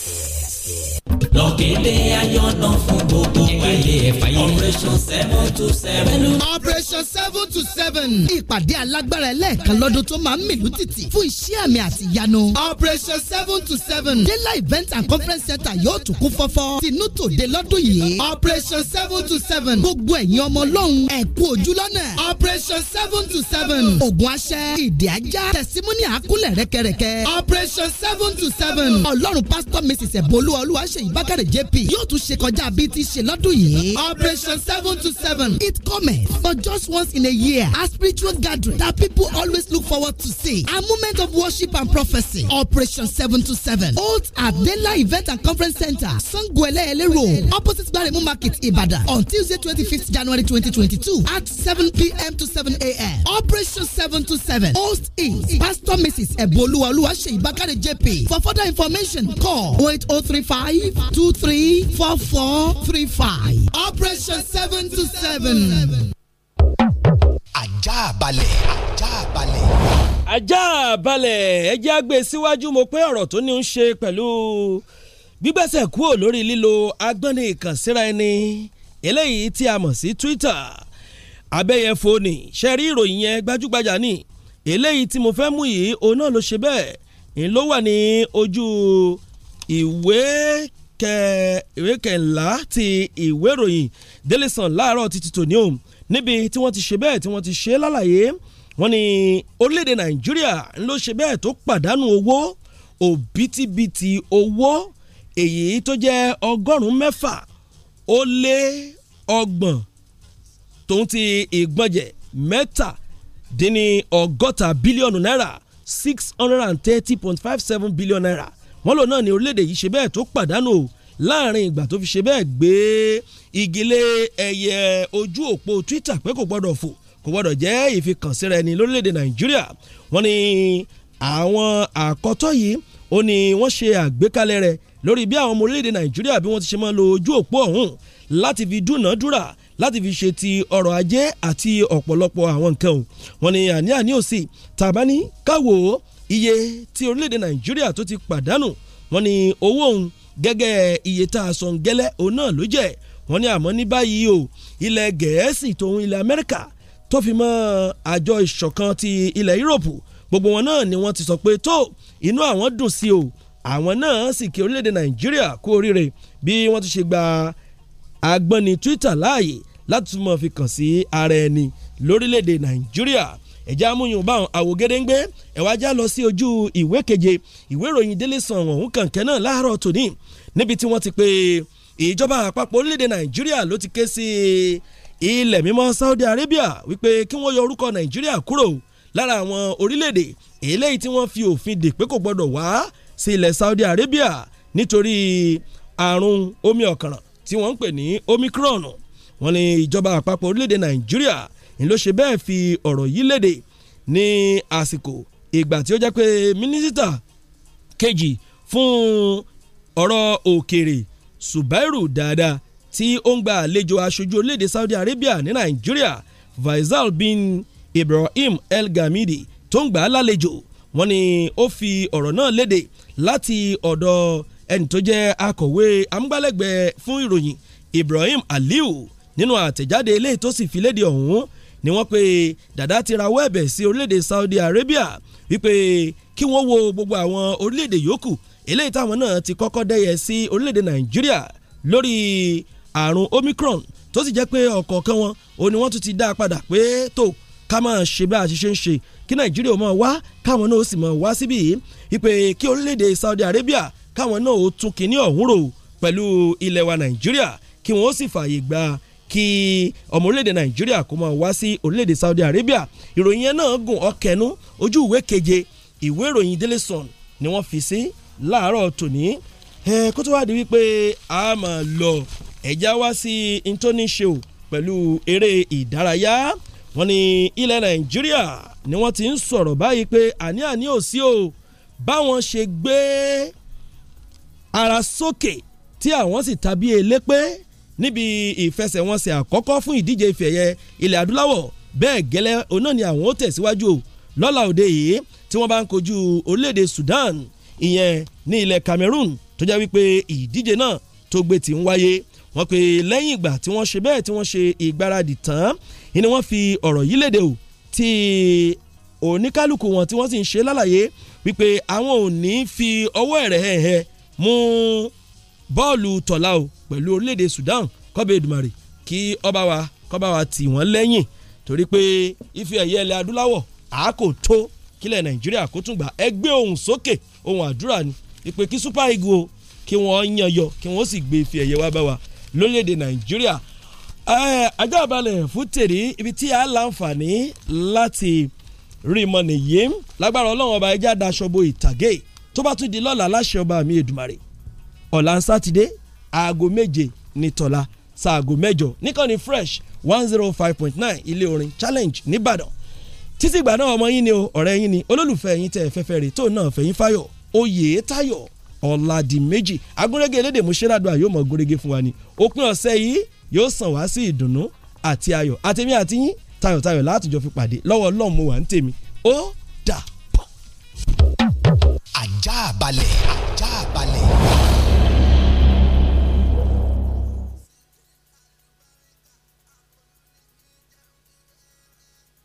lọ́kẹ́dẹ́ ayọ̀nà fún gbogbo ẹ̀yẹ operation seven two seven. operation seven to seven. ìpàdé alágbára ẹlẹ́ẹ̀kan lọ́dún tó máa ń mìlú tìtì fún iṣẹ́ àmì àti ìyanu. operation seven to seven. dela event and conference center yóò tún kún fọ́fọ́. tinú tòde lọ́dún yìí. operation seven to seven. gbogbo ẹ̀yin ọmọ ọlọ́run ẹ ojú lọ́nà. operation seven to seven. ògùn aṣẹ ìdí ajá tẹ̀símúnì àkúnlẹ̀ rẹ́kẹrẹ́kẹ́. operation seven to seven. ọlọ́run pastor mrs ẹ̀bọ́lú olúwaṣeyì bákàrẹ̀ jp yóò tún ṣe kọjá bíi ti ṣe lọ́dún yìí. operation seven to seven. it comes but just once in a year year, our spiritual gathering that people always look forward to see, a moment of worship and prophecy, Operation 7 to 7, holds at Denla Event and Conference Center, Sangwele Ele Road, opposite Baremu Market, Ibadan, on Tuesday, 25th January 2022, at 7 p.m. to 7 a.m. Operation 7 to 7, host is Pastor Mrs. Eboluwa Luwashe Ibakare JP. For further information, call 08035 234435. Operation 7 to 7 ajá balẹ̀ ajá balẹ̀. ajá balẹ̀ ẹ jẹ́ àgbẹ̀ e síwájú mo pé ọ̀rọ̀ tó ní ń ṣe pẹ̀lú gbígbẹ́sẹ̀ kúrò lórí lílo agbọ́nni ìkànsíra ẹni eléyìí tí a mọ̀ sí Twitter abẹ́yẹfò ni ṣe rí ìròyìn yẹn gbajúgbajà ni eléyìí tí mo fẹ́ mú yìí òun náà ló ṣe bẹ́ẹ̀ ń ló wà ní ojú ìwé kẹ ìwé kẹńlá ti ìwé ìròyìn Daily Sun láàárọ̀ títí tòní níbi tí wọ́n ti ṣe bẹ́ẹ̀ tí wọ́n ti ṣe lálàyé wọ́n ní orílẹ̀-èdè nàìjíríà ń ló ṣe bẹ́ẹ̀ tó pàdánù owó òbítíbitì owó èyí tó jẹ́ ọgọ́rùn-ún mẹ́fà ó lé ọgbọ̀n tòun ti ìgbọ̀njẹ̀ mẹ́ta dín ní ọgọ́ta bílíọ̀nù náírà six hundred and thirty point five seven billion naira wọ́n lò náà ní orílẹ̀-èdè yìí ṣe bẹ́ẹ̀ tó pàdánù láàrin ìgbà tó fi ṣe bẹ́ẹ̀ gbé igilé ẹyẹ ojú òpó Twitter pé kò gbọ́dọ̀ fò kò gbọ́dọ̀ jẹ́ ìfikànsíra ẹni lórílẹ̀‐èdè Nàìjíríà wọ́n ní àwọn àkọ́tọ́ yìí ó ní wọ́n ṣe àgbékalẹ̀ rẹ̀ lórí bí àwọn ọmọ orílẹ̀‐èdè Nàìjíríà bí wọ́n ti ṣe máa lo ojú òpó ọ̀hún láti fi dúnàádúrà láti fi ṣe ti ọrọ̀ ajé àti ọ̀pọ̀lọpọ̀ àwọn nǹkan o wọ́n ní àní àní òsì tàbá ní káwò iye tí orílẹ̀‐èdè Nàìjíríà tó ti pàdánù wọ́n ní owó òun gẹ́gẹ́ iye tá a sọ gẹ́lẹ́ òun náà ló jẹ́ wọ́n ní àmọ́ ní báyìí o ilẹ̀ gẹ̀ẹ́sì tòun ilẹ̀ amẹ́ríkà tó fi mọ́ àjọ ìṣọ̀kan ti ilẹ̀ yúròpù gbogbo wọn náà ni wọ́n ti sọ pé tó inú àwọn dùn sí o àwọn náà sì kí orílẹ̀-èdè nàìjíríà kú oríire bí wọ́n ti ṣe gba agbọ́ni twitter láàyè láti túmọ̀ fi kàn sí ara ẹni lórílẹ̀-èdè nàìjíríà ẹ̀já amúyùn bá àwọn àwògedengbe ẹ̀wájá lọ sí ojú ìwé keje ìwé ìròyìn Daily Sun ọ̀hún kànkẹ́ náà láàárọ̀ tòní níbi tí wọ́n ti pe ìjọba àpapọ̀ orílẹ̀-èdè Nàìjíríà ló ti ké sí ilẹ̀ mímọ́ Saudi Arabia wípé kí wọ́n yọ orúkọ Nàìjíríà kúrò lára àwọn orílẹ̀-èdè eléyìí tí wọ́n fi òfin dè pé kò gbọ́dọ̀ wá sí ilẹ̀ Saudi Arabia nítorí àrùn omi ọ̀kànràn tí wọ́n ń pè ní Omicron wọ́n ní ìjọba àpapọ̀ orílẹ̀-èdè Nàìjíríà ni ló ṣe bẹ́ẹ̀ fi ọ̀rọ̀ yìí léde ní àsìkò ìgbà tí ó jẹ́ pé mínísítà kejì fún ọ̀rọ̀ òkèrè Subairu Dada tí ó ń gba àlejò aṣojú orílẹ̀-èdè Saudi Arabia ní Nàìjíríà Faisal bin Ibrahim El Gamidi tó ń gbà á lálejò wọ́n ní ó fi ọ̀rọ̀ náà léde láti ọ̀dọ̀ ẹni tó jẹ́ akọ̀wé amúgbálẹ́gbẹ̀ẹ́ fún ìròyìn Ibrahim Aliu nínú àtẹ̀jáde eléyìí tó sì fi léde ọ̀hún ni wọ́n pe dàdá ti rawọ́ ẹ̀bẹ̀ sí orílẹ̀-èdè Saudi Arabia wípé kí wọ́n wo gbogbo àwọn orílẹ̀-èdè yòókù eléyìí táwọn náà ti kọ́kọ́ dẹ́yẹ sí orílẹ̀-èdè Nàìjíríà lórí àrùn Omicron tó sì jẹ́ pé ọ̀kọ̀ọ̀kan wọn ò ní wọ́n tún ti dá a padà pé tó ká máa ṣe bí a ti ṣe ń ṣe kí Nàìjíríà ó máa wá káwọn náà ó sì máa wá síbí wípé kí orílẹ̀-èdè Saudi Arabia káwọn náà ó tún kinní ọ̀hún rò pẹ̀lú ilẹ̀ wa Nàìjíríà kí wọ́n ó sì fààyè gba kí ọmọ orílẹ̀-èdè nàìjíríà kó máa wá sí orílẹ̀-èdè saudi arabia ìròyìn yẹn náà gùn ọkẹnu ojú ìwé keje ìwé ìròyìn daily sun ni wọ́n fi sí láàárọ̀ tòní kó tó wá di wípé a máa lọ ẹ̀já wá sí intonishow pẹ̀lú eré ìdárayá wọ́n ní ilẹ̀ nàìjíríà ni wọ́n ti ń sọ̀rọ̀ báyìí pé àní àní ò sí o báwọn ṣe gbé ara sókè tí àwọn sì tàbí elépé níbi ìfẹsẹ̀wọnsẹ̀ àkọ́kọ́ fún ìdíje ife ẹ̀yẹ ilẹ̀ adúláwọ̀ bẹ́ẹ̀ gẹ́lẹ́ oná ni àwọn ó tẹ̀síwájú lọ́la òde yìí tí wọ́n bá ń kojú orílẹ̀-èdè Sudan ìyẹn ní ilẹ̀ Cameroon tó jẹ́ wípé ìdíje náà tó gbé ti ń wáyé wọ́n pe lẹ́yìn ìgbà tí wọ́n ṣe bẹ́ẹ̀ tí wọ́n ṣe ìgbáradì tán ni wọ́n fi ọ̀rọ̀ yìí léde o ti oníkálukú wọn tí wọ́n sì ń ṣe lálàyé wípé àwọn ò ní fi ọwọ́ ẹ̀rẹ̀ hẹ̀hẹ̀ mú bọ́ọ̀lù tọ̀la o pẹ̀lú orílẹ̀-èdè Sudan kọ́bẹ̀ Èdùmàrè kí ọba wa kọ́ba wa tì wọ́n lẹ́yìn torí pé ife ẹ̀yẹ ilẹ̀ adúláwọ̀ àákò tó kílẹ̀ Nàìjíríà kó tún gbà ẹgbẹ́ ohùn sókè ohùn àdúrà ni ìpè kí Super Eagles o kí wọ́n yan yọ kí wọ́n sì gbé ife ẹ̀yẹ wá bá wa lórílẹ̀‐èdè Nàìjíríà ajá balẹ̀ fún tèrè ibi tí a láǹfààní láti rí mọ nìyí lágbára ọlọ́run ọba ẹja daṣọ bo ìtàgé tó bá tún di lọ́la láṣẹ ọba mi Èdùmàrè ọ̀la sátidé aago méje ní tọ́lá sáago mẹ́jọ níkànnì fresh one zero oh five point nine ilé orin challenge nìbàdàn títí ìgbà náà ọmọ yín ni o ọ̀rẹ́ yín ni olólùfẹ́ yín tẹ̀ fẹ́fẹ́ rè tó náà fẹ̀yìn fáyọ̀ oyè táyọ̀ ọ̀làdìmẹ́jì agúnrégé elédè mọ́ṣẹ́ràdùn àyò mọ̀ gúnrégé fún wa ni òpin ọ̀sẹ̀ yìí yóò sàn wá sí ìdùnnú àti ayọ̀ àtẹ̀mí àti yín tayọ̀tayọ̀ látijọ́ fi pàdé lọ́wọ́ ọlọ́run mo ń tèmi ó dà pọ̀. àjà balẹ̀ àjà balẹ̀.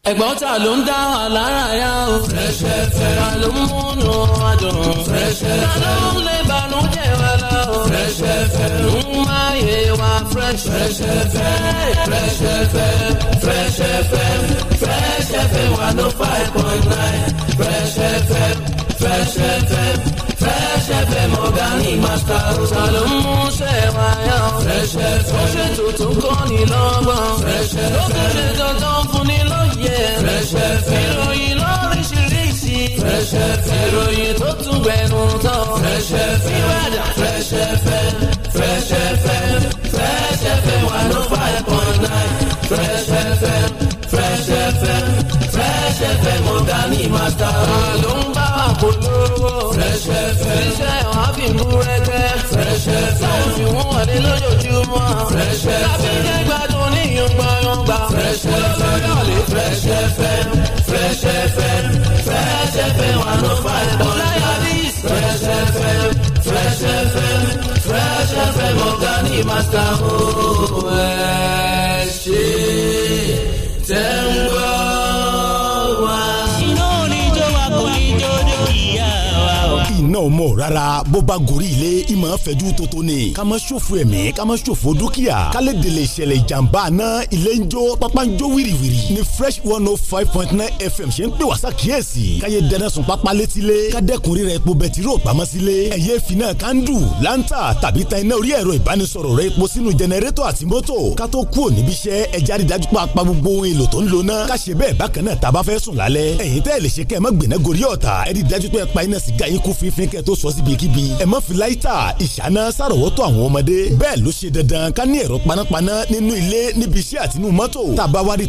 ẹ̀gbọ́n ta ló ń dá wa lára yá o. Fresh FM. ta ló ń múnú wa dùn. Fresh FM. ta ló ń lé ìbànújẹ́ wa lọ. Fresh FM. ń máyé wa Fresh FM. Fresh FM. Fresh FM. Fresh FM one oh five point nine. Fresh FM. Fresh FM fm ọ̀gáàní máṣá ta ló ń mú sẹ́wà yọ. fresh fm ó ṣe tuntun kọ́ ni lọ́gbọ̀n. fresh fm ó kéde dandan fún ni lóye. fresh fm ìròyìn lóríṣiríṣi. fresh fm ìròyìn tó tún gbẹnu tán. fresh fm ìwádà fresh fm fresh fm fresh fm wà ló five point nine. fresh fm fresh fm fresh fm ọ̀gáàní máṣá. ta ló ń bá àpò lóru fẹsẹfẹ àbí múrẹkẹ fẹsẹfẹ táwọn fi wọn wọlé lójoojúmọ́ fẹsẹfẹ tàbí jẹ gbádùn ní yọngbàyọngbà fẹsẹfẹ lọlẹ fẹsẹfẹ fẹsẹfẹ fẹsẹfẹ wà ló fà ẹ bọ láyà dis fẹsẹfẹ fẹsẹfẹ fẹsẹfẹ mọgá ní màtà ó ẹ ṣe tẹ́ ń gbọ́. náà mọ̀ rárá bó bá gorí ilé ìmọ̀ fẹ́jú tótó ni ká má ṣòfò ẹ̀mí ká má ṣòfò dúkìá kálẹ̀ délé ìṣẹ̀lẹ̀ ìjàmbá náà ilé ń jó pápá ń jó wìrìwìrì ni fresh one oh five point nine fm ṣe ń pè wá sàkíyèsí káyé dẹ́nà sùn pápá létílé kádẹ́kùnrin rẹ̀ epo bẹtiró pamọ́ sílé ẹ̀yẹ́ fínà kándù láńtà tàbí tan iná orí ẹ̀rọ ìbánisọ̀rọ̀ rẹ̀ epo sínú jẹnẹrétọ̀ àti pa pa gbogbo ohun èlò tó ń lò náà ká ṣe bẹ́ẹ̀ bákan náà tá a bá pa iná sìgá yín àfin kẹ́ tó sọ síbi kíbi ẹ má fi láìta ìṣáná sàrọ̀wọ́tò àwọn ọmọdé bẹ́ẹ̀ ló ṣe dandan ká ní ẹ̀rọ panápaná nínú ilé níbi iṣẹ́ àtinú tàbá wá rí